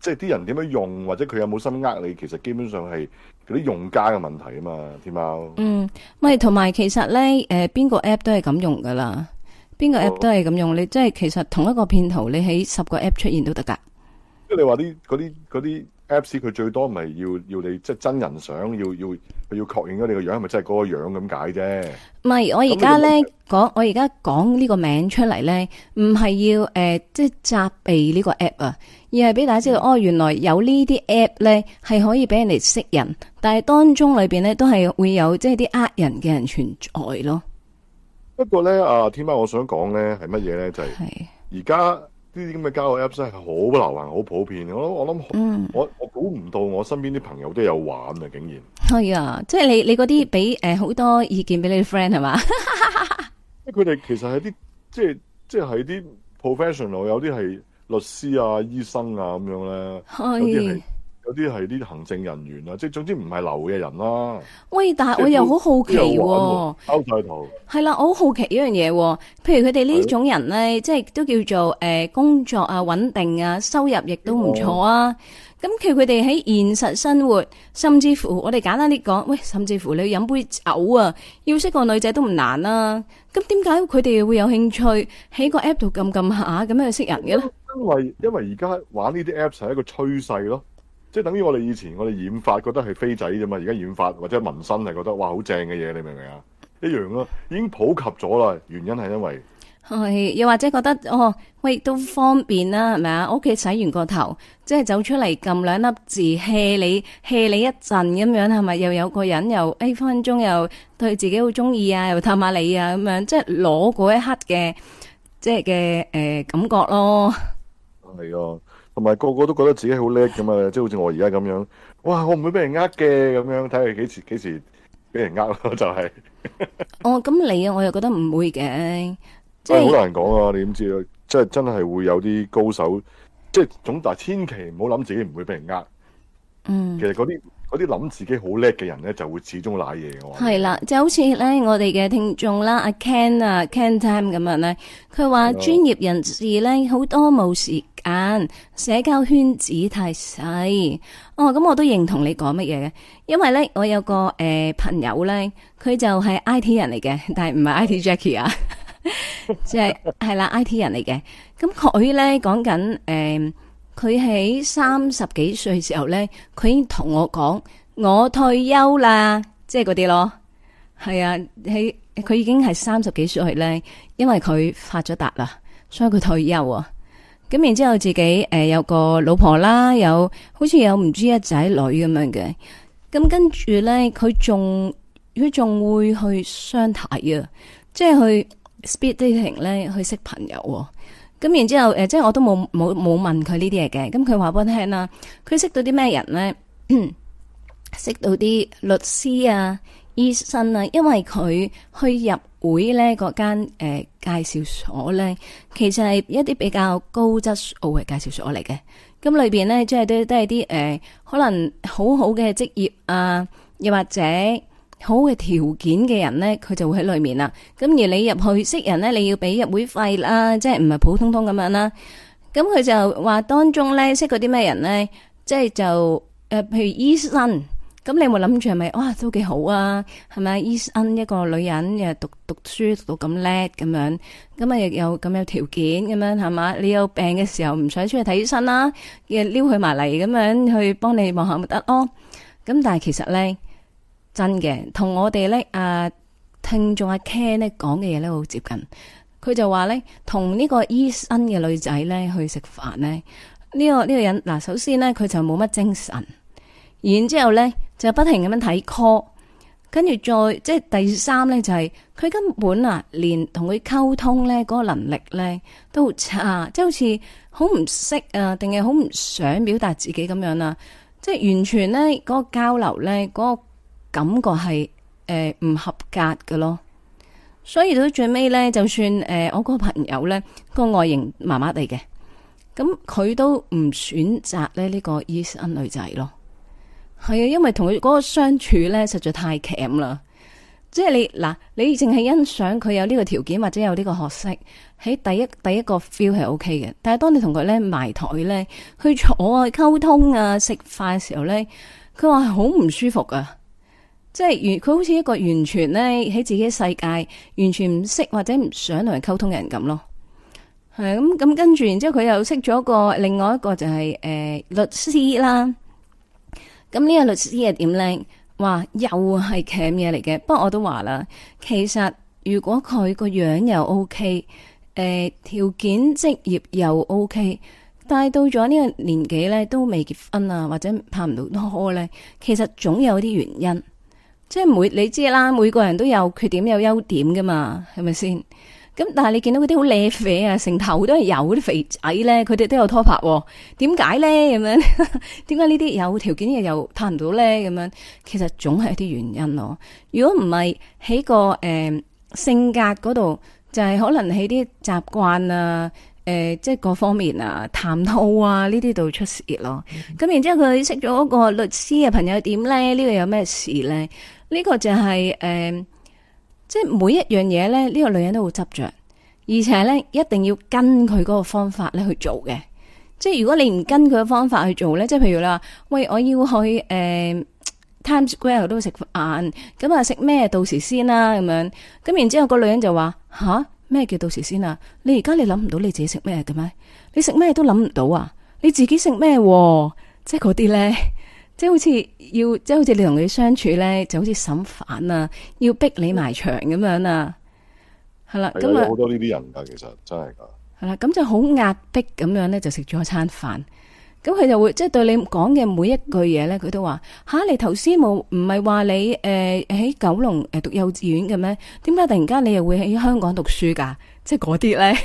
即係啲人點樣用，或者佢有冇心呃你，其實基本上係。嗰啲用家嘅問題啊嘛，天貓。嗯，咪同埋其實咧，誒、呃、邊個 app 都係咁用噶啦，邊個 app 都係咁用。呃、你即係其實同一個騙徒，你喺十個 app 出現都得㗎。即係你話啲啲啲。Apps 佢最多咪要要你即係真人相，要要，要確認咗你個樣，係咪真係嗰個樣咁解啫。唔係我而家咧講，我而家講呢個名出嚟咧，唔係要誒、呃、即係責備呢個 app 啊，而係俾大家知道、嗯、哦，原來有呢啲 app 咧係可以俾人哋識人，但係當中裏邊咧都係會有即係啲呃人嘅人存在咯。不過咧啊，天喵，我想講咧係乜嘢咧就係而家。呢啲咁嘅交友 Apps 咧，真係好流行，好普遍嘅。我我諗，我我估唔到，我，我，到我身邊啲朋友都有玩啊！竟然。係啊，即係你你嗰啲俾誒好多意見俾你啲 friend 係嘛？佢哋 其實係啲即係即係係啲 professional 有啲係律師啊、醫生啊咁樣咧。係。有啲係啲行政人員啦，啊，即係總之唔係流嘅人啦，啊。喂，但係我又好好奇，啊，歐太圖係啦，我好好奇一樣嘢，啊，譬如佢哋呢種人咧，啊，即係都叫做誒、呃、工作啊穩定啊收入亦都唔錯啊。咁其實佢哋喺現實生活，甚至乎我哋簡單啲講，喂，甚至乎你要飲杯酒啊，要識個女仔都唔難啦，啊。咁點解佢哋會有興趣喺個 app 度撳撳下咁樣去識人嘅咧？因為因為而家玩呢啲 app 係一個趨勢咯。即係等於我哋以前我哋染發覺得係飛仔啫嘛，而家染發或者紋身係覺得哇好正嘅嘢，你明唔明啊？一樣咯，已經普及咗啦。原因係因為係又或者覺得哦喂都方便啦，係咪啊？屋企洗完個頭，即係走出嚟撳兩粒字 hi 你 hi 你一陣咁樣，係咪又有個人又誒分分鐘又對自己好中意啊，又探下你啊咁樣，即係攞嗰一刻嘅即係嘅誒感覺咯。係啊。同埋個個都覺得自己好叻㗎嘛、就是、好叻咁啊！即係好似我而家咁樣，哇！我唔會俾人呃嘅咁樣，睇下幾時幾時俾人呃咯，就係、是。哦，咁你啊，我又覺得唔會嘅，即係好難講啊！你點知啊？即、就、係、是、真係會有啲高手，即、就、係、是、總大千祈唔好諗自己唔會俾人呃。嗯。其實嗰啲。嗰啲諗自己好叻嘅人咧，就會始終賴嘢嘅喎。係啦，就好似咧我哋嘅聽眾啦，阿 Ken 啊，Ken Time 咁樣咧，佢話專業人士咧，好多冇時間，社交圈子太細。哦，咁我都認同你講乜嘢嘅，因為咧我有個誒、呃、朋友咧，佢就係 IT 人嚟嘅，但係唔係 IT Jackie 啊，即係係啦 IT 人嚟嘅。咁佢咧講緊誒。佢喺三十幾歲嘅時候呢，佢已經同我講，我退休啦，即係嗰啲咯，係啊，喺佢已經係三十幾歲呢，因為佢發咗達啦，所以佢退休啊。咁然之後自己誒、呃、有個老婆啦，有好似有唔知一仔女咁樣嘅，咁跟住呢，佢仲佢仲會去相睇啊，即係去 speed dating 呢，去識朋友。咁然之後，誒、呃、即係我都冇冇冇問佢呢啲嘢嘅。咁佢話俾我聽啦，佢 識到啲咩人咧？識到啲律師啊、醫生啊，因為佢去入會咧，嗰間、呃、介紹所咧，其實係一啲比較高質素嘅介紹所嚟嘅。咁裏面咧，即係都都係啲可能好好嘅職業啊，又或者，好嘅條件嘅人呢，佢就會喺裏面啦。咁而你入去識人呢，你要俾入會費啦，即係唔係普通通咁樣啦。咁佢就話當中呢，識過啲咩人呢？即係就、呃、譬如醫生。咁你有冇諗住係咪？哇，都幾好啊，係咪？醫生一個女人又讀讀書讀到咁叻咁樣，咁啊又咁有條件咁樣係嘛？你有病嘅時候唔想出去睇醫生啦，撩佢埋嚟咁樣去幫你望下咪得咯。咁、哦、但係其實呢。真嘅，同我哋咧啊聽眾阿 Ken 呢講嘅嘢咧好接近。佢就話咧，同呢個醫生嘅女仔咧去食飯咧，呢個呢個人嗱，首先咧佢就冇乜精神，然之後咧就不停咁樣睇 call，跟住再即係第三咧就係佢根本啊連同佢溝通咧嗰個能力咧都好差，即係好似好唔識啊，定係好唔想表達自己咁樣啊，即係完全咧嗰個交流咧嗰個。感覺係誒唔合格嘅咯，所以到最尾呢，就算誒、呃、我嗰個朋友呢個外形麻麻地嘅，咁佢都唔選擇呢呢、呢個醫生女仔咯。係啊，因為同佢嗰個相處呢，實在太 cam 啦，即係你嗱，你淨係欣賞佢有呢個條件或者有呢個學識喺第一第一個 feel 係 OK 嘅，但係當你同佢呢埋台呢，去坐啊溝通啊食飯嘅時候呢，佢話好唔舒服啊。即係，佢好似一個完全咧喺自己嘅世界，完全唔識或者唔想同人溝通嘅人咁咯。係咁咁，跟住然之後佢又識咗個另外一個就係、是、誒、呃、律師啦。咁、嗯、呢、這個律師係點咧？哇，又係鉗嘢嚟嘅。不過我都話啦，其實如果佢個樣又 OK，誒條件職業又 O、OK, K，但係到咗呢個年紀咧都未結婚啊，或者拍唔到拖咧，其實總有啲原因。即係每你知啦，每個人都有缺點有優點噶嘛，係咪先？咁但係你見到嗰啲好靚肥啊，成頭都係油啲肥仔咧，佢哋都有拖拍，啊，點解咧？咁樣，點解呢啲有條件嘅又探唔到咧？咁樣，其實總係一啲原因咯。如果唔係喺個誒、呃、性格嗰度，就係、是、可能喺啲習慣啊，誒、呃，即係各方面啊，談吐啊呢啲度出事咯。咁 然之後佢識咗個律師嘅朋友點咧？呢、這個有咩事咧？呢、這個就係、是、誒、呃，即係每一樣嘢咧，呢、這個女人都會執着，而且咧一定要跟佢嗰個方法咧去做嘅。即係如果你唔跟佢嘅方法去做咧，即係譬如啦，喂，我要去誒、呃、Times Square 都食飯，咁啊食咩到時先啦、啊、咁樣。咁然之後那個女人就話：吓、啊、咩叫到時先啊？你而家你諗唔到你自己食咩嘅咩？你食咩都諗唔到啊？你自己食咩、啊？即係嗰啲咧。即係好似要，即係好似你同佢相處咧，就好似審犯啊，要逼你埋牆咁樣啊，係、嗯、啦，咁、嗯、啊，好多呢啲人噶，其實真係噶。係啦，咁就好壓迫咁樣咧，就食咗一餐飯。咁佢就會即係對你講嘅每一句嘢咧，佢都話：吓、啊，你頭先冇唔係話你誒喺九龍誒讀幼稚園嘅咩？點解突然間你又會喺香港讀書噶？即係嗰啲咧。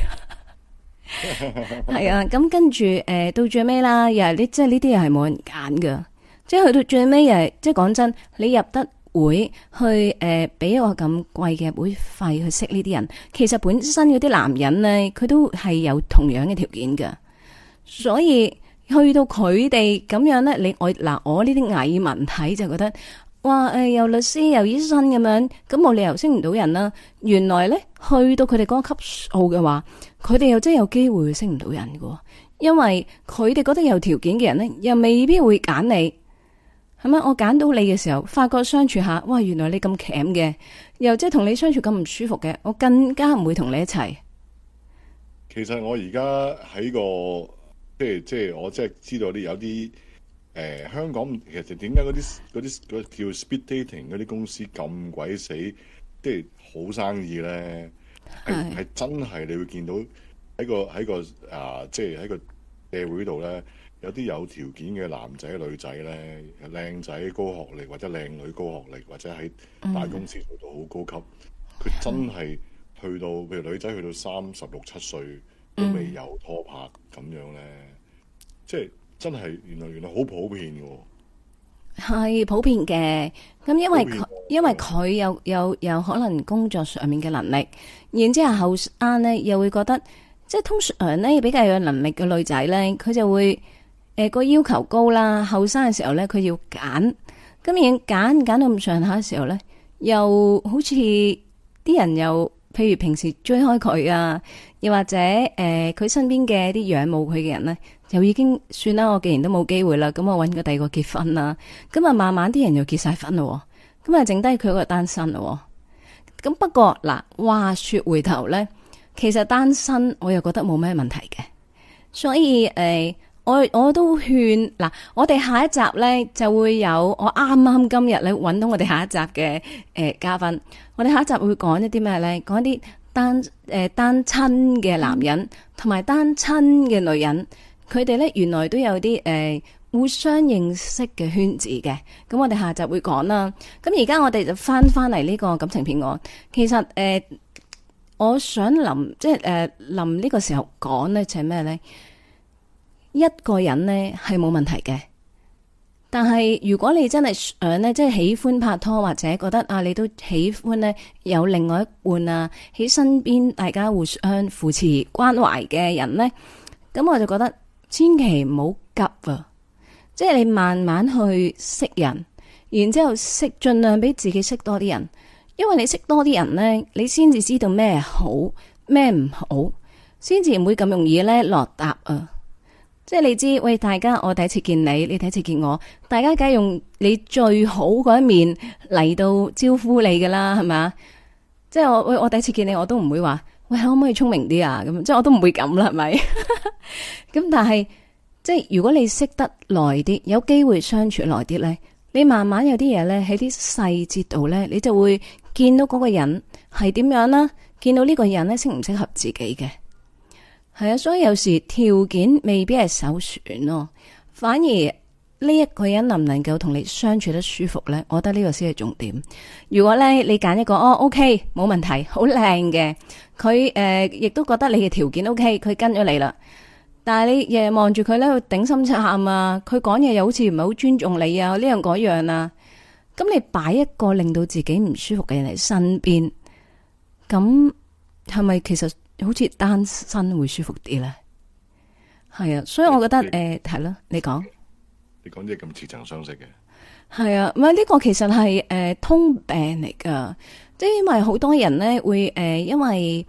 係 啊，咁跟住誒到最尾啦，又係呢，即係呢啲又係冇人揀噶。即係去到最尾誒，即係講真，你入得會去誒，俾一個咁貴嘅會費去識呢啲人，其實本身嗰啲男人呢，佢都係有同樣嘅條件噶，所以去到佢哋咁樣咧，你我嗱、呃、我呢啲偽文體就覺得，哇誒、呃，又律師又醫生咁樣，咁冇理由識唔到人啦、啊。原來咧，去到佢哋嗰個級數嘅話，佢哋又真係有機會識唔到人噶，因為佢哋覺得有條件嘅人咧，又未必會揀你。咁、嗯、啊！我揀到你嘅時候，發覺相處下，哇！原來你咁頸嘅，又即係同你相處咁唔舒服嘅，我更加唔會同你一齊。其實我而家喺個即係即係我即係知道啲有啲誒、呃、香港其實點解嗰啲啲叫 Speed Dating 嗰啲公司咁鬼死，即、就、係、是、好生意咧，係真係你會見到喺個喺個啊，即係喺個社會度咧。有啲有條件嘅男仔、女仔呢，靚仔高學歷，或者靚女高學歷，或者喺大公司做到好高級，佢、嗯、真係去到，譬如女仔去到三十六七歲都未有拖拍咁、嗯、樣呢，即係真係原來原來好普遍喎。係普遍嘅，咁因為佢因為佢有有有可能工作上面嘅能力，然之後後生呢，又會覺得，即係通常呢比較有能力嘅女仔呢，佢就會。誒、呃，那個要求高啦，後生嘅時候咧，佢要揀，咁已揀揀到咁上下嘅時候咧，又好似啲人又譬如平時追開佢啊，又或者誒，佢、呃、身邊嘅啲仰慕佢嘅人咧，就已經算啦，我既然都冇機會啦，咁我搵個第二個結婚啦、啊，咁啊慢慢啲人又結晒婚喎、哦，咁啊剩低佢個單身咯、哦，咁不過嗱、呃，話說回頭咧，其實單身我又覺得冇咩問題嘅，所以誒。呃我我都勸嗱，我哋下一集咧就會有我啱啱今日咧搵到我哋下一集嘅誒嘉賓。我哋下一集會講一啲咩咧？講一啲單誒、呃、單親嘅男人同埋單親嘅女人，佢哋咧原來都有啲誒、呃、互相認識嘅圈子嘅。咁我哋下集會講啦。咁而家我哋就返返嚟呢個感情片案。其實誒、呃，我想臨即係誒臨呢個時候講咧，係咩咧？一個人呢係冇問題嘅，但係如果你真係想呢，即係喜歡拍拖，或者覺得啊，你都喜歡呢，有另外一半啊喺身邊，大家互相扶持關懷嘅人呢，咁我就覺得千祈唔好急啊，即係你慢慢去識人，然之後識盡量俾自己識多啲人，因為你識多啲人呢，你先至知道咩好咩唔好，先至唔會咁容易呢落搭啊。即係你知，喂，大家我第一次見你，你第一次見我，大家梗係用你最好嗰一面嚟到招呼你噶啦，係咪？即係我喂我第一次見你，我都唔會話喂可唔可以聰明啲啊？咁即係我都唔會咁啦，係咪？咁 但係即係如果你識得耐啲，有機會相處耐啲呢，你慢慢有啲嘢呢，喺啲細節度呢，你就會見到嗰個人係點樣啦，見到呢個人呢，適唔適合自己嘅。係啊，所以有時條件未必係首選咯，反而呢一個人能唔能夠同你相處得舒服呢？我覺得呢個先係重點。如果呢，你揀一個哦，OK，冇問題，好靚嘅，佢誒亦都覺得你嘅條件 OK，佢跟咗你啦。但係你日日望住佢咧，頂心插眼啊！佢講嘢又好似唔係好尊重你啊，呢樣嗰樣啊。咁你擺一個令到自己唔舒服嘅人喺身邊，咁係咪其實？好似單身會舒服啲咧，係啊，所以我覺得誒係咯，你講、呃，你講啲咁似曾相識嘅，係啊，唔係呢個其實係誒、呃、通病嚟噶，即係因為好多人呢會誒、呃、因為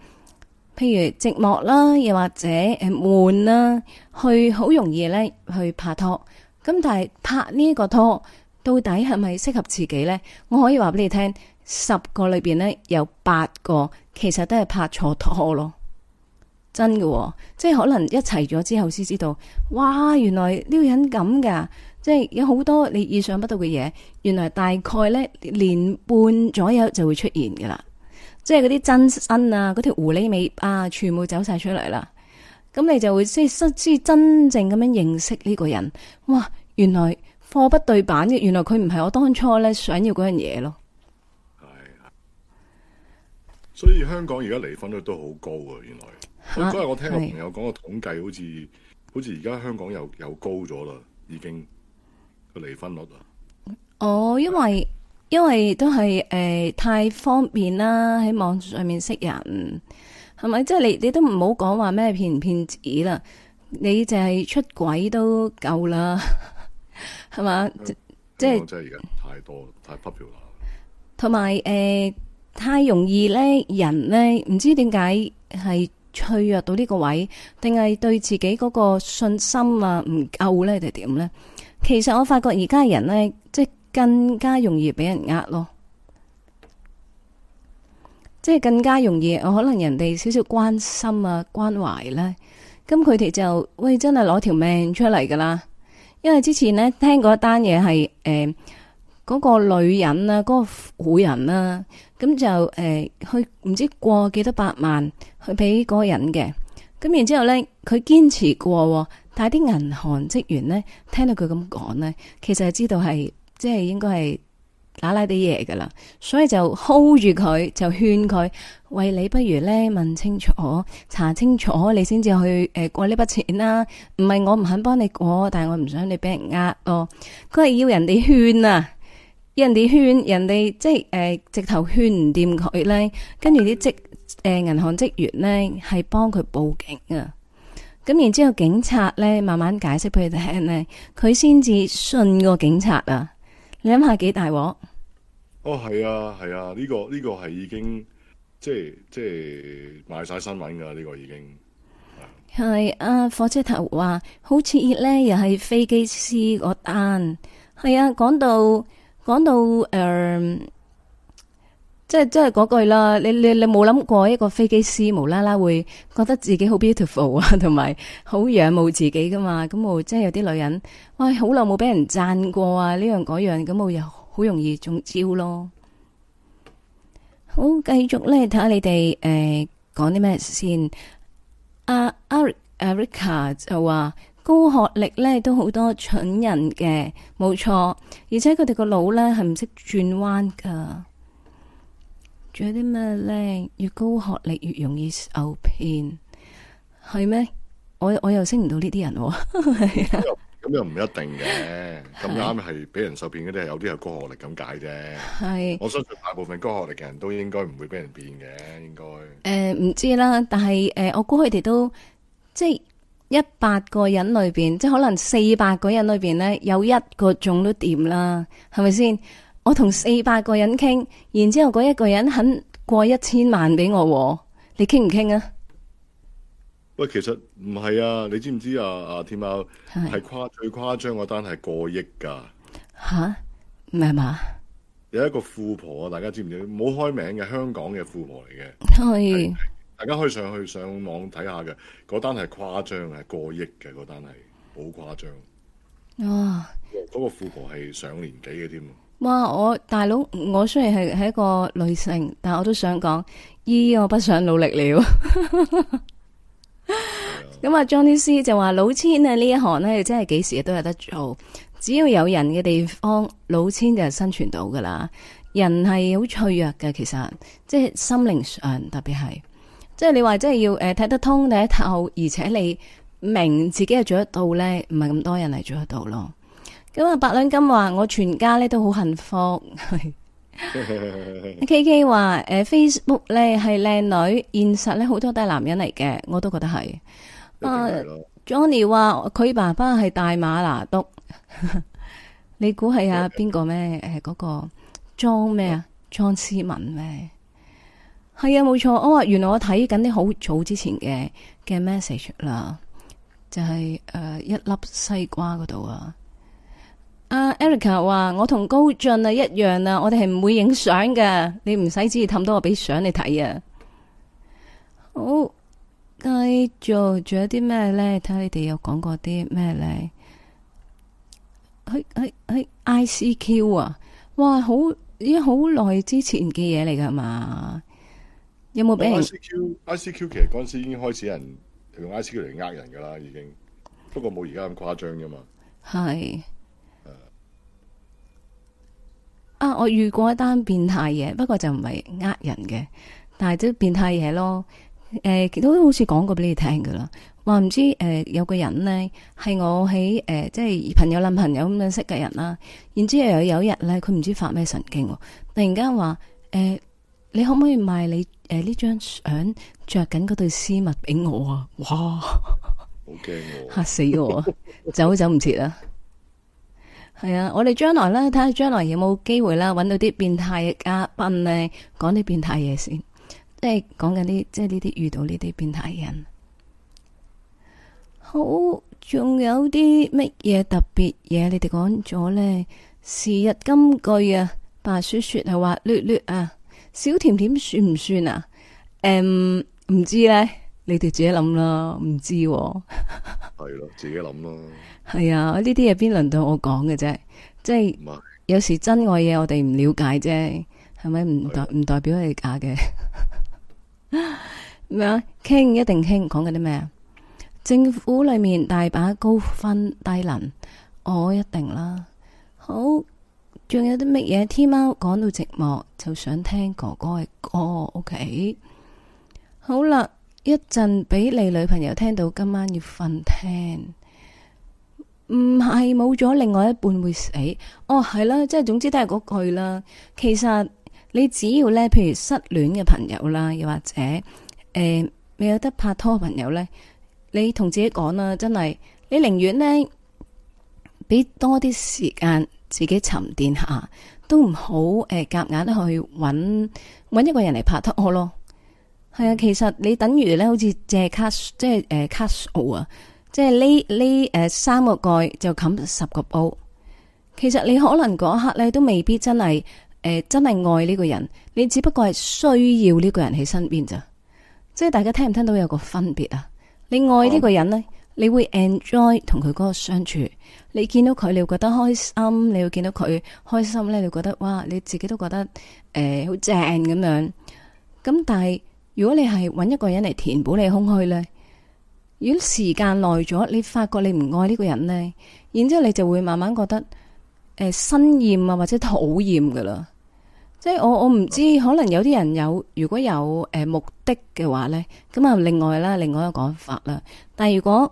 譬如寂寞啦，又或者誒、呃、悶啦，去好容易咧去拍拖，咁但係拍呢個拖到底係咪適合自己咧？我可以話俾你聽。十個裏邊呢，有八個，其實都係拍錯拖咯，真嘅、哦，即係可能一齊咗之後先知道。哇，原來呢個人咁噶，即係有好多你意想不到嘅嘢。原來大概呢年半左右就會出現噶啦，即係嗰啲真身啊，嗰條狐狸尾啊，全部走晒出嚟啦。咁你就會先先真正咁樣認識呢個人。哇，原來貨不對版嘅，原來佢唔係我當初呢想要嗰樣嘢咯。所以香港而家離婚率都好高啊。原來。嗰、啊、日我聽個朋友講個統計，好似好似而家香港又又高咗啦，已經個離婚率啊。哦，因為因為都係誒、呃、太方便啦，喺網上面識人，係咪？即、就、係、是、你你都唔好講話咩騙唔騙子啦，你就係出軌都夠啦，係嘛？即係即係而家太多，太 popular。同埋誒。呃太容易呢，人呢唔知點解係脆弱到呢個位，定係對自己嗰個信心啊唔夠呢？定係點呢？其實我發覺而家人呢，即係更加容易俾人呃咯，即係更加容易，可能人哋少少關心啊關懷呢、啊，咁佢哋就喂真係攞條命出嚟噶啦，因為之前呢，聽過一單嘢係誒。呃嗰、那個女人啊，嗰、那個婦人啦、啊，咁就誒去唔知過幾多百萬去俾嗰個人嘅，咁然之後咧，佢堅持過、哦，但係啲銀行職員咧，聽到佢咁講咧，其實係知道係即係應該係嗱嗱啲嘢，噶啦，所以就 hold 住佢，就勸佢，喂，你不如咧問清楚、查清楚你、啊，你先至去誒過呢筆錢啦。唔係我唔肯幫你過，但係我唔想你俾人呃哦，佢係要人哋勸啊！人哋勸人哋即係誒、呃、直頭勸唔掂佢咧，跟住啲職誒銀行職員咧係幫佢報警啊。咁然之後警察咧慢慢解釋俾佢聽咧，佢先至信個警察啊。你諗下幾大鑊？哦，係啊，係啊，呢、呢個呢、呢個係已經即係即係賣晒新聞噶呢個已經係啊，啊。火車頭話好似咧又係飛機師個單，係啊，講到。講到誒、呃，即係即係嗰句啦，你你你冇諗過一個飛機師無啦啦會覺得自己好 beautiful 啊，同埋好仰慕自己噶嘛？咁我即係有啲女人，喂，哎，好耐冇俾人讚過啊，呢樣嗰樣，咁我又好容易中招咯。好，繼續呢睇下你哋誒講啲咩先。阿阿 Rica 就話。高學歷咧都好多蠢人嘅，冇錯。而且佢哋個腦咧係唔識轉彎噶。仲有啲咩咧？越高學歷越容易受騙，係咩？我我又識唔到呢啲人喎。咁又唔一定嘅。咁啱係俾人受騙嗰啲，有啲係高學歷咁解啫。係。我相信大部分高學歷嘅人都應該唔會俾人變嘅，應該。誒、呃、唔知啦，但係誒、呃，我估佢哋都即係一百個人裏邊，即係可能四百個人裏邊呢，有一個中都掂啦，係咪先？我同四百個人傾，然之後嗰一個人肯過一千萬俾我，你傾唔傾啊？喂，其實唔係啊，你知唔知啊？啊，天喵係誇最誇張嗰單係過億噶吓，咩嘛？有一個富婆啊，大家知唔知？冇開名嘅香港嘅富婆嚟嘅，係。大家可以上去上網睇下嘅嗰單係誇張嘅，係過億嘅嗰單係好誇張。哇！嗰、那個富婆係上年紀嘅添。哇！我大佬，我雖然係係一個女性，但我都想講，依我不想努力了。咁 啊，Johnny C 就話老千啊呢一行呢，真係幾時都有得做，只要有人嘅地方，老千就係生存到噶啦。人係好脆弱嘅，其實即係心靈上特別係。即係你話，即係要誒睇得通睇得透，而且你明自己係做得到咧，唔係咁多人嚟做得到咯。咁啊，白兩金話我全家咧都好幸福。K K 話誒 Facebook 咧係靚女，現實咧好多都係男人嚟嘅，我都覺得係。啊 ，Johnny 話佢爸爸係大馬拿督， 你估係呀？邊個咩？誒，嗰個莊咩啊？莊 思是誰、 啊那個、 文咩？係啊，冇錯。我、哦、話原來我睇緊啲好早之前嘅嘅 message 啦，就係、是、誒、呃、一粒西瓜嗰度啊。阿、啊、Erica 話我同高俊啊一樣啊，我哋係唔會影相噶，你唔使指意氹到我俾相你睇啊。好，繼續仲有啲咩咧？睇下你哋有講過啲咩咧？去 ICQ 啊！哇，好已經好耐之前嘅嘢嚟噶嘛。有冇俾人？I C Q，I C Q 其實嗰陣時已經開始有人用 I C Q 嚟呃人噶啦，已經。不過冇而家咁誇張噶嘛。係。啊，我遇過一單變態嘢，不過就唔係呃人嘅，但係都變態嘢咯。誒、呃，都好似講過俾你聽噶啦。話唔知誒、呃，有個人咧係我喺誒，即、呃、係、就是、朋友諗朋友咁樣識嘅人啦。然之後又有日咧，佢唔知發咩神經，突然間話誒。呃你可唔可以賣你誒？呢張相着緊嗰對絲襪俾我啊！哇，好驚，嚇死我， 走都走唔切啊！係啊，我哋將來啦，睇下將來有冇機會啦，搵到啲變態嘅嘉賓咧，講啲變態嘢先，即係講緊啲即係呢啲遇到呢啲變態人。好，仲有啲乜嘢特別嘢？你哋講咗咧？時日金句啊，白雪雪係滑捋捋啊。小甜甜算唔算啊？誒，唔知咧，你哋自己諗啦，唔知係咯、啊， 自己諗咯。係啊，呢啲嘢邊輪到我講嘅啫，即係有時真愛嘢我哋唔了解啫，係咪唔代唔代表係假嘅？咩 啊？傾一定傾，講緊啲咩啊？ 政府裏面大把高分低能，我一定啦，好。仲有啲乜嘢？天喵講到寂寞，就想聽哥哥嘅歌。OK，好啦，一陣俾你女朋友聽到，今晚要瞓廳。唔係冇咗另外一半會死哦，係啦，即係總之都係嗰句啦。其實你只要呢，譬如失戀嘅朋友啦，又或者誒、呃、未有得拍拖嘅朋友呢，你同自己講啦，真係你寧願呢俾多啲時間。自己沉澱下，都唔好誒夾硬去揾揾一個人嚟拍拖咯。係啊，其實你等於咧，好似借卡數，即係誒卡數啊，即係呢呢誒三個蓋就冚十個煲。其實你可能嗰一刻咧都未必真係誒、呃、真係愛呢個人，你只不過係需要呢個人喺身邊咋。即係大家聽唔聽到有個分別啊？你愛呢個人呢？嗯你會 enjoy 同佢嗰個相處你，你見到佢你會覺得開心，你會見到佢開心呢你會覺得哇，你自己都覺得誒好正咁樣。咁但係如果你係搵一個人嚟填補你空虛呢？如果時間耐咗，你發覺你唔愛呢個人呢，然之後你就會慢慢覺得誒、呃、新厭啊或者討厭噶啦。即係我我唔知，可能有啲人有如果有誒、呃、目的嘅話呢，咁啊另外啦，另外一個講法啦，但係如果。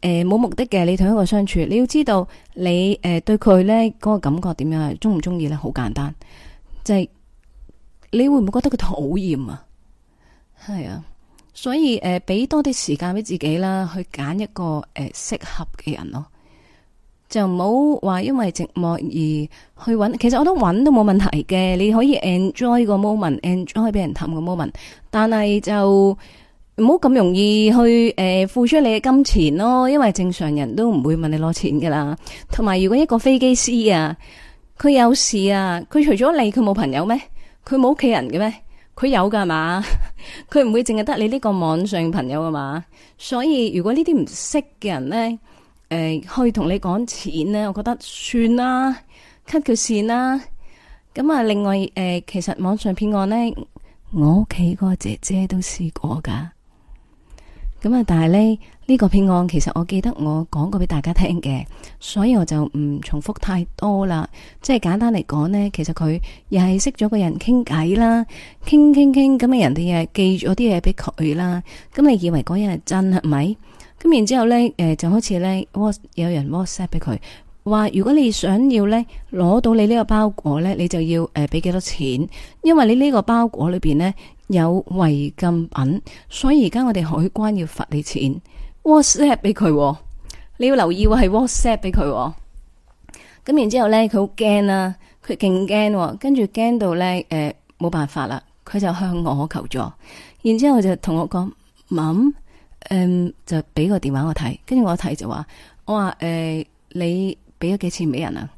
誒，冇目的嘅，你同一個相處，你要知道你誒對佢咧嗰個感覺點樣，鍾唔鍾意咧？好簡單，即係你會唔會覺得佢討厭啊？係啊，所以誒俾多啲時間俾自己啦，去揀一個誒適合嘅人咯，就唔好話因為寂寞而去揾。其實我覺得揾都冇問題嘅，你可以 enjoy 個 moment，enjoy 俾人氹個 moment，但係就。唔好咁容易去誒、呃、付出你嘅金錢咯，因為正常人都唔會問你攞錢噶啦。同埋如果一個飛機師啊，佢有事啊，佢除咗你，佢冇朋友咩？佢冇屋企人嘅咩？佢有噶係嘛？佢 唔會淨係得你呢個網上朋友㗎嘛？所以如果呢啲唔識嘅人呢，誒去同你講錢呢，我覺得算啦，cut 佢線啦。咁啊，另外誒、呃，其實網上騙案呢，我屋企個姐姐都試過噶。咁啊！但係咧，呢個騙案，其實我記得我講過俾大家聽嘅，所以我就唔重複太多啦。即係簡單嚟講呢，其實佢又係識咗個人傾偈啦，傾傾傾，咁啊人哋又係寄咗啲嘢俾佢啦。咁你以為嗰樣係真係咪？咁然之後呢誒，就好似呢，w h a t 有人 WhatsApp 俾佢，話如果你想要呢，攞到你呢個包裹呢，你就要誒俾幾多錢，因為你呢個包裹裏邊呢。」有違禁品，所以而家我哋海關要罰你錢。WhatsApp 俾佢、哦，你要留意喎，係 WhatsApp 俾佢、哦。咁然之後咧，佢好驚啦，佢勁驚，跟住驚到咧，誒、呃、冇辦法啦，佢就向我求助。然之後就同我講，Mom? 嗯，誒就俾個電話我睇。跟住我睇就話，我話誒、呃、你俾咗幾錢俾人啊？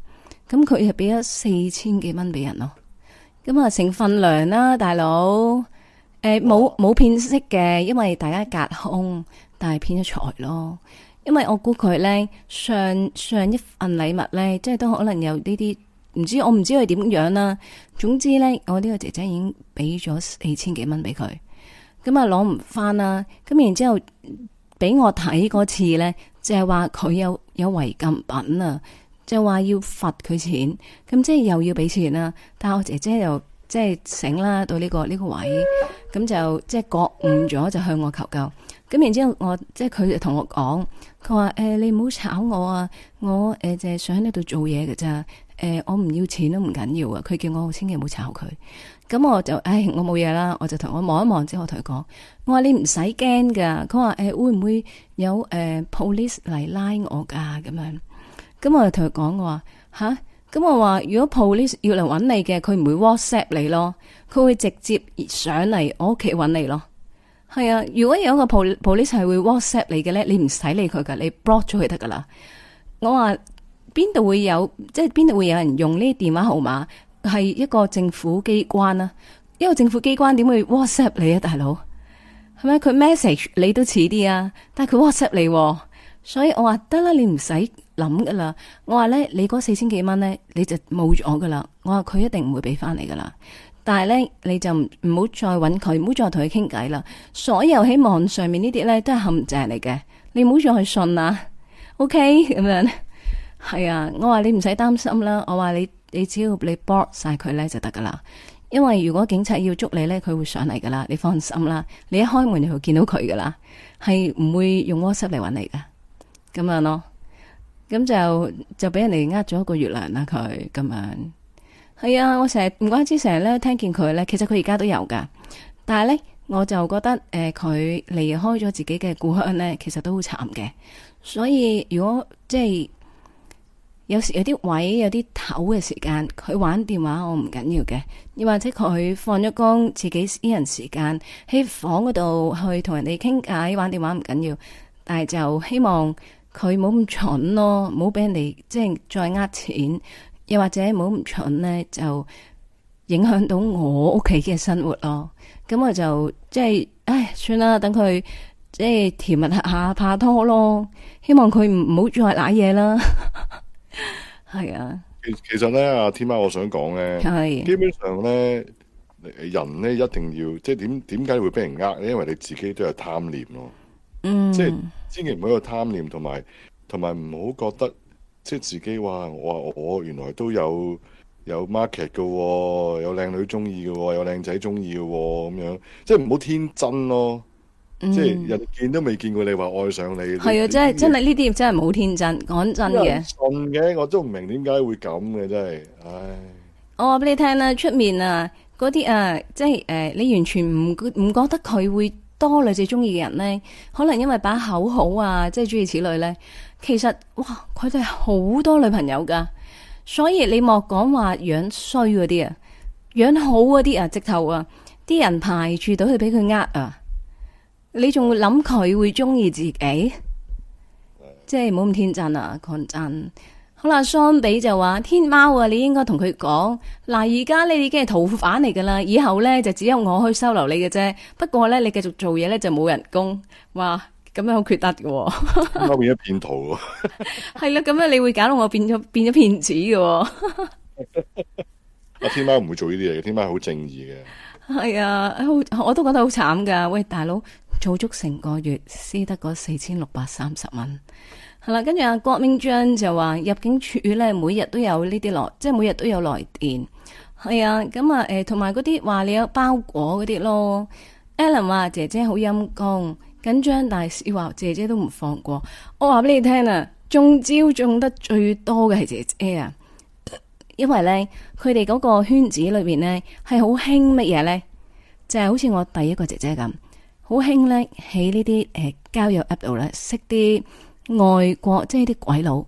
咁佢又俾咗四千幾蚊俾人咯、啊。咁啊，成份糧啦，大佬。誒，冇冇騙色嘅，因為大家隔空，但係騙咗財咯。因為我估佢咧，上上一份禮物咧，即係都可能有呢啲，唔知我唔知佢點樣啦。總之咧，我呢個姐姐已經俾咗四千幾蚊俾佢，咁啊攞唔翻啦。咁然之後俾我睇嗰次咧，就係話佢有有違禁品啊，就係話要罰佢錢，咁即係又要俾錢啦。但係我姐姐又。即係醒啦，到呢、呢個呢、呢個位，咁就即係覺悟咗，就向我求救。咁然之後我即係佢就同我講，佢話誒你唔好炒我啊，我誒就係想喺呢度做嘢㗎咋，誒、呃、我唔要錢都唔緊要啊。佢叫我千祈唔好炒佢。咁我就唉、哎，我冇嘢啦，我就同我望一望之後我佢，我同佢講，我話你唔使驚㗎。佢話誒會唔會有誒 Police 嚟拉我㗎咁樣？咁我就同佢講我話吓。咁我話如果 police 要嚟揾你嘅，佢唔會 WhatsApp 你咯，佢會直接上嚟我屋企揾你咯。係啊，如果有一個、P、police 係會 WhatsApp 你嘅咧，你唔使理佢噶，你 block 咗佢得噶啦。我話邊度會有，即係邊度會有人用呢啲電話號碼係一個政府機關啊？一個政府機關點會 WhatsApp 你啊，大佬係咪？佢 message 你都似啲啊，但係佢 WhatsApp 你、啊，所以我話得啦，你唔使。諗噶啦，我話咧，你嗰四千幾蚊咧，你就冇咗噶啦。我話佢一定唔會俾翻你噶啦。但係咧，你就唔唔好再搵佢，唔好再同佢傾偈啦。所有喺網上面呢啲咧都係陷阱嚟嘅，你唔好再去信啦。OK，咁樣係啊。我話你唔使擔心啦。我話你，你只要你 block 晒佢咧就得噶啦。因為如果警察要捉你咧，佢會上嚟噶啦。你放心啦，你一開門就會見到佢噶啦，係唔會用 WhatsApp 嚟搵你噶咁樣咯。咁就就俾人哋呃咗一個月糧啦，佢咁樣係啊，我成日唔怪之成日咧聽見佢咧，其實佢而家都有噶，但係咧我就覺得誒，佢、呃、離開咗自己嘅故鄉咧，其實都好慘嘅。所以如果即係有時有啲位有啲唞嘅時間，佢玩電話我唔緊要嘅，又或者佢放咗工自己私人時間喺房嗰度去同人哋傾偈玩電話唔緊要，但係就希望。佢冇咁蠢咯，冇俾人哋即係再呃錢，又或者冇咁蠢咧，就影響到我屋企嘅生活咯。咁我就即係，唉，算啦，等佢即係甜蜜下下拍拖咯。希望佢唔好再瀨嘢啦。係 啊，其其實咧，阿天喵，我想講咧，係基本上咧，人咧一定要即係點點解會俾人呃咧？因為你自己都係貪念咯，嗯，即係。千祈唔好有貪念，同埋同埋唔好覺得即係自己話我我原來都有有 market 嘅，有靚女中意嘅，有靚仔中意嘅咁樣，即係唔好天真咯。嗯、即係人見都未見過，你話愛上你，係啊，真係真係呢啲真係唔好天真。講真嘅，信嘅我都唔明點解會咁嘅真係，唉。我話俾你聽啦，出面啊嗰啲啊，即係誒、呃，你完全唔唔覺得佢會？多類似中意嘅人呢，可能因為把口好啊，即係諸如此類呢。其實哇，佢哋好多女朋友噶，所以你莫講話樣衰嗰啲啊，樣好嗰啲啊，直頭啊，啲人排住隊去俾佢呃啊，你仲會諗佢會中意自己？即係唔好咁天真啊，講真。好啦，桑比就話天喵啊，你應該同佢講，嗱、啊，而家你已經係逃犯嚟噶啦，以後咧就只有我去收留你嘅啫。不過咧，你繼續做嘢咧就冇人工，哇，咁樣好缺德嘅、哦。 天喵變咗騙徒，係 啦、啊，咁樣你會搞到我變咗變咗騙子嘅、哦。阿 天喵唔會做呢啲嘢嘅，天喵好正義嘅。係啊，好，我都覺得好慘噶。喂，大佬，做足成個月，先得嗰四千六百三十蚊。係啦，跟住阿郭明章就話入境處咧，每日都有呢啲來，即係每日都有來電。係啊，咁啊，誒，同埋嗰啲話你有包裹嗰啲咯。Ellen 話姐姐好陰功緊張，但係小話姐姐都唔放過。我話俾你聽啊，中招中得最多嘅係姐姐啊，因為咧佢哋嗰個圈子裏面咧係好興乜嘢咧？就係好似我第一個姐姐咁，好興咧喺呢啲誒交友 app 度咧識啲。外國即係啲鬼佬，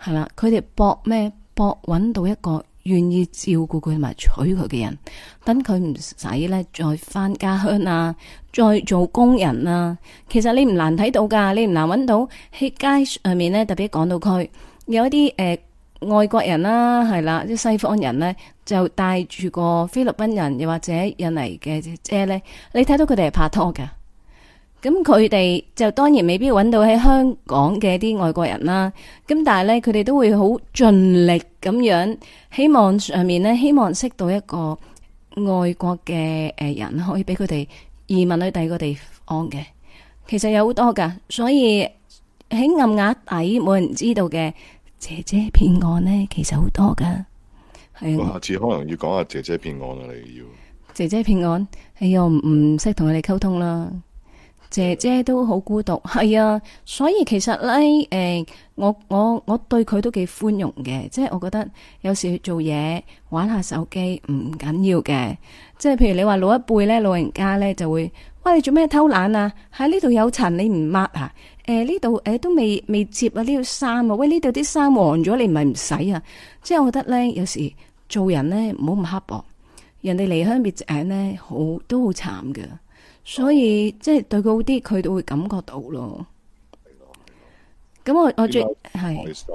係啦，佢哋搏咩？搏揾到一個願意照顧佢同埋娶佢嘅人，等佢唔使咧，再返家鄉啊，再做工人啊。其實你唔難睇到噶，你唔難揾到喺街上面咧，特別港島區有一啲誒、呃、外國人啦、啊，係啦，即西方人咧，就帶住個菲律賓人又或者印尼嘅姐姐咧，你睇到佢哋係拍拖噶。咁佢哋就當然未必揾到喺香港嘅啲外國人啦。咁但係咧，佢哋都會好盡力咁樣，希望上面咧，希望識到一個外國嘅誒人，可以俾佢哋移民去第二個地方嘅。其實有好多噶，所以喺暗瓦底冇人知道嘅姐姐騙案咧，其實好多噶。係。咁下次可能要講下姐姐騙案啊，你要姐姐騙案，我又唔識同佢哋溝通啦。姐姐都好孤獨，係啊，所以其實咧，誒、欸，我我我對佢都幾寬容嘅，即係我覺得有時做嘢玩下手機唔緊要嘅，即係譬如你話老一輩咧，老人家咧就會，喂，你做咩偷懶啊？喺呢度有塵你唔抹啊？誒呢度誒都未未接啊呢條衫啊？喂呢度啲衫黃咗你唔係唔使啊？即係我覺得咧有時做人咧唔好咁刻薄，人哋離鄉別井咧好都好慘噶。所以即係、就是、對佢好啲，佢都會感覺到咯。咁我我最係，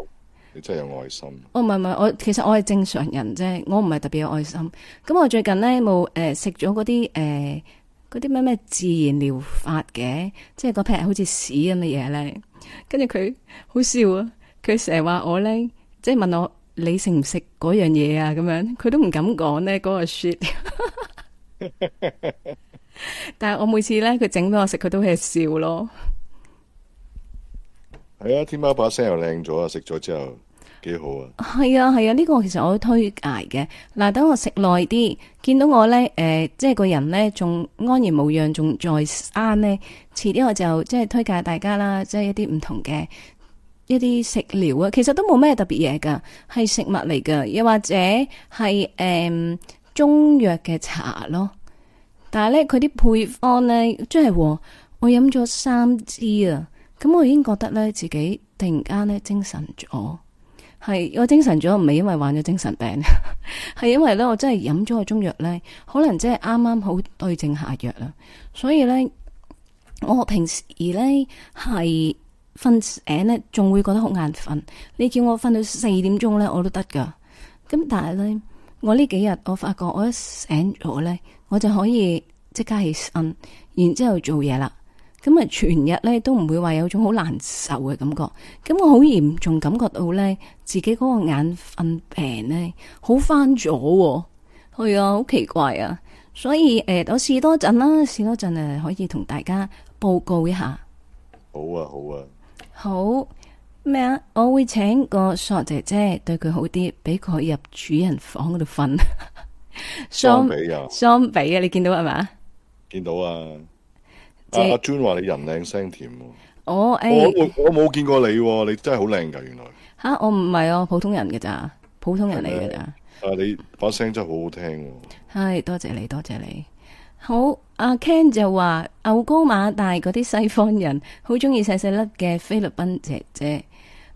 你真係有愛心。哦唔係唔係，我其實我係正常人啫，我唔係特別有愛心。咁我最近呢，冇誒食咗嗰啲誒嗰啲咩咩自然療法嘅，即係個 pat 好似屎咁嘅嘢咧。跟住佢好笑啊，佢成日話我咧，即、就、係、是、問我你食唔食嗰樣嘢啊？咁樣佢都唔敢講呢嗰、那個 shit。 但係我每次咧，佢整俾我食，佢都係笑咯。係啊，天貓把聲又靚咗啊！食咗之後幾好啊。係啊係啊，呢、啊這個其實我都推介嘅嗱，等我食耐啲，見到我咧誒、呃，即係個人咧仲安然無恙，仲在生呢。遲啲我就即係推介大家啦，即係一啲唔同嘅一啲食療啊，其實都冇咩特別嘢噶，係食物嚟噶，又或者係誒、呃、中藥嘅茶咯。但係咧，佢啲配方咧，即係我飲咗三支啊，咁我已經覺得咧自己突然間咧精神咗，係我精神咗，唔係因為患咗精神病，係 因為咧我真係飲咗個中藥咧，可能真係啱啱好對症下藥啦。所以咧，我平時咧係瞓醒咧，仲會覺得好眼瞓。你叫我瞓到四點鐘咧，我都得噶。咁但係咧，我呢幾日我發覺我一醒咗咧。我就可以即刻起身，然之後做嘢啦。咁啊，全日咧都唔會話有種好難受嘅感覺。咁我好嚴重感覺到咧，自己嗰個眼瞓病咧好翻咗，哦。係啊，好奇怪啊！所以誒、呃，我試多陣啦，試多陣誒，可以同大家報告一下。好啊，好啊。好咩啊？我會請個傻姐姐對佢好啲，俾佢入主人房嗰度瞓。雙比啊！雙比啊！你見到係嘛？見到啊！阿阿 Jun 話你人靚聲甜喎、oh, uh,，我我我冇見過你喎、啊，你真係好靚噶，原來吓我唔係我普通人嘅咋，普通人嚟噶。咋。係、啊、你把聲真係好好聽、啊。係多謝你，多謝你。好，阿 Ken 就話牛高馬大嗰啲西方人好中意細細粒嘅菲律賓姐姐，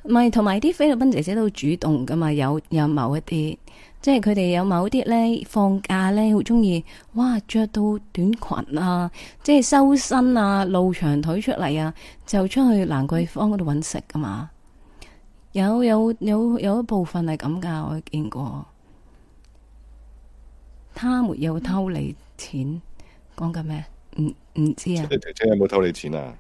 唔係同埋啲菲律賓姐姐都主動噶嘛，有有某一啲。即係佢哋有某啲咧放假咧好中意，哇，着到短裙啊，即係修身啊，露長腿出嚟，啊，就出去蘭桂坊嗰度搵食噶嘛。有有有有一部分係咁噶，我見過。他沒有偷你錢，講緊咩？唔唔、嗯、知啊。你姐姐有冇偷你錢啊？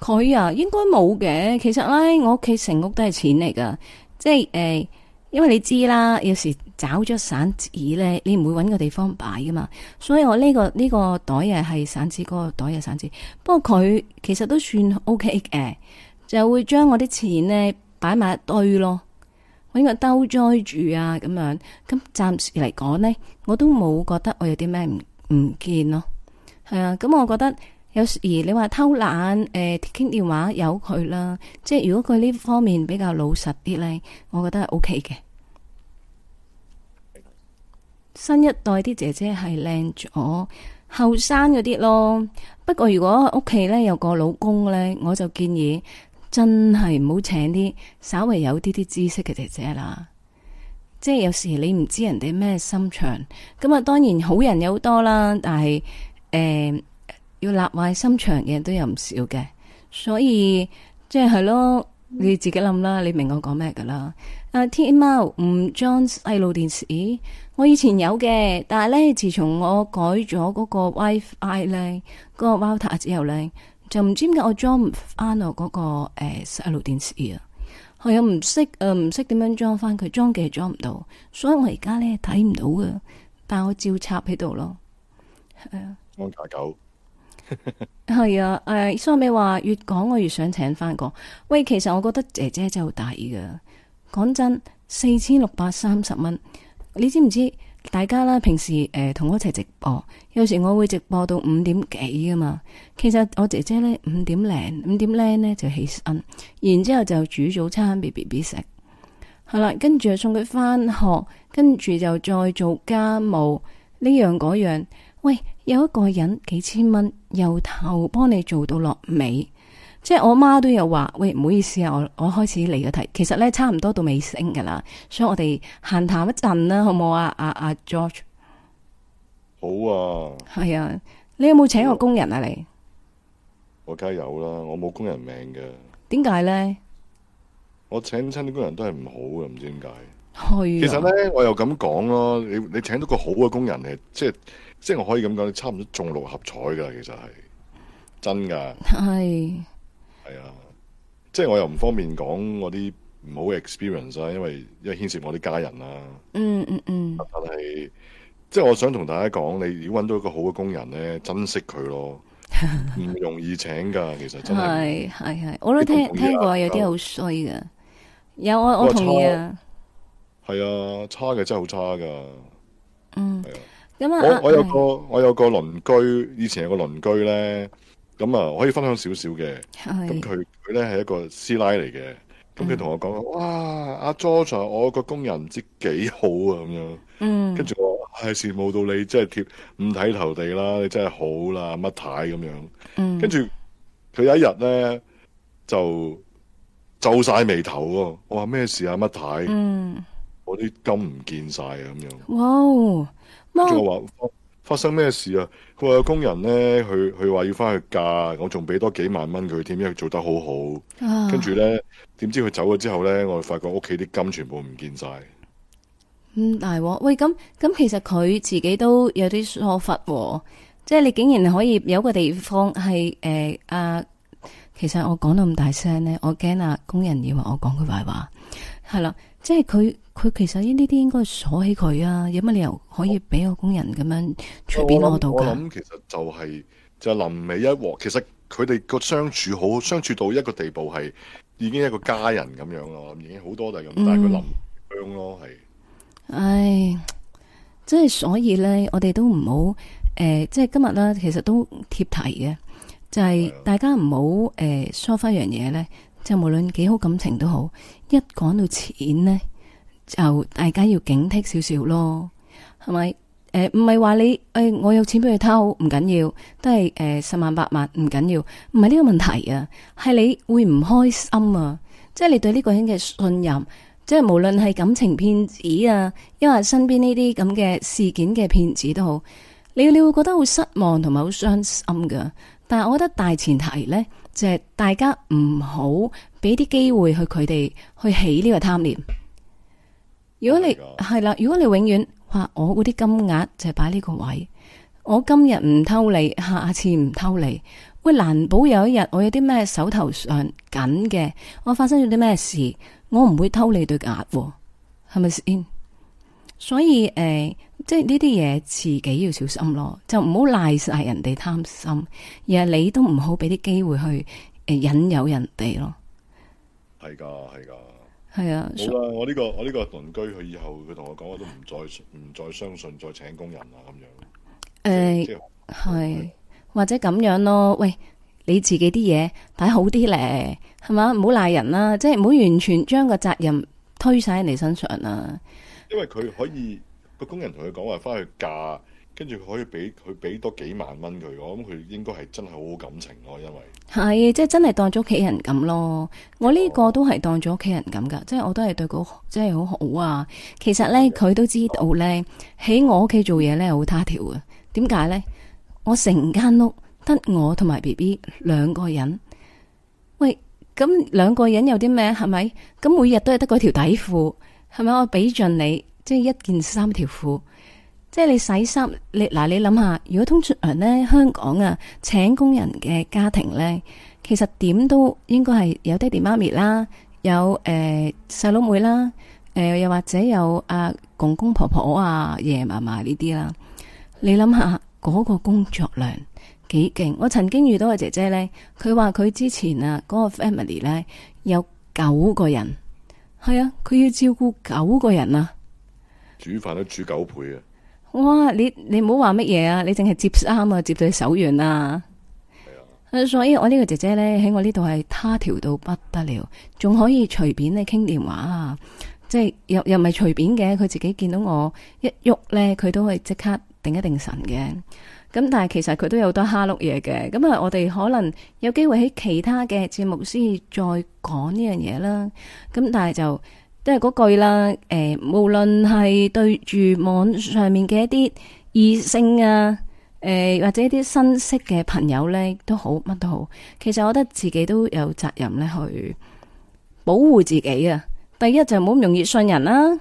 佢啊，應該冇嘅。其實咧，我屋企成屋都係錢嚟噶，即係誒。欸因為你知啦，有時找咗散紙咧，你唔會搵個地方擺噶嘛。所以我呢、呢個呢、呢個袋啊係散紙，嗰、嗰個袋又散紙。不過佢其實都算 OK 嘅，就會將我啲錢咧擺埋一堆咯，搵個兜載住啊咁樣。咁暫時嚟講呢，我都冇覺得我有啲咩唔唔見咯。係啊，咁我覺得。有時你話偷懶誒，傾、呃、電話有佢啦。即係如果佢呢方面比較老實啲呢，我覺得係 O K 嘅。新一代啲姐姐係靚咗，後生嗰啲咯。不過如果屋企呢有個老公呢，我就建議真係唔好請啲稍微有啲啲知識嘅姐姐啦。即係有時你唔知人哋咩心腸。咁啊，當然好人有好多啦，但係誒。呃要立壞心腸嘅都有唔少嘅，所以即係係咯，你自己諗啦。你明我講咩噶啦？天喵唔裝細路電視，我以前有嘅，但係咧自從我改咗嗰個 WiFi 咧，嗰、那個 router 之後咧，就唔知點解我裝唔翻我嗰、那個誒細、欸、路電視啊？我又唔識誒，唔識點樣裝翻佢，裝嘅係裝唔到，所以我而家咧睇唔到㗎。但我照插喺度咯。安、嗯、九。 係 啊，誒、哎，所以咪話越講我越想請翻個。喂，其實我覺得姐姐真係好抵噶講真，四千六百三十蚊，你知唔知？大家啦，平時誒同、呃、我一齊直播，有時我會直播到五點幾噶嘛。其實我姐姐呢，五點零，五點零呢就起身，然之後就煮早餐俾 B B 食。係啦、啊，跟住就送佢翻學，跟住就再做家務呢樣嗰樣。喂。有一個人幾千蚊由頭幫你做到落尾，即係我媽都有話：喂，唔好意思啊，我我開始嚟咗題，其實咧差唔多到尾聲噶啦，所以我哋閒談一陣啦，好唔好啊？啊啊、好啊？啊啊，George，好啊，係啊，你有冇請個工人啊？你我梗係有啦，我冇工人命㗎。點解咧？我請親啲工人都係唔好嘅，唔知點解。啊、其實咧，我又咁講咯，你你請到個好嘅工人，係即係即係我可以咁講，你差唔多中六合彩噶，其實係真噶。係係啊，即係我又唔方便講我啲唔好 experience 啊，因為因為牽涉我啲家人啦、啊。嗯嗯嗯，但係即係我想同大家講，你如果揾到一個好嘅工人咧，珍惜佢咯，唔 容易請噶，其實真係。係係係，我都、啊、聽聽過有啲好衰噶，有我我同意啊。係啊，差嘅真係好差噶。嗯，係啊。咁、嗯、啊，我我有個我有個鄰居，以前有個鄰居咧。咁啊，我可以分享少少嘅。咁佢佢咧係一個師奶嚟嘅。咁佢同我講、嗯、哇，阿、啊、Jo，我個工人唔知幾好啊咁樣。嗯。跟住我係羨慕到你，真係貼五體投地啦！你真係好啦、啊，乜太咁樣。嗯。跟住佢有一日咧，就皺晒眉頭喎。我話咩事啊，乜太？嗯。我啲金唔見晒啊！咁樣哇，仲、wow，話發生咩事啊？佢話有工人咧，佢佢話要翻去嫁。我仲俾多幾萬蚊佢添，因為做得好好。跟住咧，點知佢走咗之後咧，我哋發覺屋企啲金全部唔見晒。嗯，大鑊喂！咁咁其實佢自己都有啲疏忽喎，即係你竟然可以有一個地方係誒、呃、啊！其實我講到咁大聲咧，我驚啊工人以為我講佢壞話。係啦，即係佢。佢其實呢？呢啲應該鎖起佢啊。有乜理由可以俾個工人咁樣隨、哦、便攞到噶？咁其實就係、是、就臨、是、尾一鑊。其實佢哋個相處好相處到一個地步，係已經一個家人咁樣咯。已經好多就係咁，但係佢冧僵咯，係唉，即、哎、係、就是、所以咧，我哋都唔好誒，即、呃、係、就是、今日咧，其實都貼題嘅，就係、是、大家唔好誒，疏、呃、忽一樣嘢咧，就係、是、無論幾好感情都好，一講到錢咧。就大家要警惕少少咯，係咪？誒、呃，唔係話你誒、哎，我有錢俾佢偷唔緊要，都係誒、呃、十萬八萬唔緊要，唔係呢個問題啊，係你會唔開心啊？即係你對呢個人嘅信任，即係無論係感情騙子啊，亦或身邊呢啲咁嘅事件嘅騙子都好，你你會覺得好失望同埋好傷心噶。但係我覺得大前提呢，就係、是、大家唔好俾啲機會去佢哋去起呢個貪念。如果你係啦，如果你永遠話、啊、我嗰啲金額就擺呢個位，我今日唔偷你，下次唔偷你，喂難保有一日我有啲咩手頭上緊嘅，我發生咗啲咩事，我唔會偷你對額、哦，係咪先？所以誒、呃，即係呢啲嘢自己要小心咯，就唔好賴晒人哋貪心，而係你都唔好俾啲機會去誒、呃、引誘人哋咯。係噶，係噶。係啊，好啦，我呢個我呢個鄰居佢以後佢同我講，我都唔再唔再相信再請工人啦咁樣。誒、欸，係、就是、或者咁樣咯？喂，你自己啲嘢擺好啲咧，係嘛？唔好賴人啦，即係唔好完全將個責任推晒喺你身上啦，因為佢可以個、啊、工人同佢講話翻去嫁。跟住佢可以俾佢俾多幾萬蚊佢，我諗佢應該係真係好感情咯，因為係即係真係當咗屋企人咁咯。我呢個都係當咗屋企人咁噶，即係我都係對佢真係好好啊。其實呢，佢都知道呢，喺我屋企做嘢呢，好他條嘅。點解呢？我成間屋得我同埋 BB 兩個人，喂，咁兩個人有啲咩係咪？咁每日都係得嗰條底褲，係咪？我俾盡你，即係一件三條褲。即係你洗衫，你嗱你諗下，如果通常呢，香港啊，請工人嘅家庭呢，其實點都應該係有爹哋媽咪啦，有誒細佬妹啦，誒又或者有阿公公婆婆啊、爺爺嫲嫲呢啲啦。你諗下嗰個工作量幾勁？我曾經遇到個姐姐呢，佢話佢之前啊嗰個 family 呢，有九個人，係啊，佢要照顧九個人啊，煮飯都煮九倍啊！哇！你你唔好話乜嘢啊！你淨係接衫啊，接到手軟啊。所以，我呢個姐姐呢，喺我呢度係他條到不得了，仲可以隨便你傾電話啊！即係又又唔係隨便嘅，佢自己見到我一喐呢，佢都係即刻定一定神嘅。咁但係其實佢都有好多蝦碌嘢嘅。咁啊，我哋可能有機會喺其他嘅節目先再講呢樣嘢啦。咁但係就。即係嗰句啦，誒，無論係對住網上面嘅一啲異性啊，誒，或者一啲新識嘅朋友呢，都好，乜都好。其實我覺得自己都有責任咧，去保護自己啊。第一就唔好咁容易信人啦，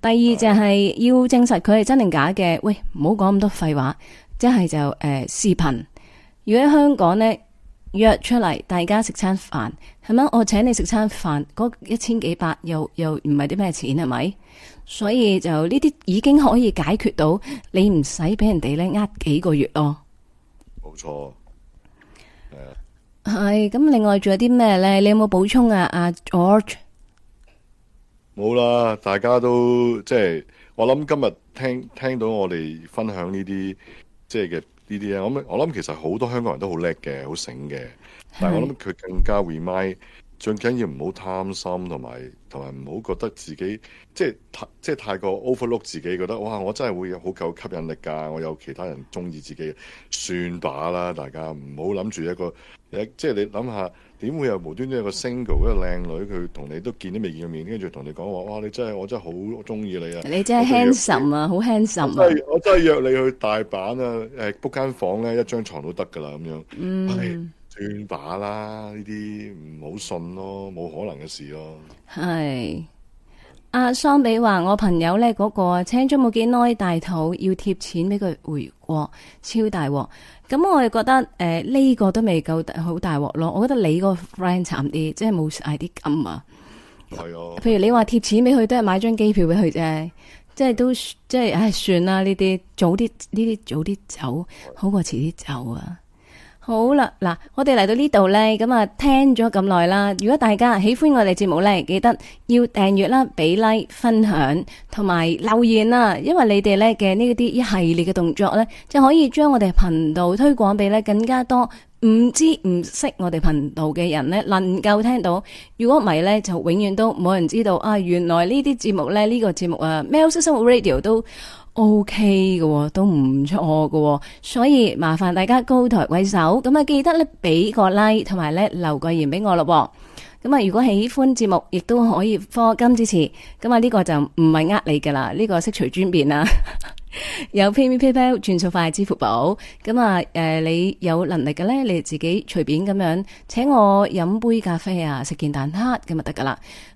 第二就係要證實佢係真定假嘅。喂，唔好講咁多廢話，即係就誒視頻。如果喺香港呢，約出嚟大家食餐飯。.咁樣我請你食餐飯，嗰一千幾百又又唔係啲咩錢，係咪？所以就呢啲已經可以解決到你唔使俾人哋咧呃幾個月咯。冇錯，係。係咁，另外仲有啲咩呢？你有冇補充啊？阿 George？冇啦，大家都即係我諗今日聽聽到我哋分享呢啲即係嘅呢啲咧，我諗我諗其實好多香港人都好叻嘅，好醒嘅。但係我諗佢更加 remind，最緊要唔好貪心，同埋同埋唔好覺得自己即係即係太過 overlook 自己，覺得哇我真係會有好夠吸引力噶，我有其他人中意自己，算罷啦，大家唔好諗住一個，即係你諗下，點會有無端端有一個 single 嘅、嗯、靚女，佢同你都見都未見過面，跟住同你講話，哇你真係我真係好中意你啊！你真係 handsome 啊，好 handsome 啊！我，要啊啊我真係約你去大阪啊，誒 book 間房咧一張床都得噶啦咁樣，係、嗯。亂把啦，呢啲唔好信咯，冇可能嘅事咯。係阿、啊、桑比話，我朋友呢嗰，那個啊，請咗冇幾耐大肚，要貼錢俾佢回國，超大鑊。咁我又覺得誒，呢、呃這個都未夠好大鑊咯。我覺得你個 friend 慘啲，即係冇嗌啲金啊。係啊。譬如你話貼錢俾佢，都係買張機票俾佢啫，即係都即係唉、哎，算啦呢啲，早啲呢啲早啲走，好過遲啲走啊。好啦，嗱，我哋嚟到呢度呢，咁啊聽咗咁耐啦。如果大家喜歡我哋節目呢，記得要訂閱啦、俾 like、分享同埋留言啊。因為你哋呢嘅呢啲一系列嘅動作呢，就可以將我哋頻道推廣俾呢更加多唔知唔識我哋頻道嘅人呢，能夠聽到。如果唔係呢，就永遠都冇人知道啊！原來呢啲節目呢，呢、呢個節目啊，喵式生活 Radio 都。O K 嘅，都唔錯喎。所以麻煩大家高抬貴手，咁啊記得咧俾個 like 同埋咧留個言俾我咯，咁啊如果喜歡節目，亦都可以課金支持，咁啊呢個就唔係呃你噶啦，呢個悉隨尊便啦，有 PayMe PayPal 轉數快支付寶，咁啊誒你有能力嘅咧，你自己隨便咁樣請我飲杯咖啡啊，食件蛋撻咁啊得噶啦。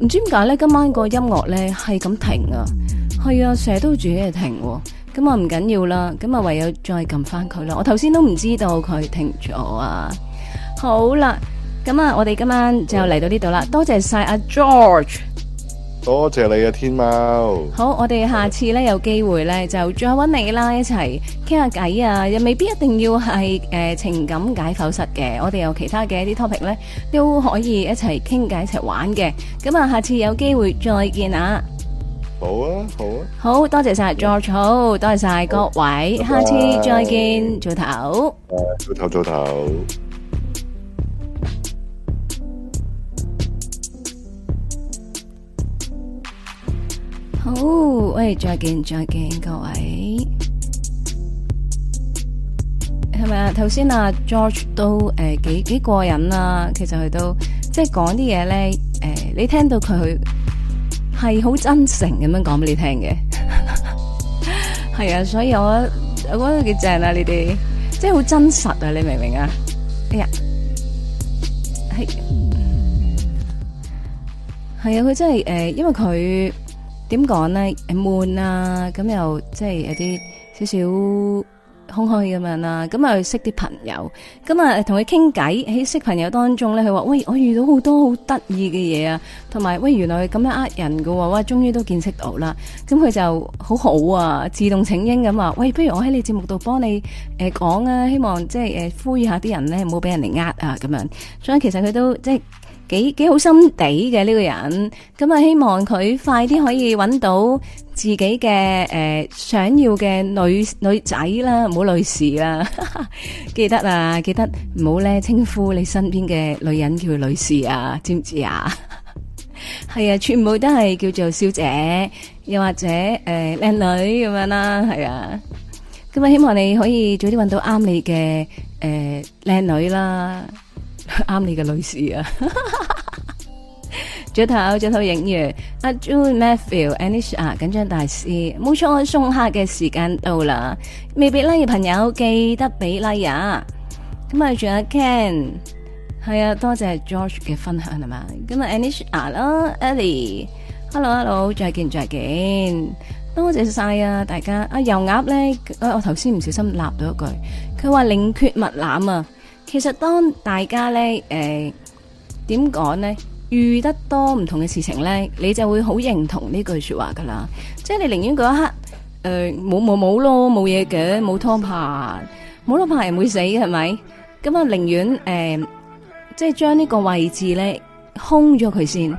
唔知點解咧？今晚個音樂咧係咁停啊，係啊，成日都住喺度停咁啊，唔緊要啦，咁啊唯有再撳翻佢啦。我頭先都唔知道佢停咗啊。好啦，咁啊，我哋今晚就嚟到呢度啦。多謝晒阿、啊、George。多謝你啊，天貓。好，我哋下次咧有機會咧就再搵你啦，一齊傾下偈啊，又未必一定要係誒情感解剖室嘅，我哋有其他嘅一啲 topic 咧都可以一齊傾偈一齊玩嘅。咁啊，下次有機會再見啊。好啊，好啊。好多謝晒 George，好，多謝晒各位，下次再見，早唞。誒，早唞，早唞。好，喂，再見，再見，各位，係咪啊？頭先啊，George 都誒、呃、幾幾過癮啊！其實佢都，即係講啲嘢咧，誒、呃，你聽到佢係好真誠咁樣講俾你聽嘅，係 啊，所以我我覺得幾正啊，呢啲即係好真實啊，你明唔明啊？哎呀，係，係啊，佢真係誒、呃，因為佢。點講呢？悶啊，咁又即係有啲少少空虛咁樣啦。咁啊，識啲朋友，咁啊，同佢傾偈。喺識朋友當中咧，佢話：喂，我遇到好多好得意嘅嘢啊！同埋，喂，原來佢咁樣呃人㗎喎，哇！終於都見識到啦。咁佢就好好啊，自動請纓咁話：喂，不如我喺你節目度幫你誒講、呃、啊！希望即係誒呼籲下啲人咧，唔好俾人哋呃啊！咁樣，所以其實佢都即係。幾幾好心地嘅呢，這個人。咁啊，希望佢快啲可以揾到自己嘅、誒、呃、想要嘅女女仔啦，唔好女士啦， 記得啊，記得唔好咧，稱呼你身邊嘅女人叫女士啊，知唔知啊？係 啊，全部都係叫做小姐，又或者誒、靚、呃、女咁樣啦，係啊，咁啊希望你可以早啲揾到啱你嘅誒靚女啦。啱 你嘅女士啊 早！再頭再頭影員阿 June Matthew，Anisha 緊張大師，冇錯，鬆下嘅時間到啦，未俾拉，嘅朋友記得俾拉呀！咁啊，仲有 Ken，係啊，多謝 George 嘅分享係嘛，咁啊 Anisha 啦，Ellie，Hello Hello，再見再見，多謝晒啊大家，阿、啊、油鴨咧、啊，我頭先唔小心立到一句，佢話寧缺勿濫啊！其實當大家咧誒，點講咧，遇得多唔同嘅事情咧，你就會好認同呢句說話噶啦。即係你寧願嗰一刻誒冇冇冇咯，冇嘢嘅，冇拖拍，冇拖拍又會死係咪？咁我寧願誒即係將呢個位置咧空咗佢先，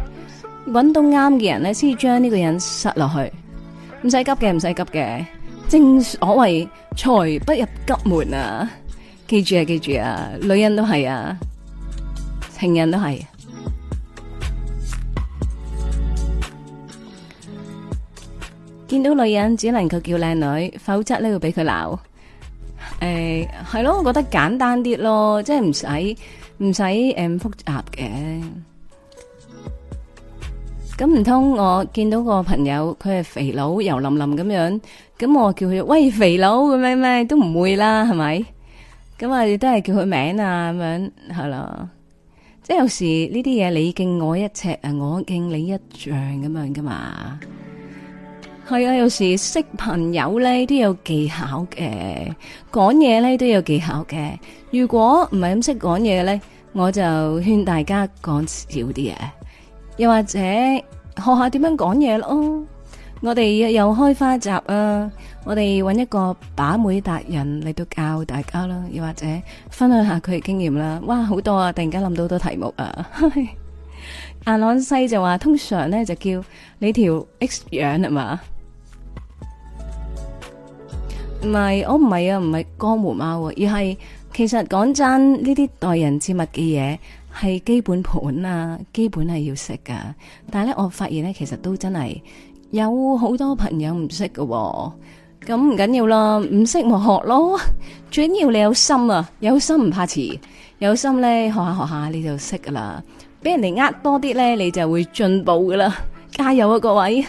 揾到啱嘅人咧先至將呢個人塞落去，唔使急嘅，唔使急嘅。正所謂財不入急門啊！記住啊，記住啊，女人都係啊，情人都係。見到女人只能夠叫靚女，否則呢會俾佢鬧。誒，係咯，我覺得簡單啲咯，即係唔使唔使誒複雜嘅。咁唔通我見到個朋友，佢係肥佬，油淋淋咁樣，咁我叫佢喂肥佬，咁咩咩都唔會啦，係咪？咁啊，亦都係叫佢名啊，咁樣係咯。即係有時呢啲嘢，你敬我一尺啊，我敬你一丈咁樣噶嘛。係啊，有時識朋友咧都有技巧嘅，講嘢咧都有技巧嘅。如果唔係咁識講嘢咧，我就勸大家講少啲嘢，又或者學下點樣講嘢咯。我哋又開花閘啊！我哋揾一個把妹達人嚟到教大家啦，又或者分享下佢嘅經驗啦。哇，好多啊！突然間諗到好多題目啊！ 阿朗西就話，通常咧就叫你條 X 樣啊嘛？唔係，我唔係啊，唔係江湖貓、啊，而係其實講真，呢啲待人接物嘅嘢係基本盤啊，基本係要識噶。但係咧，我發現咧，其實都真係有好多朋友唔識喎、啊。」咁唔緊要啦，唔識咪學咯，最緊要你有心啊，有心唔怕遲，有心咧學下學下你就識噶啦，俾人哋呃多啲咧，你就會進步噶啦，加油啊各位！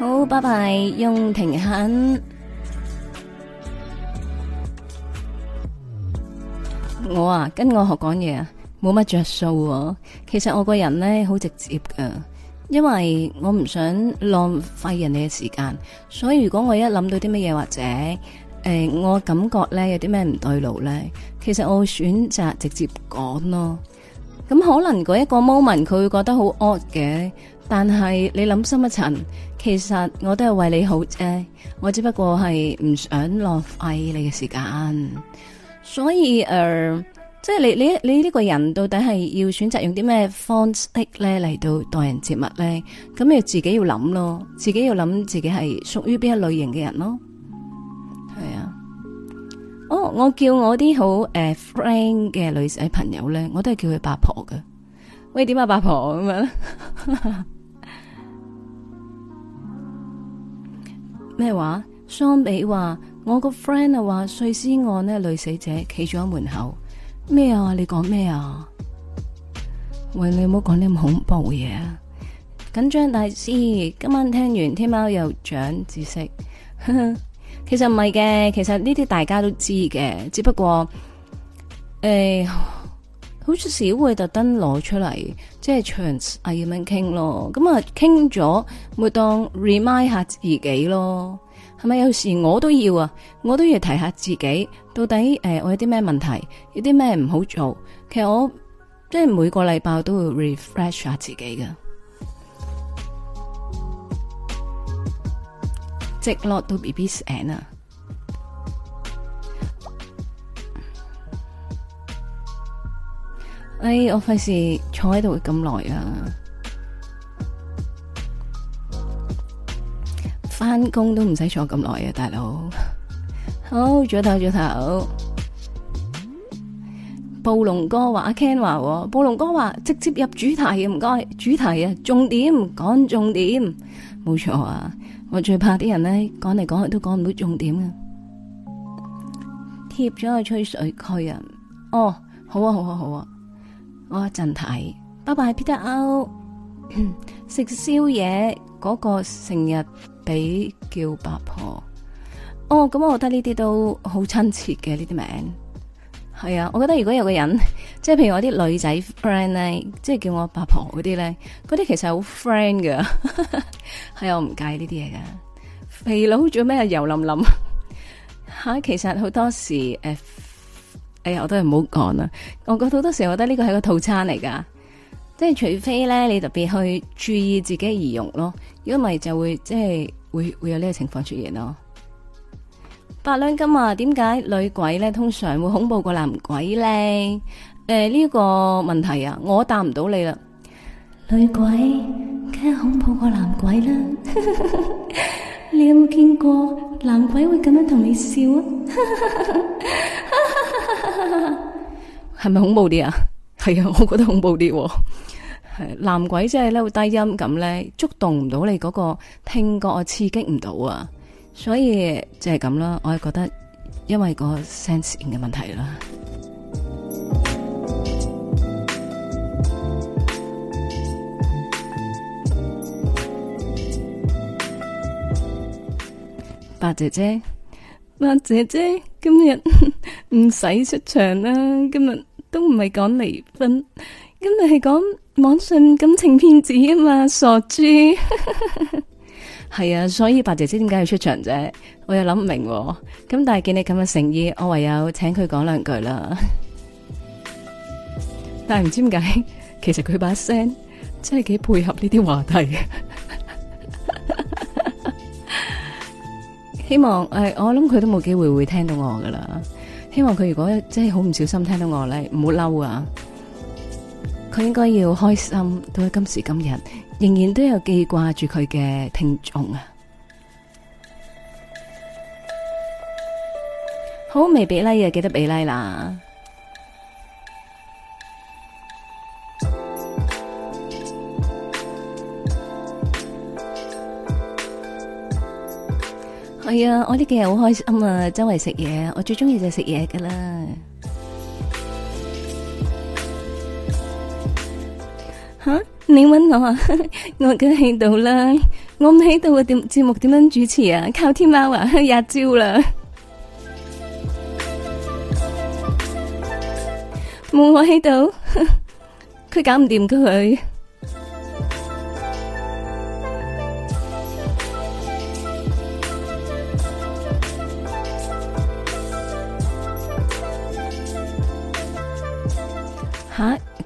好，拜拜，用停肯。我啊，跟我學講嘢啊，冇乜着數。其實我個人呢，好直接㗎，因為我唔想浪費人哋嘅時間。所以如果我一諗到啲乜嘢，或者誒、呃、我感覺呢有啲咩唔對路呢，其實我會選擇直接講咯。咁可能嗰一個 moment 佢會覺得好 odd 嘅，但係你諗深一層，其實我都係為你好啫。我只不過係唔想浪費你嘅時間。所以誒，即係你你你呢個人到底係要選擇用啲咩方式咧嚟到待人接物咧？咁要自己要諗咯，自己要諗自己係屬於邊一類型嘅人咯。係啊，哦，我叫我啲好誒 friend 嘅女仔朋友咧，我都係叫佢八婆㗎。喂，點啊八婆咁樣？咩話？相比話。我個 friend 啊，話碎屍案呢，女死者企咗喺門口。咩啊？你講咩啊？喂，你唔好講啲恐怖嘢啊！緊張大師，今晚聽完天貓又長知識。其實唔係嘅，其實呢啲大家都知嘅，只不過誒，好似少會特登攞出嚟，即係長啊咁樣傾咯。咁啊，傾咗，咪當 remind 下自己咯。係咪有時我都要啊？我都要提下自己，到底誒、呃、我有啲咩問題，有啲咩唔好做？其實我即係每個禮拜都會 refresh 下自己嘅，直落到 BB's End 啊！哎，我費事坐喺度咁耐啊！翻工都唔使坐咁耐啊，大佬。好，早唞，早唞。暴龍哥話阿 Ken 話，暴龍哥話直接入主題，唔該。主題啊，重點講重點，冇錯啊。我最怕啲人咧，講嚟講去都講唔到重點啊。貼咗去吹水區啊。哦，好啊，好啊，好啊。我一陣睇。拜拜，Peter O。 食宵夜嗰個成日。俾叫八婆，哦咁，我覺得呢啲都好親切嘅呢啲名。係啊，我覺得如果有個人，即係譬如我啲女仔 friend 咧，即係叫我八婆嗰啲咧，嗰啲其實好 friend 噶，係 我唔介意呢啲嘢噶。肥佬做咩油淋淋？吓，其實好多時誒、欸，哎呀，我都係唔好講啦。我覺得好多時，我覺得呢個係個套餐嚟噶，即係除非咧，你特別去注意自己儀容咯，如果唔係就會即係。會會有呢個情況出現咯。八兩金話、啊：點解女鬼咧通常會恐怖過男鬼咧？誒、呃、呢、這個問題啊，我答唔到你啦。女鬼梗係恐怖過男鬼啦。 你有冇見過男鬼會咁樣同你笑啊？係 咪恐怖啲啊？係啊，我覺得恐怖啲、啊。男鬼即係咧，會低音咁咧，觸動唔到你嗰個聽覺啊，刺激唔到啊，所以即係咁啦。我係覺得，因為個聲線嘅問題啦。白姐姐，白姐姐，今日唔使出場啦，今日都唔係講離婚。咁咪係講網上感情騙子啊嘛，傻豬！係 啊，所以白姐姐點解要出場啫？我又諗唔明喎。咁但係見你咁嘅誠意，我唯有請佢講兩句啦。但係唔知點解，其實佢把聲真係幾配合呢啲話題。 希望誒、哎，我諗佢都冇機會會聽到我噶啦。希望佢如果真係好唔小心聽到我咧，唔好嬲啊！佢應該要開心，到今時今日仍然都有記掛住佢嘅聽眾啊！好未俾禮啊，記得俾禮啦！係啊，我呢幾日好開心啊，周圍食嘢，我最中意就係食嘢噶啦。你揾我啊， 我梗係喺度啦，我唔喺度嘅節目點樣主持啊？靠天喵啊，日朝啦，冇 我喺度，佢 搞唔掂佢。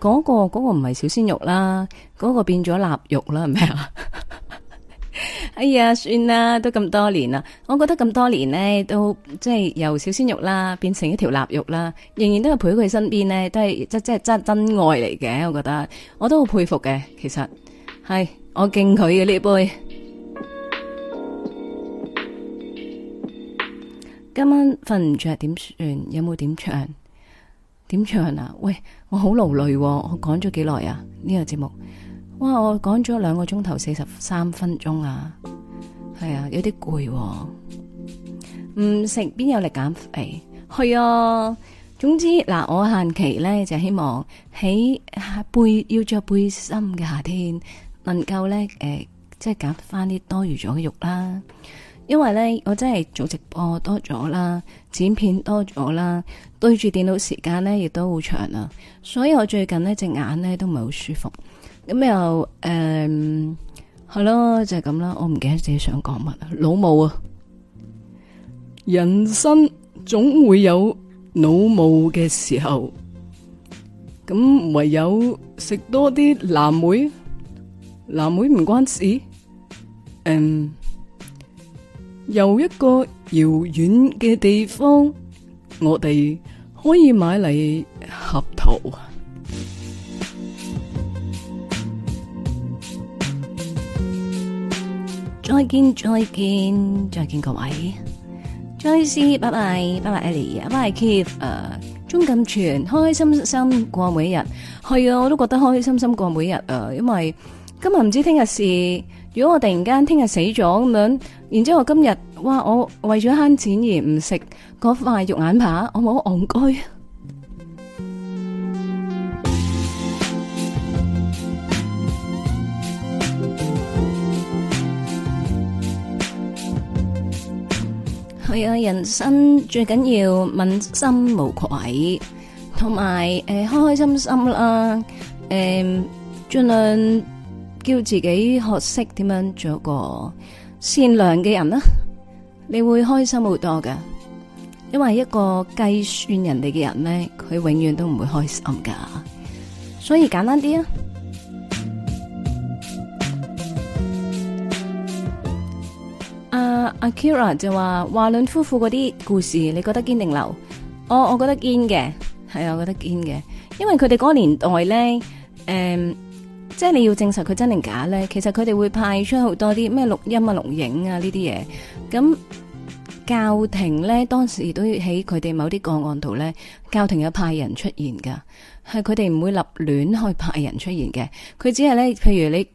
嗰個，嗰個唔係小鮮肉啦，嗰個變咗臘肉啦，係咪啊？ 哎呀，算啦，都咁多年啦。我覺得咁多年呢，都即係由小鮮肉啦，變成一條臘肉啦，仍然都係陪佢身邊呢，都係即係真愛嚟嘅。我覺得我都好佩服嘅，其實係我敬佢嘅呢杯。 今晚瞓唔着，點算？有冇點唱？點唱啊？喂！我好勞累、啊，我講咗幾耐啊？呢個節目，哇！我講咗兩個鐘頭四十三分鐘啊，係啊，有啲攰、啊。唔食邊有力減肥？係啊，總之嗱，我限期咧就希望喺背要着背心嘅夏天，能夠咧誒、呃，即係減翻啲多餘咗嘅肉啦。因為咧，我真係做直播多咗啦，剪片多咗啦，對住電腦時間咧亦都好長啦，所以我最近呢隻眼咧都唔係好舒服。咁又誒，嗯，係咯，就係咁啦。我唔記得自己想講乜啊，腦霧啊，人生總會有腦霧嘅時候。咁唯有食多啲藍莓，藍莓唔關事。嗯，um。由一個遙遠嘅地方，我哋可以買嚟合桃。再見，再見，再見各位，再次，拜拜，拜拜，Ellie，拜拜，Keith，誒，鍾錦全，開開心心過每一日，係啊，我都覺得開開心心過每一日，誒，因為今日唔知聽日事。如果我突然間聽日死咗咁樣，然之後我今日，哇！我為咗慳錢而唔食嗰塊肉眼扒，我冇好戇居。係啊，人生最緊要問心無愧，同埋誒開開心心啦，誒盡量。叫自己學識點樣做一個善良嘅人啦，你會開心好多㗎，因為一個計算人哋嘅人咧，佢永遠都唔會開心噶。所以簡單啲啊！阿阿 Kira 就話華倫夫婦嗰啲故事，你覺得堅定流？我我覺得堅嘅，係啊，我覺得堅嘅，因為佢哋嗰個年代咧，誒。即係你要證實佢真定假呢？其實佢哋會派出好多啲咩錄音啊、錄影啊呢啲嘢。咁教廷呢，當時都喺佢哋某啲個案度呢，教廷有派人出現噶，係佢哋唔會立亂去派人出現嘅。佢只係呢，譬如你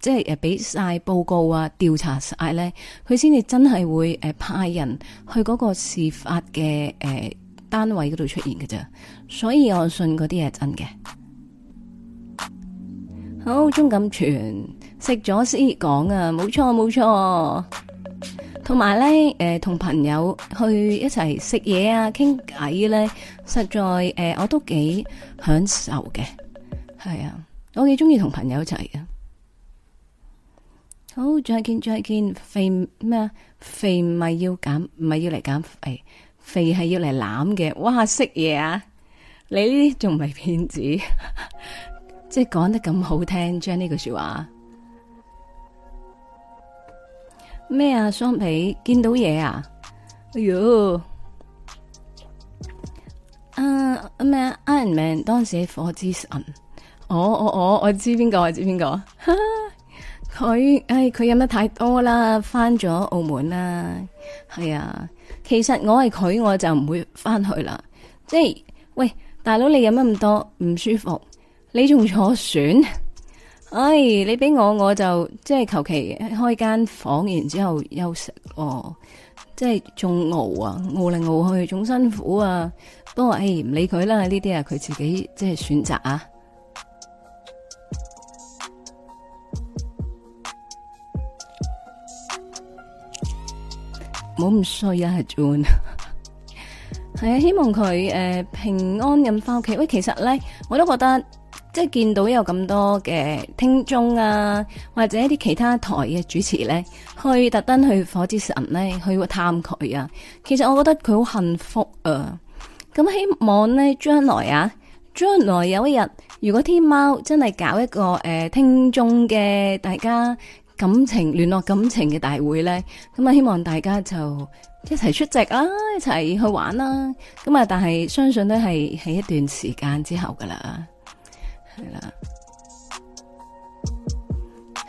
即係誒俾晒報告啊、調查晒呢，佢先至真係會誒派人去嗰個事發嘅誒、呃、單位嗰度出現㗎咋。所以我信嗰啲係真嘅。好，鍾錦全食咗先講啊，冇錯冇錯。同埋咧，誒，同、呃、朋友去一齊食嘢啊，傾偈咧，實在誒、呃，我都幾享受嘅，係啊，我幾中意同朋友一齊啊。好，再見再見。肥咩啊？肥唔係要減，唔係要嚟減肥，肥係要嚟攬嘅。哇，識嘢啊！你呢啲仲唔係騙子？ 即係講得咁好聽，將呢句說話咩啊？雙皮見到嘢啊！哎喲，啊、uh, 咩 Iron Man 當時喺火之神，我我我我知邊個，我知邊個。佢 唉，佢飲得太多啦，翻咗澳門啦。係 啊，其實我係佢，我就唔會翻去啦。即係喂，大佬，你飲得咁多，唔舒服。你仲坐船？唉，你俾我我就即係求其開間房間，然之後休息。哦，即係仲熬啊，熬嚟熬去，仲辛苦啊。欸、不過哎，唔理佢啦，呢啲 啊，佢自己即係選擇啊。唔好咁衰啊，阿 John 係啊，希望佢誒、呃、平安咁翻屋企。喂，其實咧，我都覺得。即係見到有咁多嘅聽眾啊，或者一啲其他台嘅主持呢，去特登去火之神呢去探佢啊。其實我覺得佢好幸福啊。咁希望呢將來啊，將來有一日，如果天貓真係搞一個誒、呃、聽眾嘅大家感情聯絡感情嘅大會呢，咁啊希望大家就一齊出席啦，一齊去玩啦。咁啊，但係相信都係喺一段時間之後噶啦。係啦，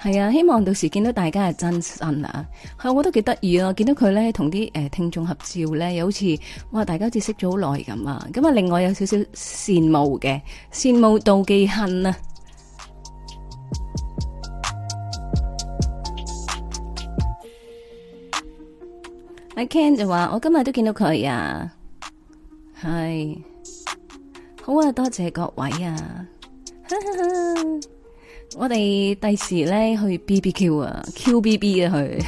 係啊！希望到時見到大家係真身啊！係，我覺得幾得意啊！見到佢咧，同啲誒聽眾合照咧，又好似哇，大家好似識咗好耐咁啊！咁啊，另外有少少羨慕嘅，羨慕妒忌恨啊！阿 Ken 就話：我今日都見到佢啊，係，好啊！多謝各位啊！ 我哋第時咧去 B B Q 啊，Q B B 啊去。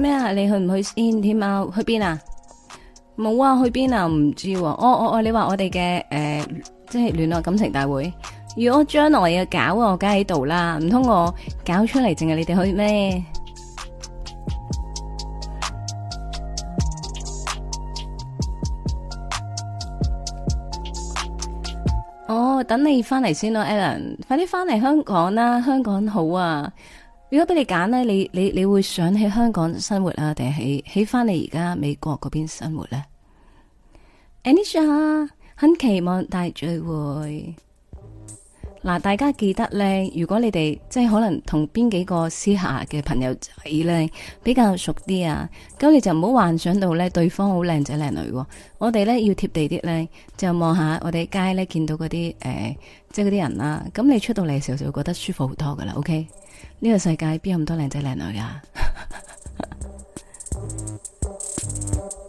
咩啊？ 你去唔去先添啊？去邊啊？冇啊？去邊啊？唔知喎。哦哦哦，你話我哋嘅誒，即係聯絡感情大會，如果將來要搞我梗喺度啦，唔通我搞出嚟淨係你哋去咩？哦，等你返嚟先咯，Alan，快啲返嚟香港啦！香港好啊。如果俾你揀咧，你你你會想喺香港生活啊，定係喺翻嚟而家美國嗰邊生活咧？Anisha，很期望大聚會。嗱，大家記得呢，如果你哋即係可能同邊幾個私下嘅朋友仔呢比較熟啲啊，咁你就唔好幻想到呢對方好靚仔靚女喎、啊。我哋呢要貼地啲呢，就望下我哋街呢見到嗰啲誒，即係嗰啲人啦、啊。咁你出到嚟時候就會覺得舒服好多噶啦。OK，呢個世界邊有咁多靚仔靚女噶、啊？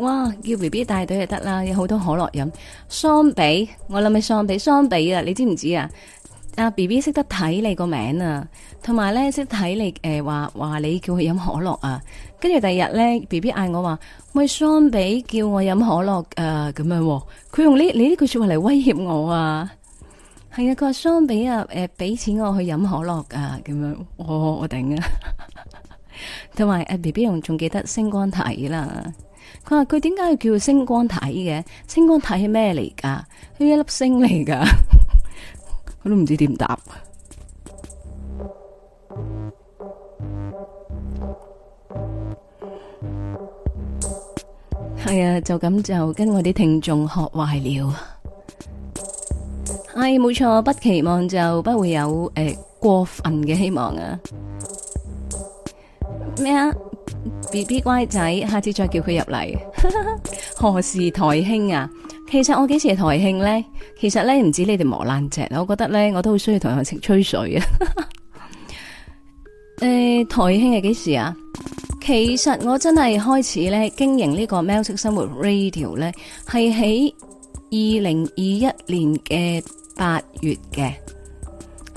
哇！叫 B B 帶隊就得啦，有好多可樂飲。雙比，我諗起雙比，雙比啊！你知唔知啊？阿 B B 識得睇你個名你、呃、你啊，同埋咧識睇你誒話話你叫佢飲可樂啊。跟住第二日咧，B B 嗌我話，喂，雙比，叫我飲可樂啊！咁樣，佢用呢你呢句說話嚟威脅我啊！係啊，佢話雙比啊，誒、呃，俾錢我去飲可樂啊！咁樣、啊，我我頂啊！同埋阿 B B 仲記得星光體啦。佢話佢點解要叫星光體嘅？星光體係咩嚟噶？佢一粒星嚟噶， 我都唔知點答。係 啊，就咁就跟我啲聽眾學壞了。係、哎，冇錯，不期望就不會有誒、欸、過分嘅希望啊。咩啊？B B 乖仔，下次再叫佢入嚟。 何時台慶啊？其實我幾時係台慶咧？其實咧唔止你哋磨爛只，我覺得咧我都好需要同佢吹水啊。誒、 呃，台慶係幾時啊？其實我真係開始咧經營呢個喵式生活 Radio 咧，係喺二零二一年嘅八月嘅，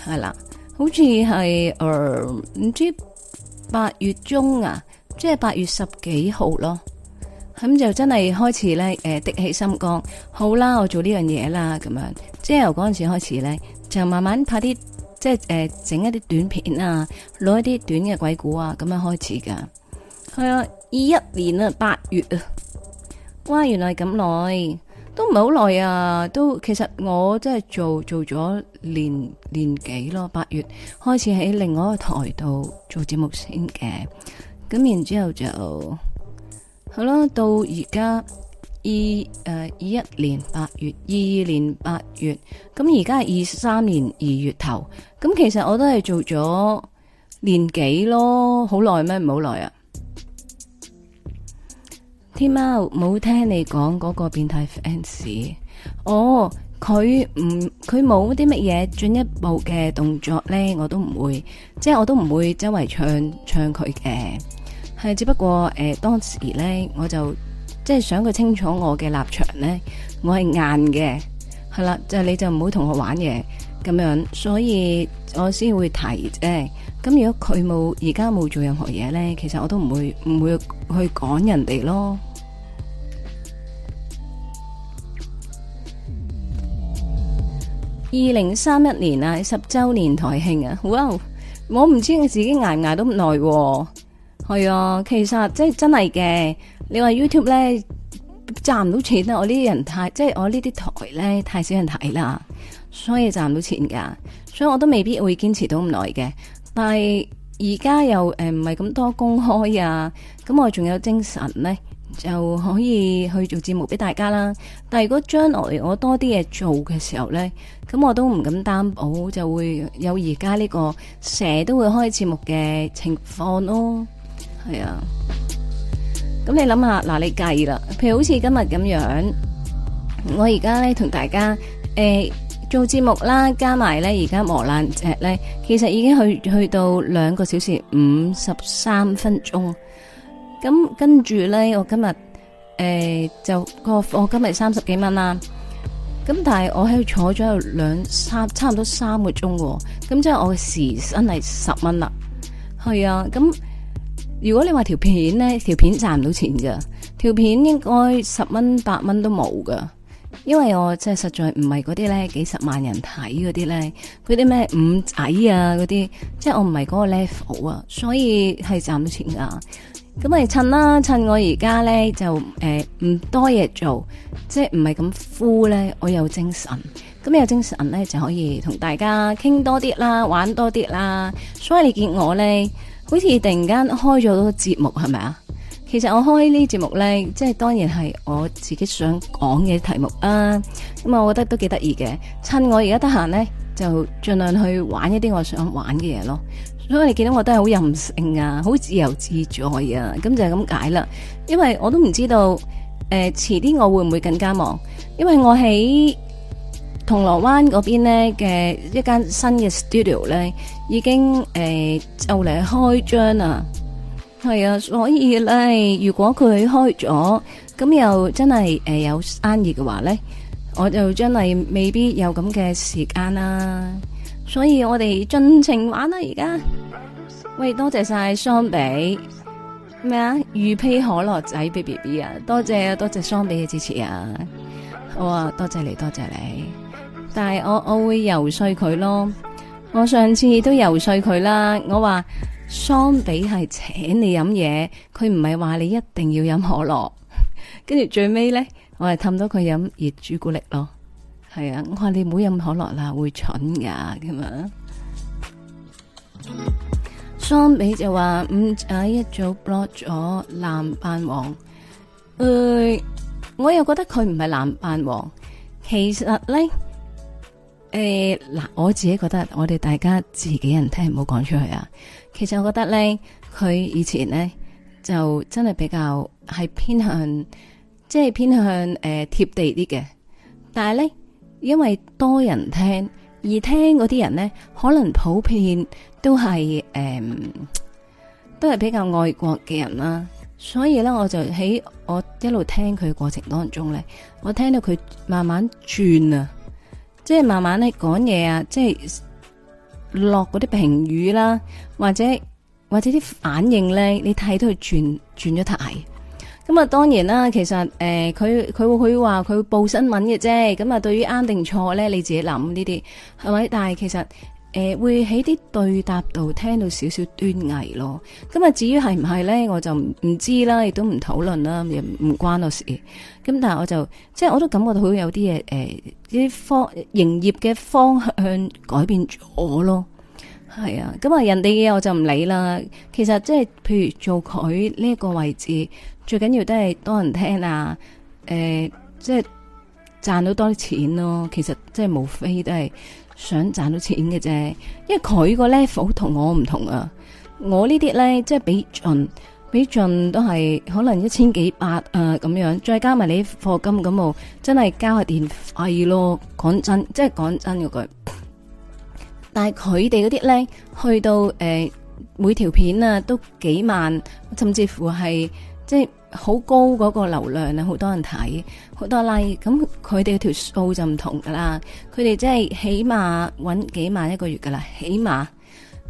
係啦，好似係誒，唔知。八月中啊，即係八月十幾號咯，咁就真係開始咧，誒，滴起心肝。好啦，我做呢樣嘢啦，咁樣，即係由嗰陣時開始咧，就慢慢拍啲，即係誒，整、呃、一啲短片啊，攞一啲短嘅鬼故啊，咁樣開始噶，係啊，二一年啊，八月啊，哇，原來咁耐。都唔係好耐啊！都其實我真係做做咗年年幾咯，八月開始喺另外一個台度做節目先嘅。咁然之後就好啦，到而家二誒二一年八月，二二年八月，咁而家係二三年二月頭。咁其實我都係做咗年幾咯，好耐咩？唔好耐啊！天貓冇聽你講嗰個變態 fans，哦，佢唔佢冇啲乜嘢進一步嘅動作呢？我都唔會，即係我都唔會周圍唱唱佢嘅，係只不過誒當時呢我就即係想佢清楚我嘅立場呢。我係硬嘅，係啦，就你就唔好同我玩嘢咁樣，所以我先會提啫。咁如果佢冇而家冇做任何嘢呢，其實我都唔會唔會去講人哋咯。二零三一年啊，十周年台慶啊，哇，wow！我唔知我自己挨唔挨到咁耐。係啊，其實即係真係嘅。你話 YouTube 呢，賺唔到錢咧，啊，我呢啲人太即係我呢啲台呢，太少人睇啦，所以賺唔到錢噶。所以我都未必會堅持到咁耐嘅。但係而家又誒唔係咁多公開啊，咁我仲有精神呢，就可以去做節目俾大家啦。但係如果將來我多啲嘢做嘅時候咧，咁我都唔敢擔保就會有而家呢個成日都會開節目嘅情況咯。係啊，咁你諗下嗱，你計啦，譬如好似今日咁樣，我而家咧同大家誒做節目啦，加埋咧而家磨爛蓆咧，其實已經去去到兩個小時五十三分鐘。咁跟住呢，我今日誒、欸、就個我今日三十幾蚊啦。咁但係我喺度坐咗有兩三差唔多三個鐘喎。咁即係我嘅時薪係十蚊啦。係啊，咁、啊啊、如果你話條片呢，條片賺唔到錢噶，條片應該十蚊八蚊都冇噶。因為我即係實在唔係嗰啲呢，幾十萬人睇嗰啲呢，嗰啲咩五仔啊嗰啲，即係我唔係嗰個 level 啊，所以係賺唔到錢噶、啊。咁哋趁啦，趁我而家呢就誒唔、呃、多嘢做，即係唔係咁呼呢。我有精神，咁有精神呢就可以同大家傾多啲啦，玩多啲啦。所以你見我呢，好似突然間開咗個節目，係咪啊？其實我開呢節目呢，即係當然係我自己想講嘅題目啦。咁啊，我覺得都幾得意嘅。趁我而家得閒呢，就盡量去玩一啲我想玩嘅嘢咯。所以你見到我都係好任性啊，好自由自在啊，咁就係咁解啦。因為我都唔知道，誒遲啲我會唔會更加忙？因為我喺銅鑼灣嗰邊咧嘅一間新嘅 studio 咧，已經誒就嚟開張啦。係啊，所以咧，如果佢開咗，咁又真係誒有生意嘅話咧，我就將嚟未必有咁嘅時間啦。所以我哋盡情玩啦而家，喂多謝晒桑比咩啊預批可樂仔 b B B 啊多謝啊多謝桑比嘅支持啊，好啊多謝你多謝你，但係我我會游說佢咯，我上次都游說佢啦，我話桑比係請你飲嘢，佢唔係話你一定要飲可樂，跟 住最尾咧我係氹到佢飲熱朱古力咯。係啊，我話你唔好飲可樂啦，會蠢噶咁樣。雙、嗯、比就話五仔一早 block 咗藍扮王，誒、嗯，我又覺得佢唔係藍扮王。其實咧，誒、嗯、嗱，我自己覺得我哋大家自己人聽，唔好講出去啊。其實我覺得咧，佢以前咧就真係比較係偏向，即、就、係、是、偏向誒貼、呃、地啲嘅，但係咧。因為多人聽，而聽嗰啲人咧，可能普遍都係誒、呃，都係比較愛國嘅人啦。所以咧，我就喺我一路聽佢過程當中咧，我聽到佢慢慢轉啊，即係慢慢咧講嘢啊，即係落嗰啲評語啦，或者或者啲反應咧，你睇到佢轉轉咗軚。咁啊，當然啦，其實誒，佢、呃、佢會佢話佢報新聞嘅啫。咁啊，對於啱定錯咧，你自己諗呢啲係咪？但係其實誒、呃、會喺啲對答度聽到少少端倪咯。咁啊，至於係唔係咧，我就唔知啦，亦都唔討論啦，亦唔關我事。咁但係我就即係我都感覺到佢有啲嘢呢啲方營業嘅方向改變咗咯，係啊。咁啊，人哋嘅嘢我就唔理啦。其實即係，譬如做佢呢一個位置。最緊要都係多人聽啊！誒、呃，即係賺到多啲錢咯。其實即係無非都係想賺到錢嘅啫。因為佢個 level 同我唔同啊。我呢啲咧，即係比盡比盡都係可能一千幾百啊，咁、呃、樣，再加埋你課金咁，我真係交下電費咯。講真，即係講真嗰句。但係佢哋嗰啲咧，去到誒、呃、每條片啊都幾萬，甚至乎係。即係好高嗰個流量啊，好多人睇，好多例、like，咁，佢哋條數就唔同噶啦。佢哋即係起碼揾幾萬一個月噶啦，起碼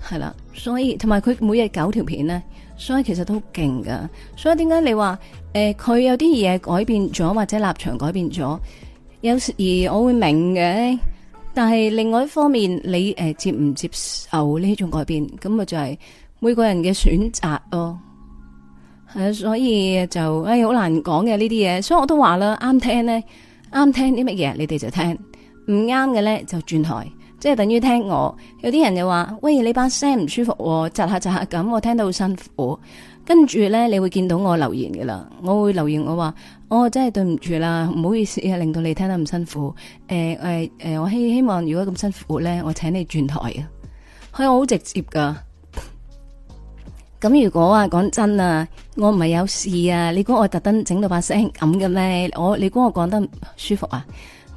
係啦。所以同埋佢每日九條片咧，所以其實都勁噶。所以點解你話誒佢有啲嘢改變咗或者立場改變咗，有時而我會明嘅。但係另外一方面，你、呃、接唔接受呢種改變咁咪就係每個人嘅選擇咯、哦。誒、啊，所以就誒好、哎、難講嘅呢啲嘢，所以我都話啦，啱聽呢，啱聽啲乜嘢你哋就聽，唔啱嘅呢就轉台，即係等於聽我。有啲人又話，喂，你把聲唔舒服、哦，窒下窒下咁，我聽到好辛苦。跟住呢，你會見到我留言噶啦，我會留言我話，我、哦、真係對唔住啦，唔好意思啊，令到你聽得咁辛苦。誒、哎、誒、哎哎、我希希望如果咁辛苦呢，我請你轉台啊，係、哎、我好直接噶。咁如果啊，講真啊，我唔係有事啊，你估我特登整到把聲咁嘅咩？我你估我講得舒服啊？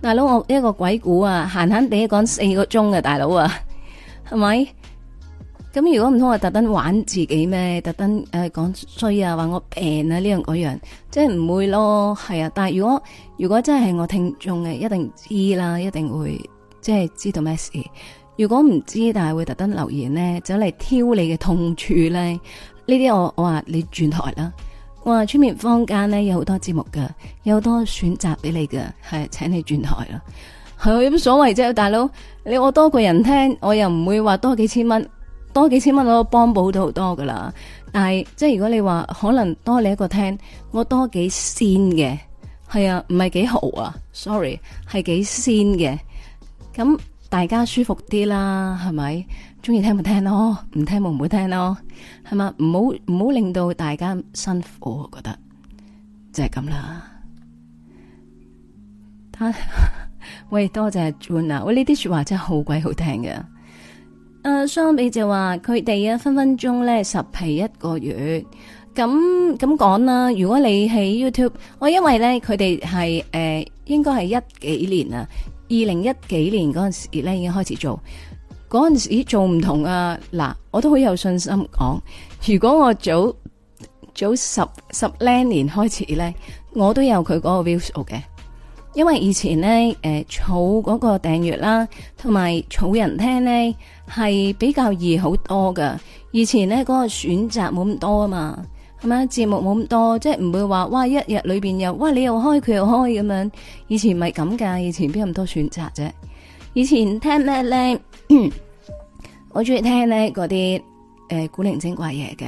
大佬，我一個鬼故啊，閒閒地講四個鐘啊，大佬啊，係咪？咁如果唔通我特登玩自己咩？特登誒講衰啊，話我病啊呢樣嗰樣，即係唔會咯。係啊，但係如果如果真係我聽眾嘅，一定知啦，一定會即係知道咩事。如果唔知，但係會特登留言呢，就嚟挑你嘅痛處呢。呢啲我我話你轉台啦。我話出面坊間呢，有好多節目㗎，有好多選擇俾你㗎。係請你轉台咯。係有乜所謂啫，大佬，你我多個人聽，我又唔會話多幾千蚊，多幾千蚊我幫補到好多噶啦。但係即係如果你話可能多你一個聽，我多幾仙嘅，係啊，唔係幾毫啊，sorry，係幾仙嘅咁。大家舒服啲啦，係咪？中意聽咪聽咯，唔聽咪唔好聽咯，係嘛？唔好唔好令到大家辛苦，我覺得就係、是、咁啦。喂，多謝阿轉啊！喂，呢啲說話真係好鬼好聽㗎。誒、呃，相比就話佢哋啊，他們分分鐘咧十皮一個月。咁咁講啦，如果你喺 YouTube，我因為咧佢哋係誒，應該係一幾年啊。二零一幾年嗰陣時咧已經開始做，嗰陣時做唔同啊！嗱，我都好有信心講，如果我早早十十零年開始咧，我都有佢嗰個 view 嘅，因為以前咧誒儲嗰個訂閱啦，同埋儲人聽咧係比較易好多噶，以前咧嗰個選擇冇咁多啊嘛。係嘛，節目冇咁多，即係唔會話哇一日裏邊又哇你又開佢又開咁樣，以前咪咁噶，以前邊咁多選擇啫。以前聽咩咧，？ 我中意聽咧嗰啲誒古靈精怪嘢嘅，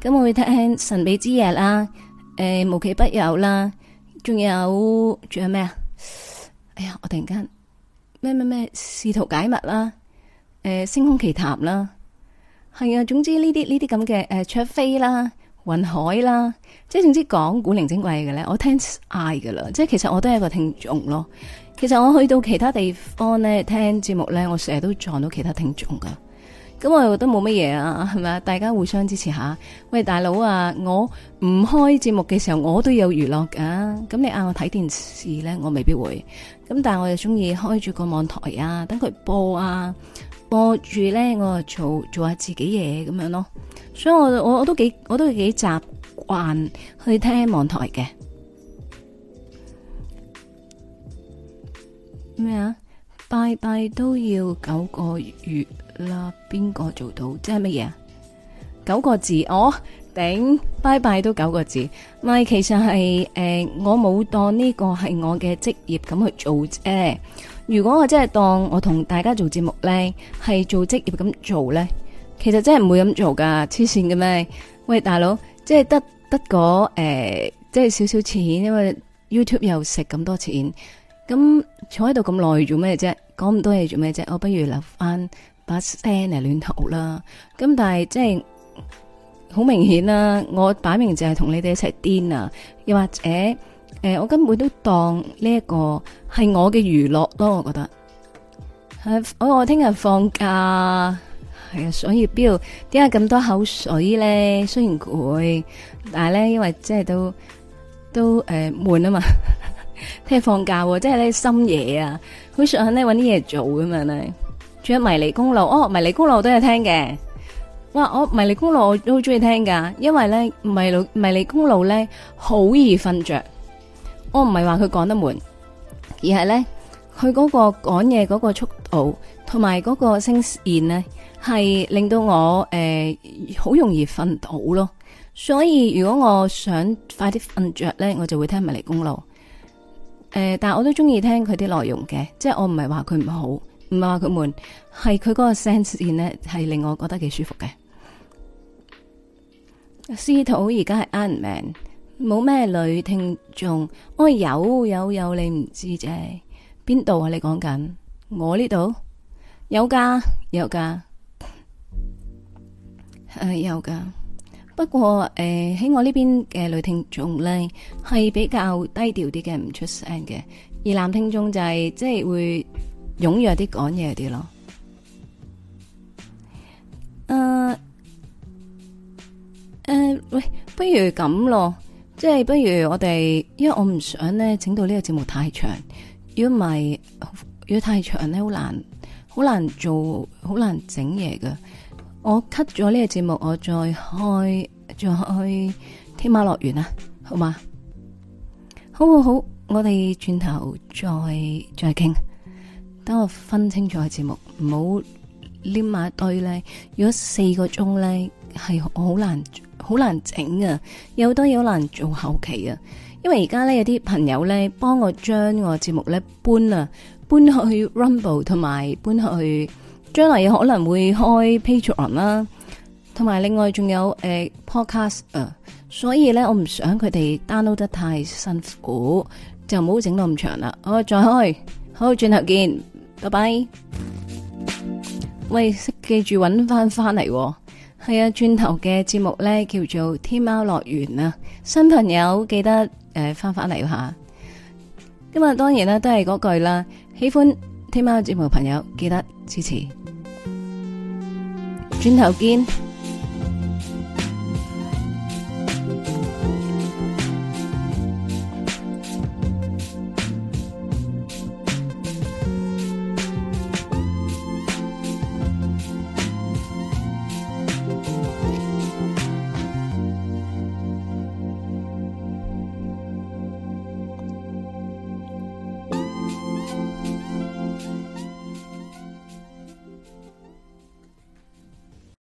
咁我會聽神秘之夜啦，誒、呃、無奇不有啦，仲有仲有咩啊？哎呀，我突然間咩咩咩試圖解密啦，誒、呃、星空奇譚啦，係啊，總之呢啲呢啲咁嘅誒卓飛啦。雲海啦，即係總之講古靈精怪嘅咧，我聽嗌嘅啦，即係其實我都係一個聽眾咯。其實我去到其他地方咧聽節目咧，我成日都撞到其他聽眾噶。咁我又覺得冇乜嘢啊，係咪啊？大家互相支持一下。喂，大佬啊，我唔開節目嘅時候，我都有娛樂噶。咁你嗌我睇電視咧，我未必會。咁但係我又中意開住個網台啊，等佢播啊，播住咧我就做做下自己嘢咁樣咯。所以我我我都幾我都幾習慣去聽網台嘅。咩啊，拜拜都要九個月啦，邊個做到？即係乜嘢？九個字我頂、哦、拜拜都九個字，咪其實係誒、呃、我冇當呢個係我嘅職業咁去做啫、呃。如果我真係當我同大家做節目咧，係做職業咁做咧。其實真係唔會咁做噶，黐線嘅咩？喂，大佬，即係得得誒、呃，即係少少錢，因為 YouTube 又食咁多錢，咁坐喺度咁耐做咩啫？講咁多嘢做咩啫？我不如留翻把聲嚟暖肚啦。咁但係即係好明顯啦、啊，我擺明就係同你哋一齊癲啊！又或者誒、呃，我根本都當呢一個係我嘅娛樂咯，我覺得。誒，我我聽日放假。係啊，所以比如點解咁多口水咧？雖然佢，但係咧，因為即係都都誒悶啊嘛。聽日放假即係咧深夜啊，好想咧搵啲嘢做噶嘛咧。仲有迷離公路哦，迷離公路都有聽嘅。哇，我迷離公路我都好中意聽噶，因為咧迷路迷離公路咧好易瞓着。我唔係話佢講得悶，而係咧佢嗰個講嘢嗰個速度同埋嗰個聲線咧。係令到我誒好、呃、容易瞓到咯，所以如果我想快啲瞓着咧，我就會聽迷離公路誒、呃。但係我都中意聽佢啲內容嘅，即係我唔係話佢唔好，唔係話佢悶，係佢嗰個聲線呢，係令我覺得幾舒服嘅。司徒而家係 Iron Man，冇咩女聽眾，我、哦、有有有，你唔知啫邊度啊？你講緊我呢度有噶有噶。誒、嗯，有噶，不過誒喺、呃、我呢邊嘅女聽眾咧係比較低調啲嘅，唔出聲嘅；而男聽眾就係、是、即係會踴躍啲講嘢啲咯。誒、呃、誒、呃，喂，不如咁咯，即係不如我哋，因為我唔想咧整到呢個節目太長，如果唔係，如果太長咧，好難好難做好難整嘢噶。我 cut 咗呢個節目，我再開再去天馬樂園啊，好嘛？好好好，我哋轉頭再再傾。等我分清楚個節目，唔好黏埋一堆咧。如果四個鐘咧係好難好難整啊，有好多好難做後期啊。因為而家咧有啲朋友咧幫我將個節目咧搬啊，搬去 Rumble 同埋搬去。將來可能會開 Patreon 啦，同埋另外仲有誒、呃、Podcast，呃，所以咧我唔想佢哋 download 得太辛苦，就唔好整到咁長啦。好，再開，好，轉頭見，拜拜。喂，記住搵翻翻嚟，係啊，轉頭嘅節目咧叫做天貓樂園啊，新朋友記得誒翻翻嚟下。今日當然啦，都係嗰句啦，喜歡。聽晚有節目，朋友記得支持，轉頭見。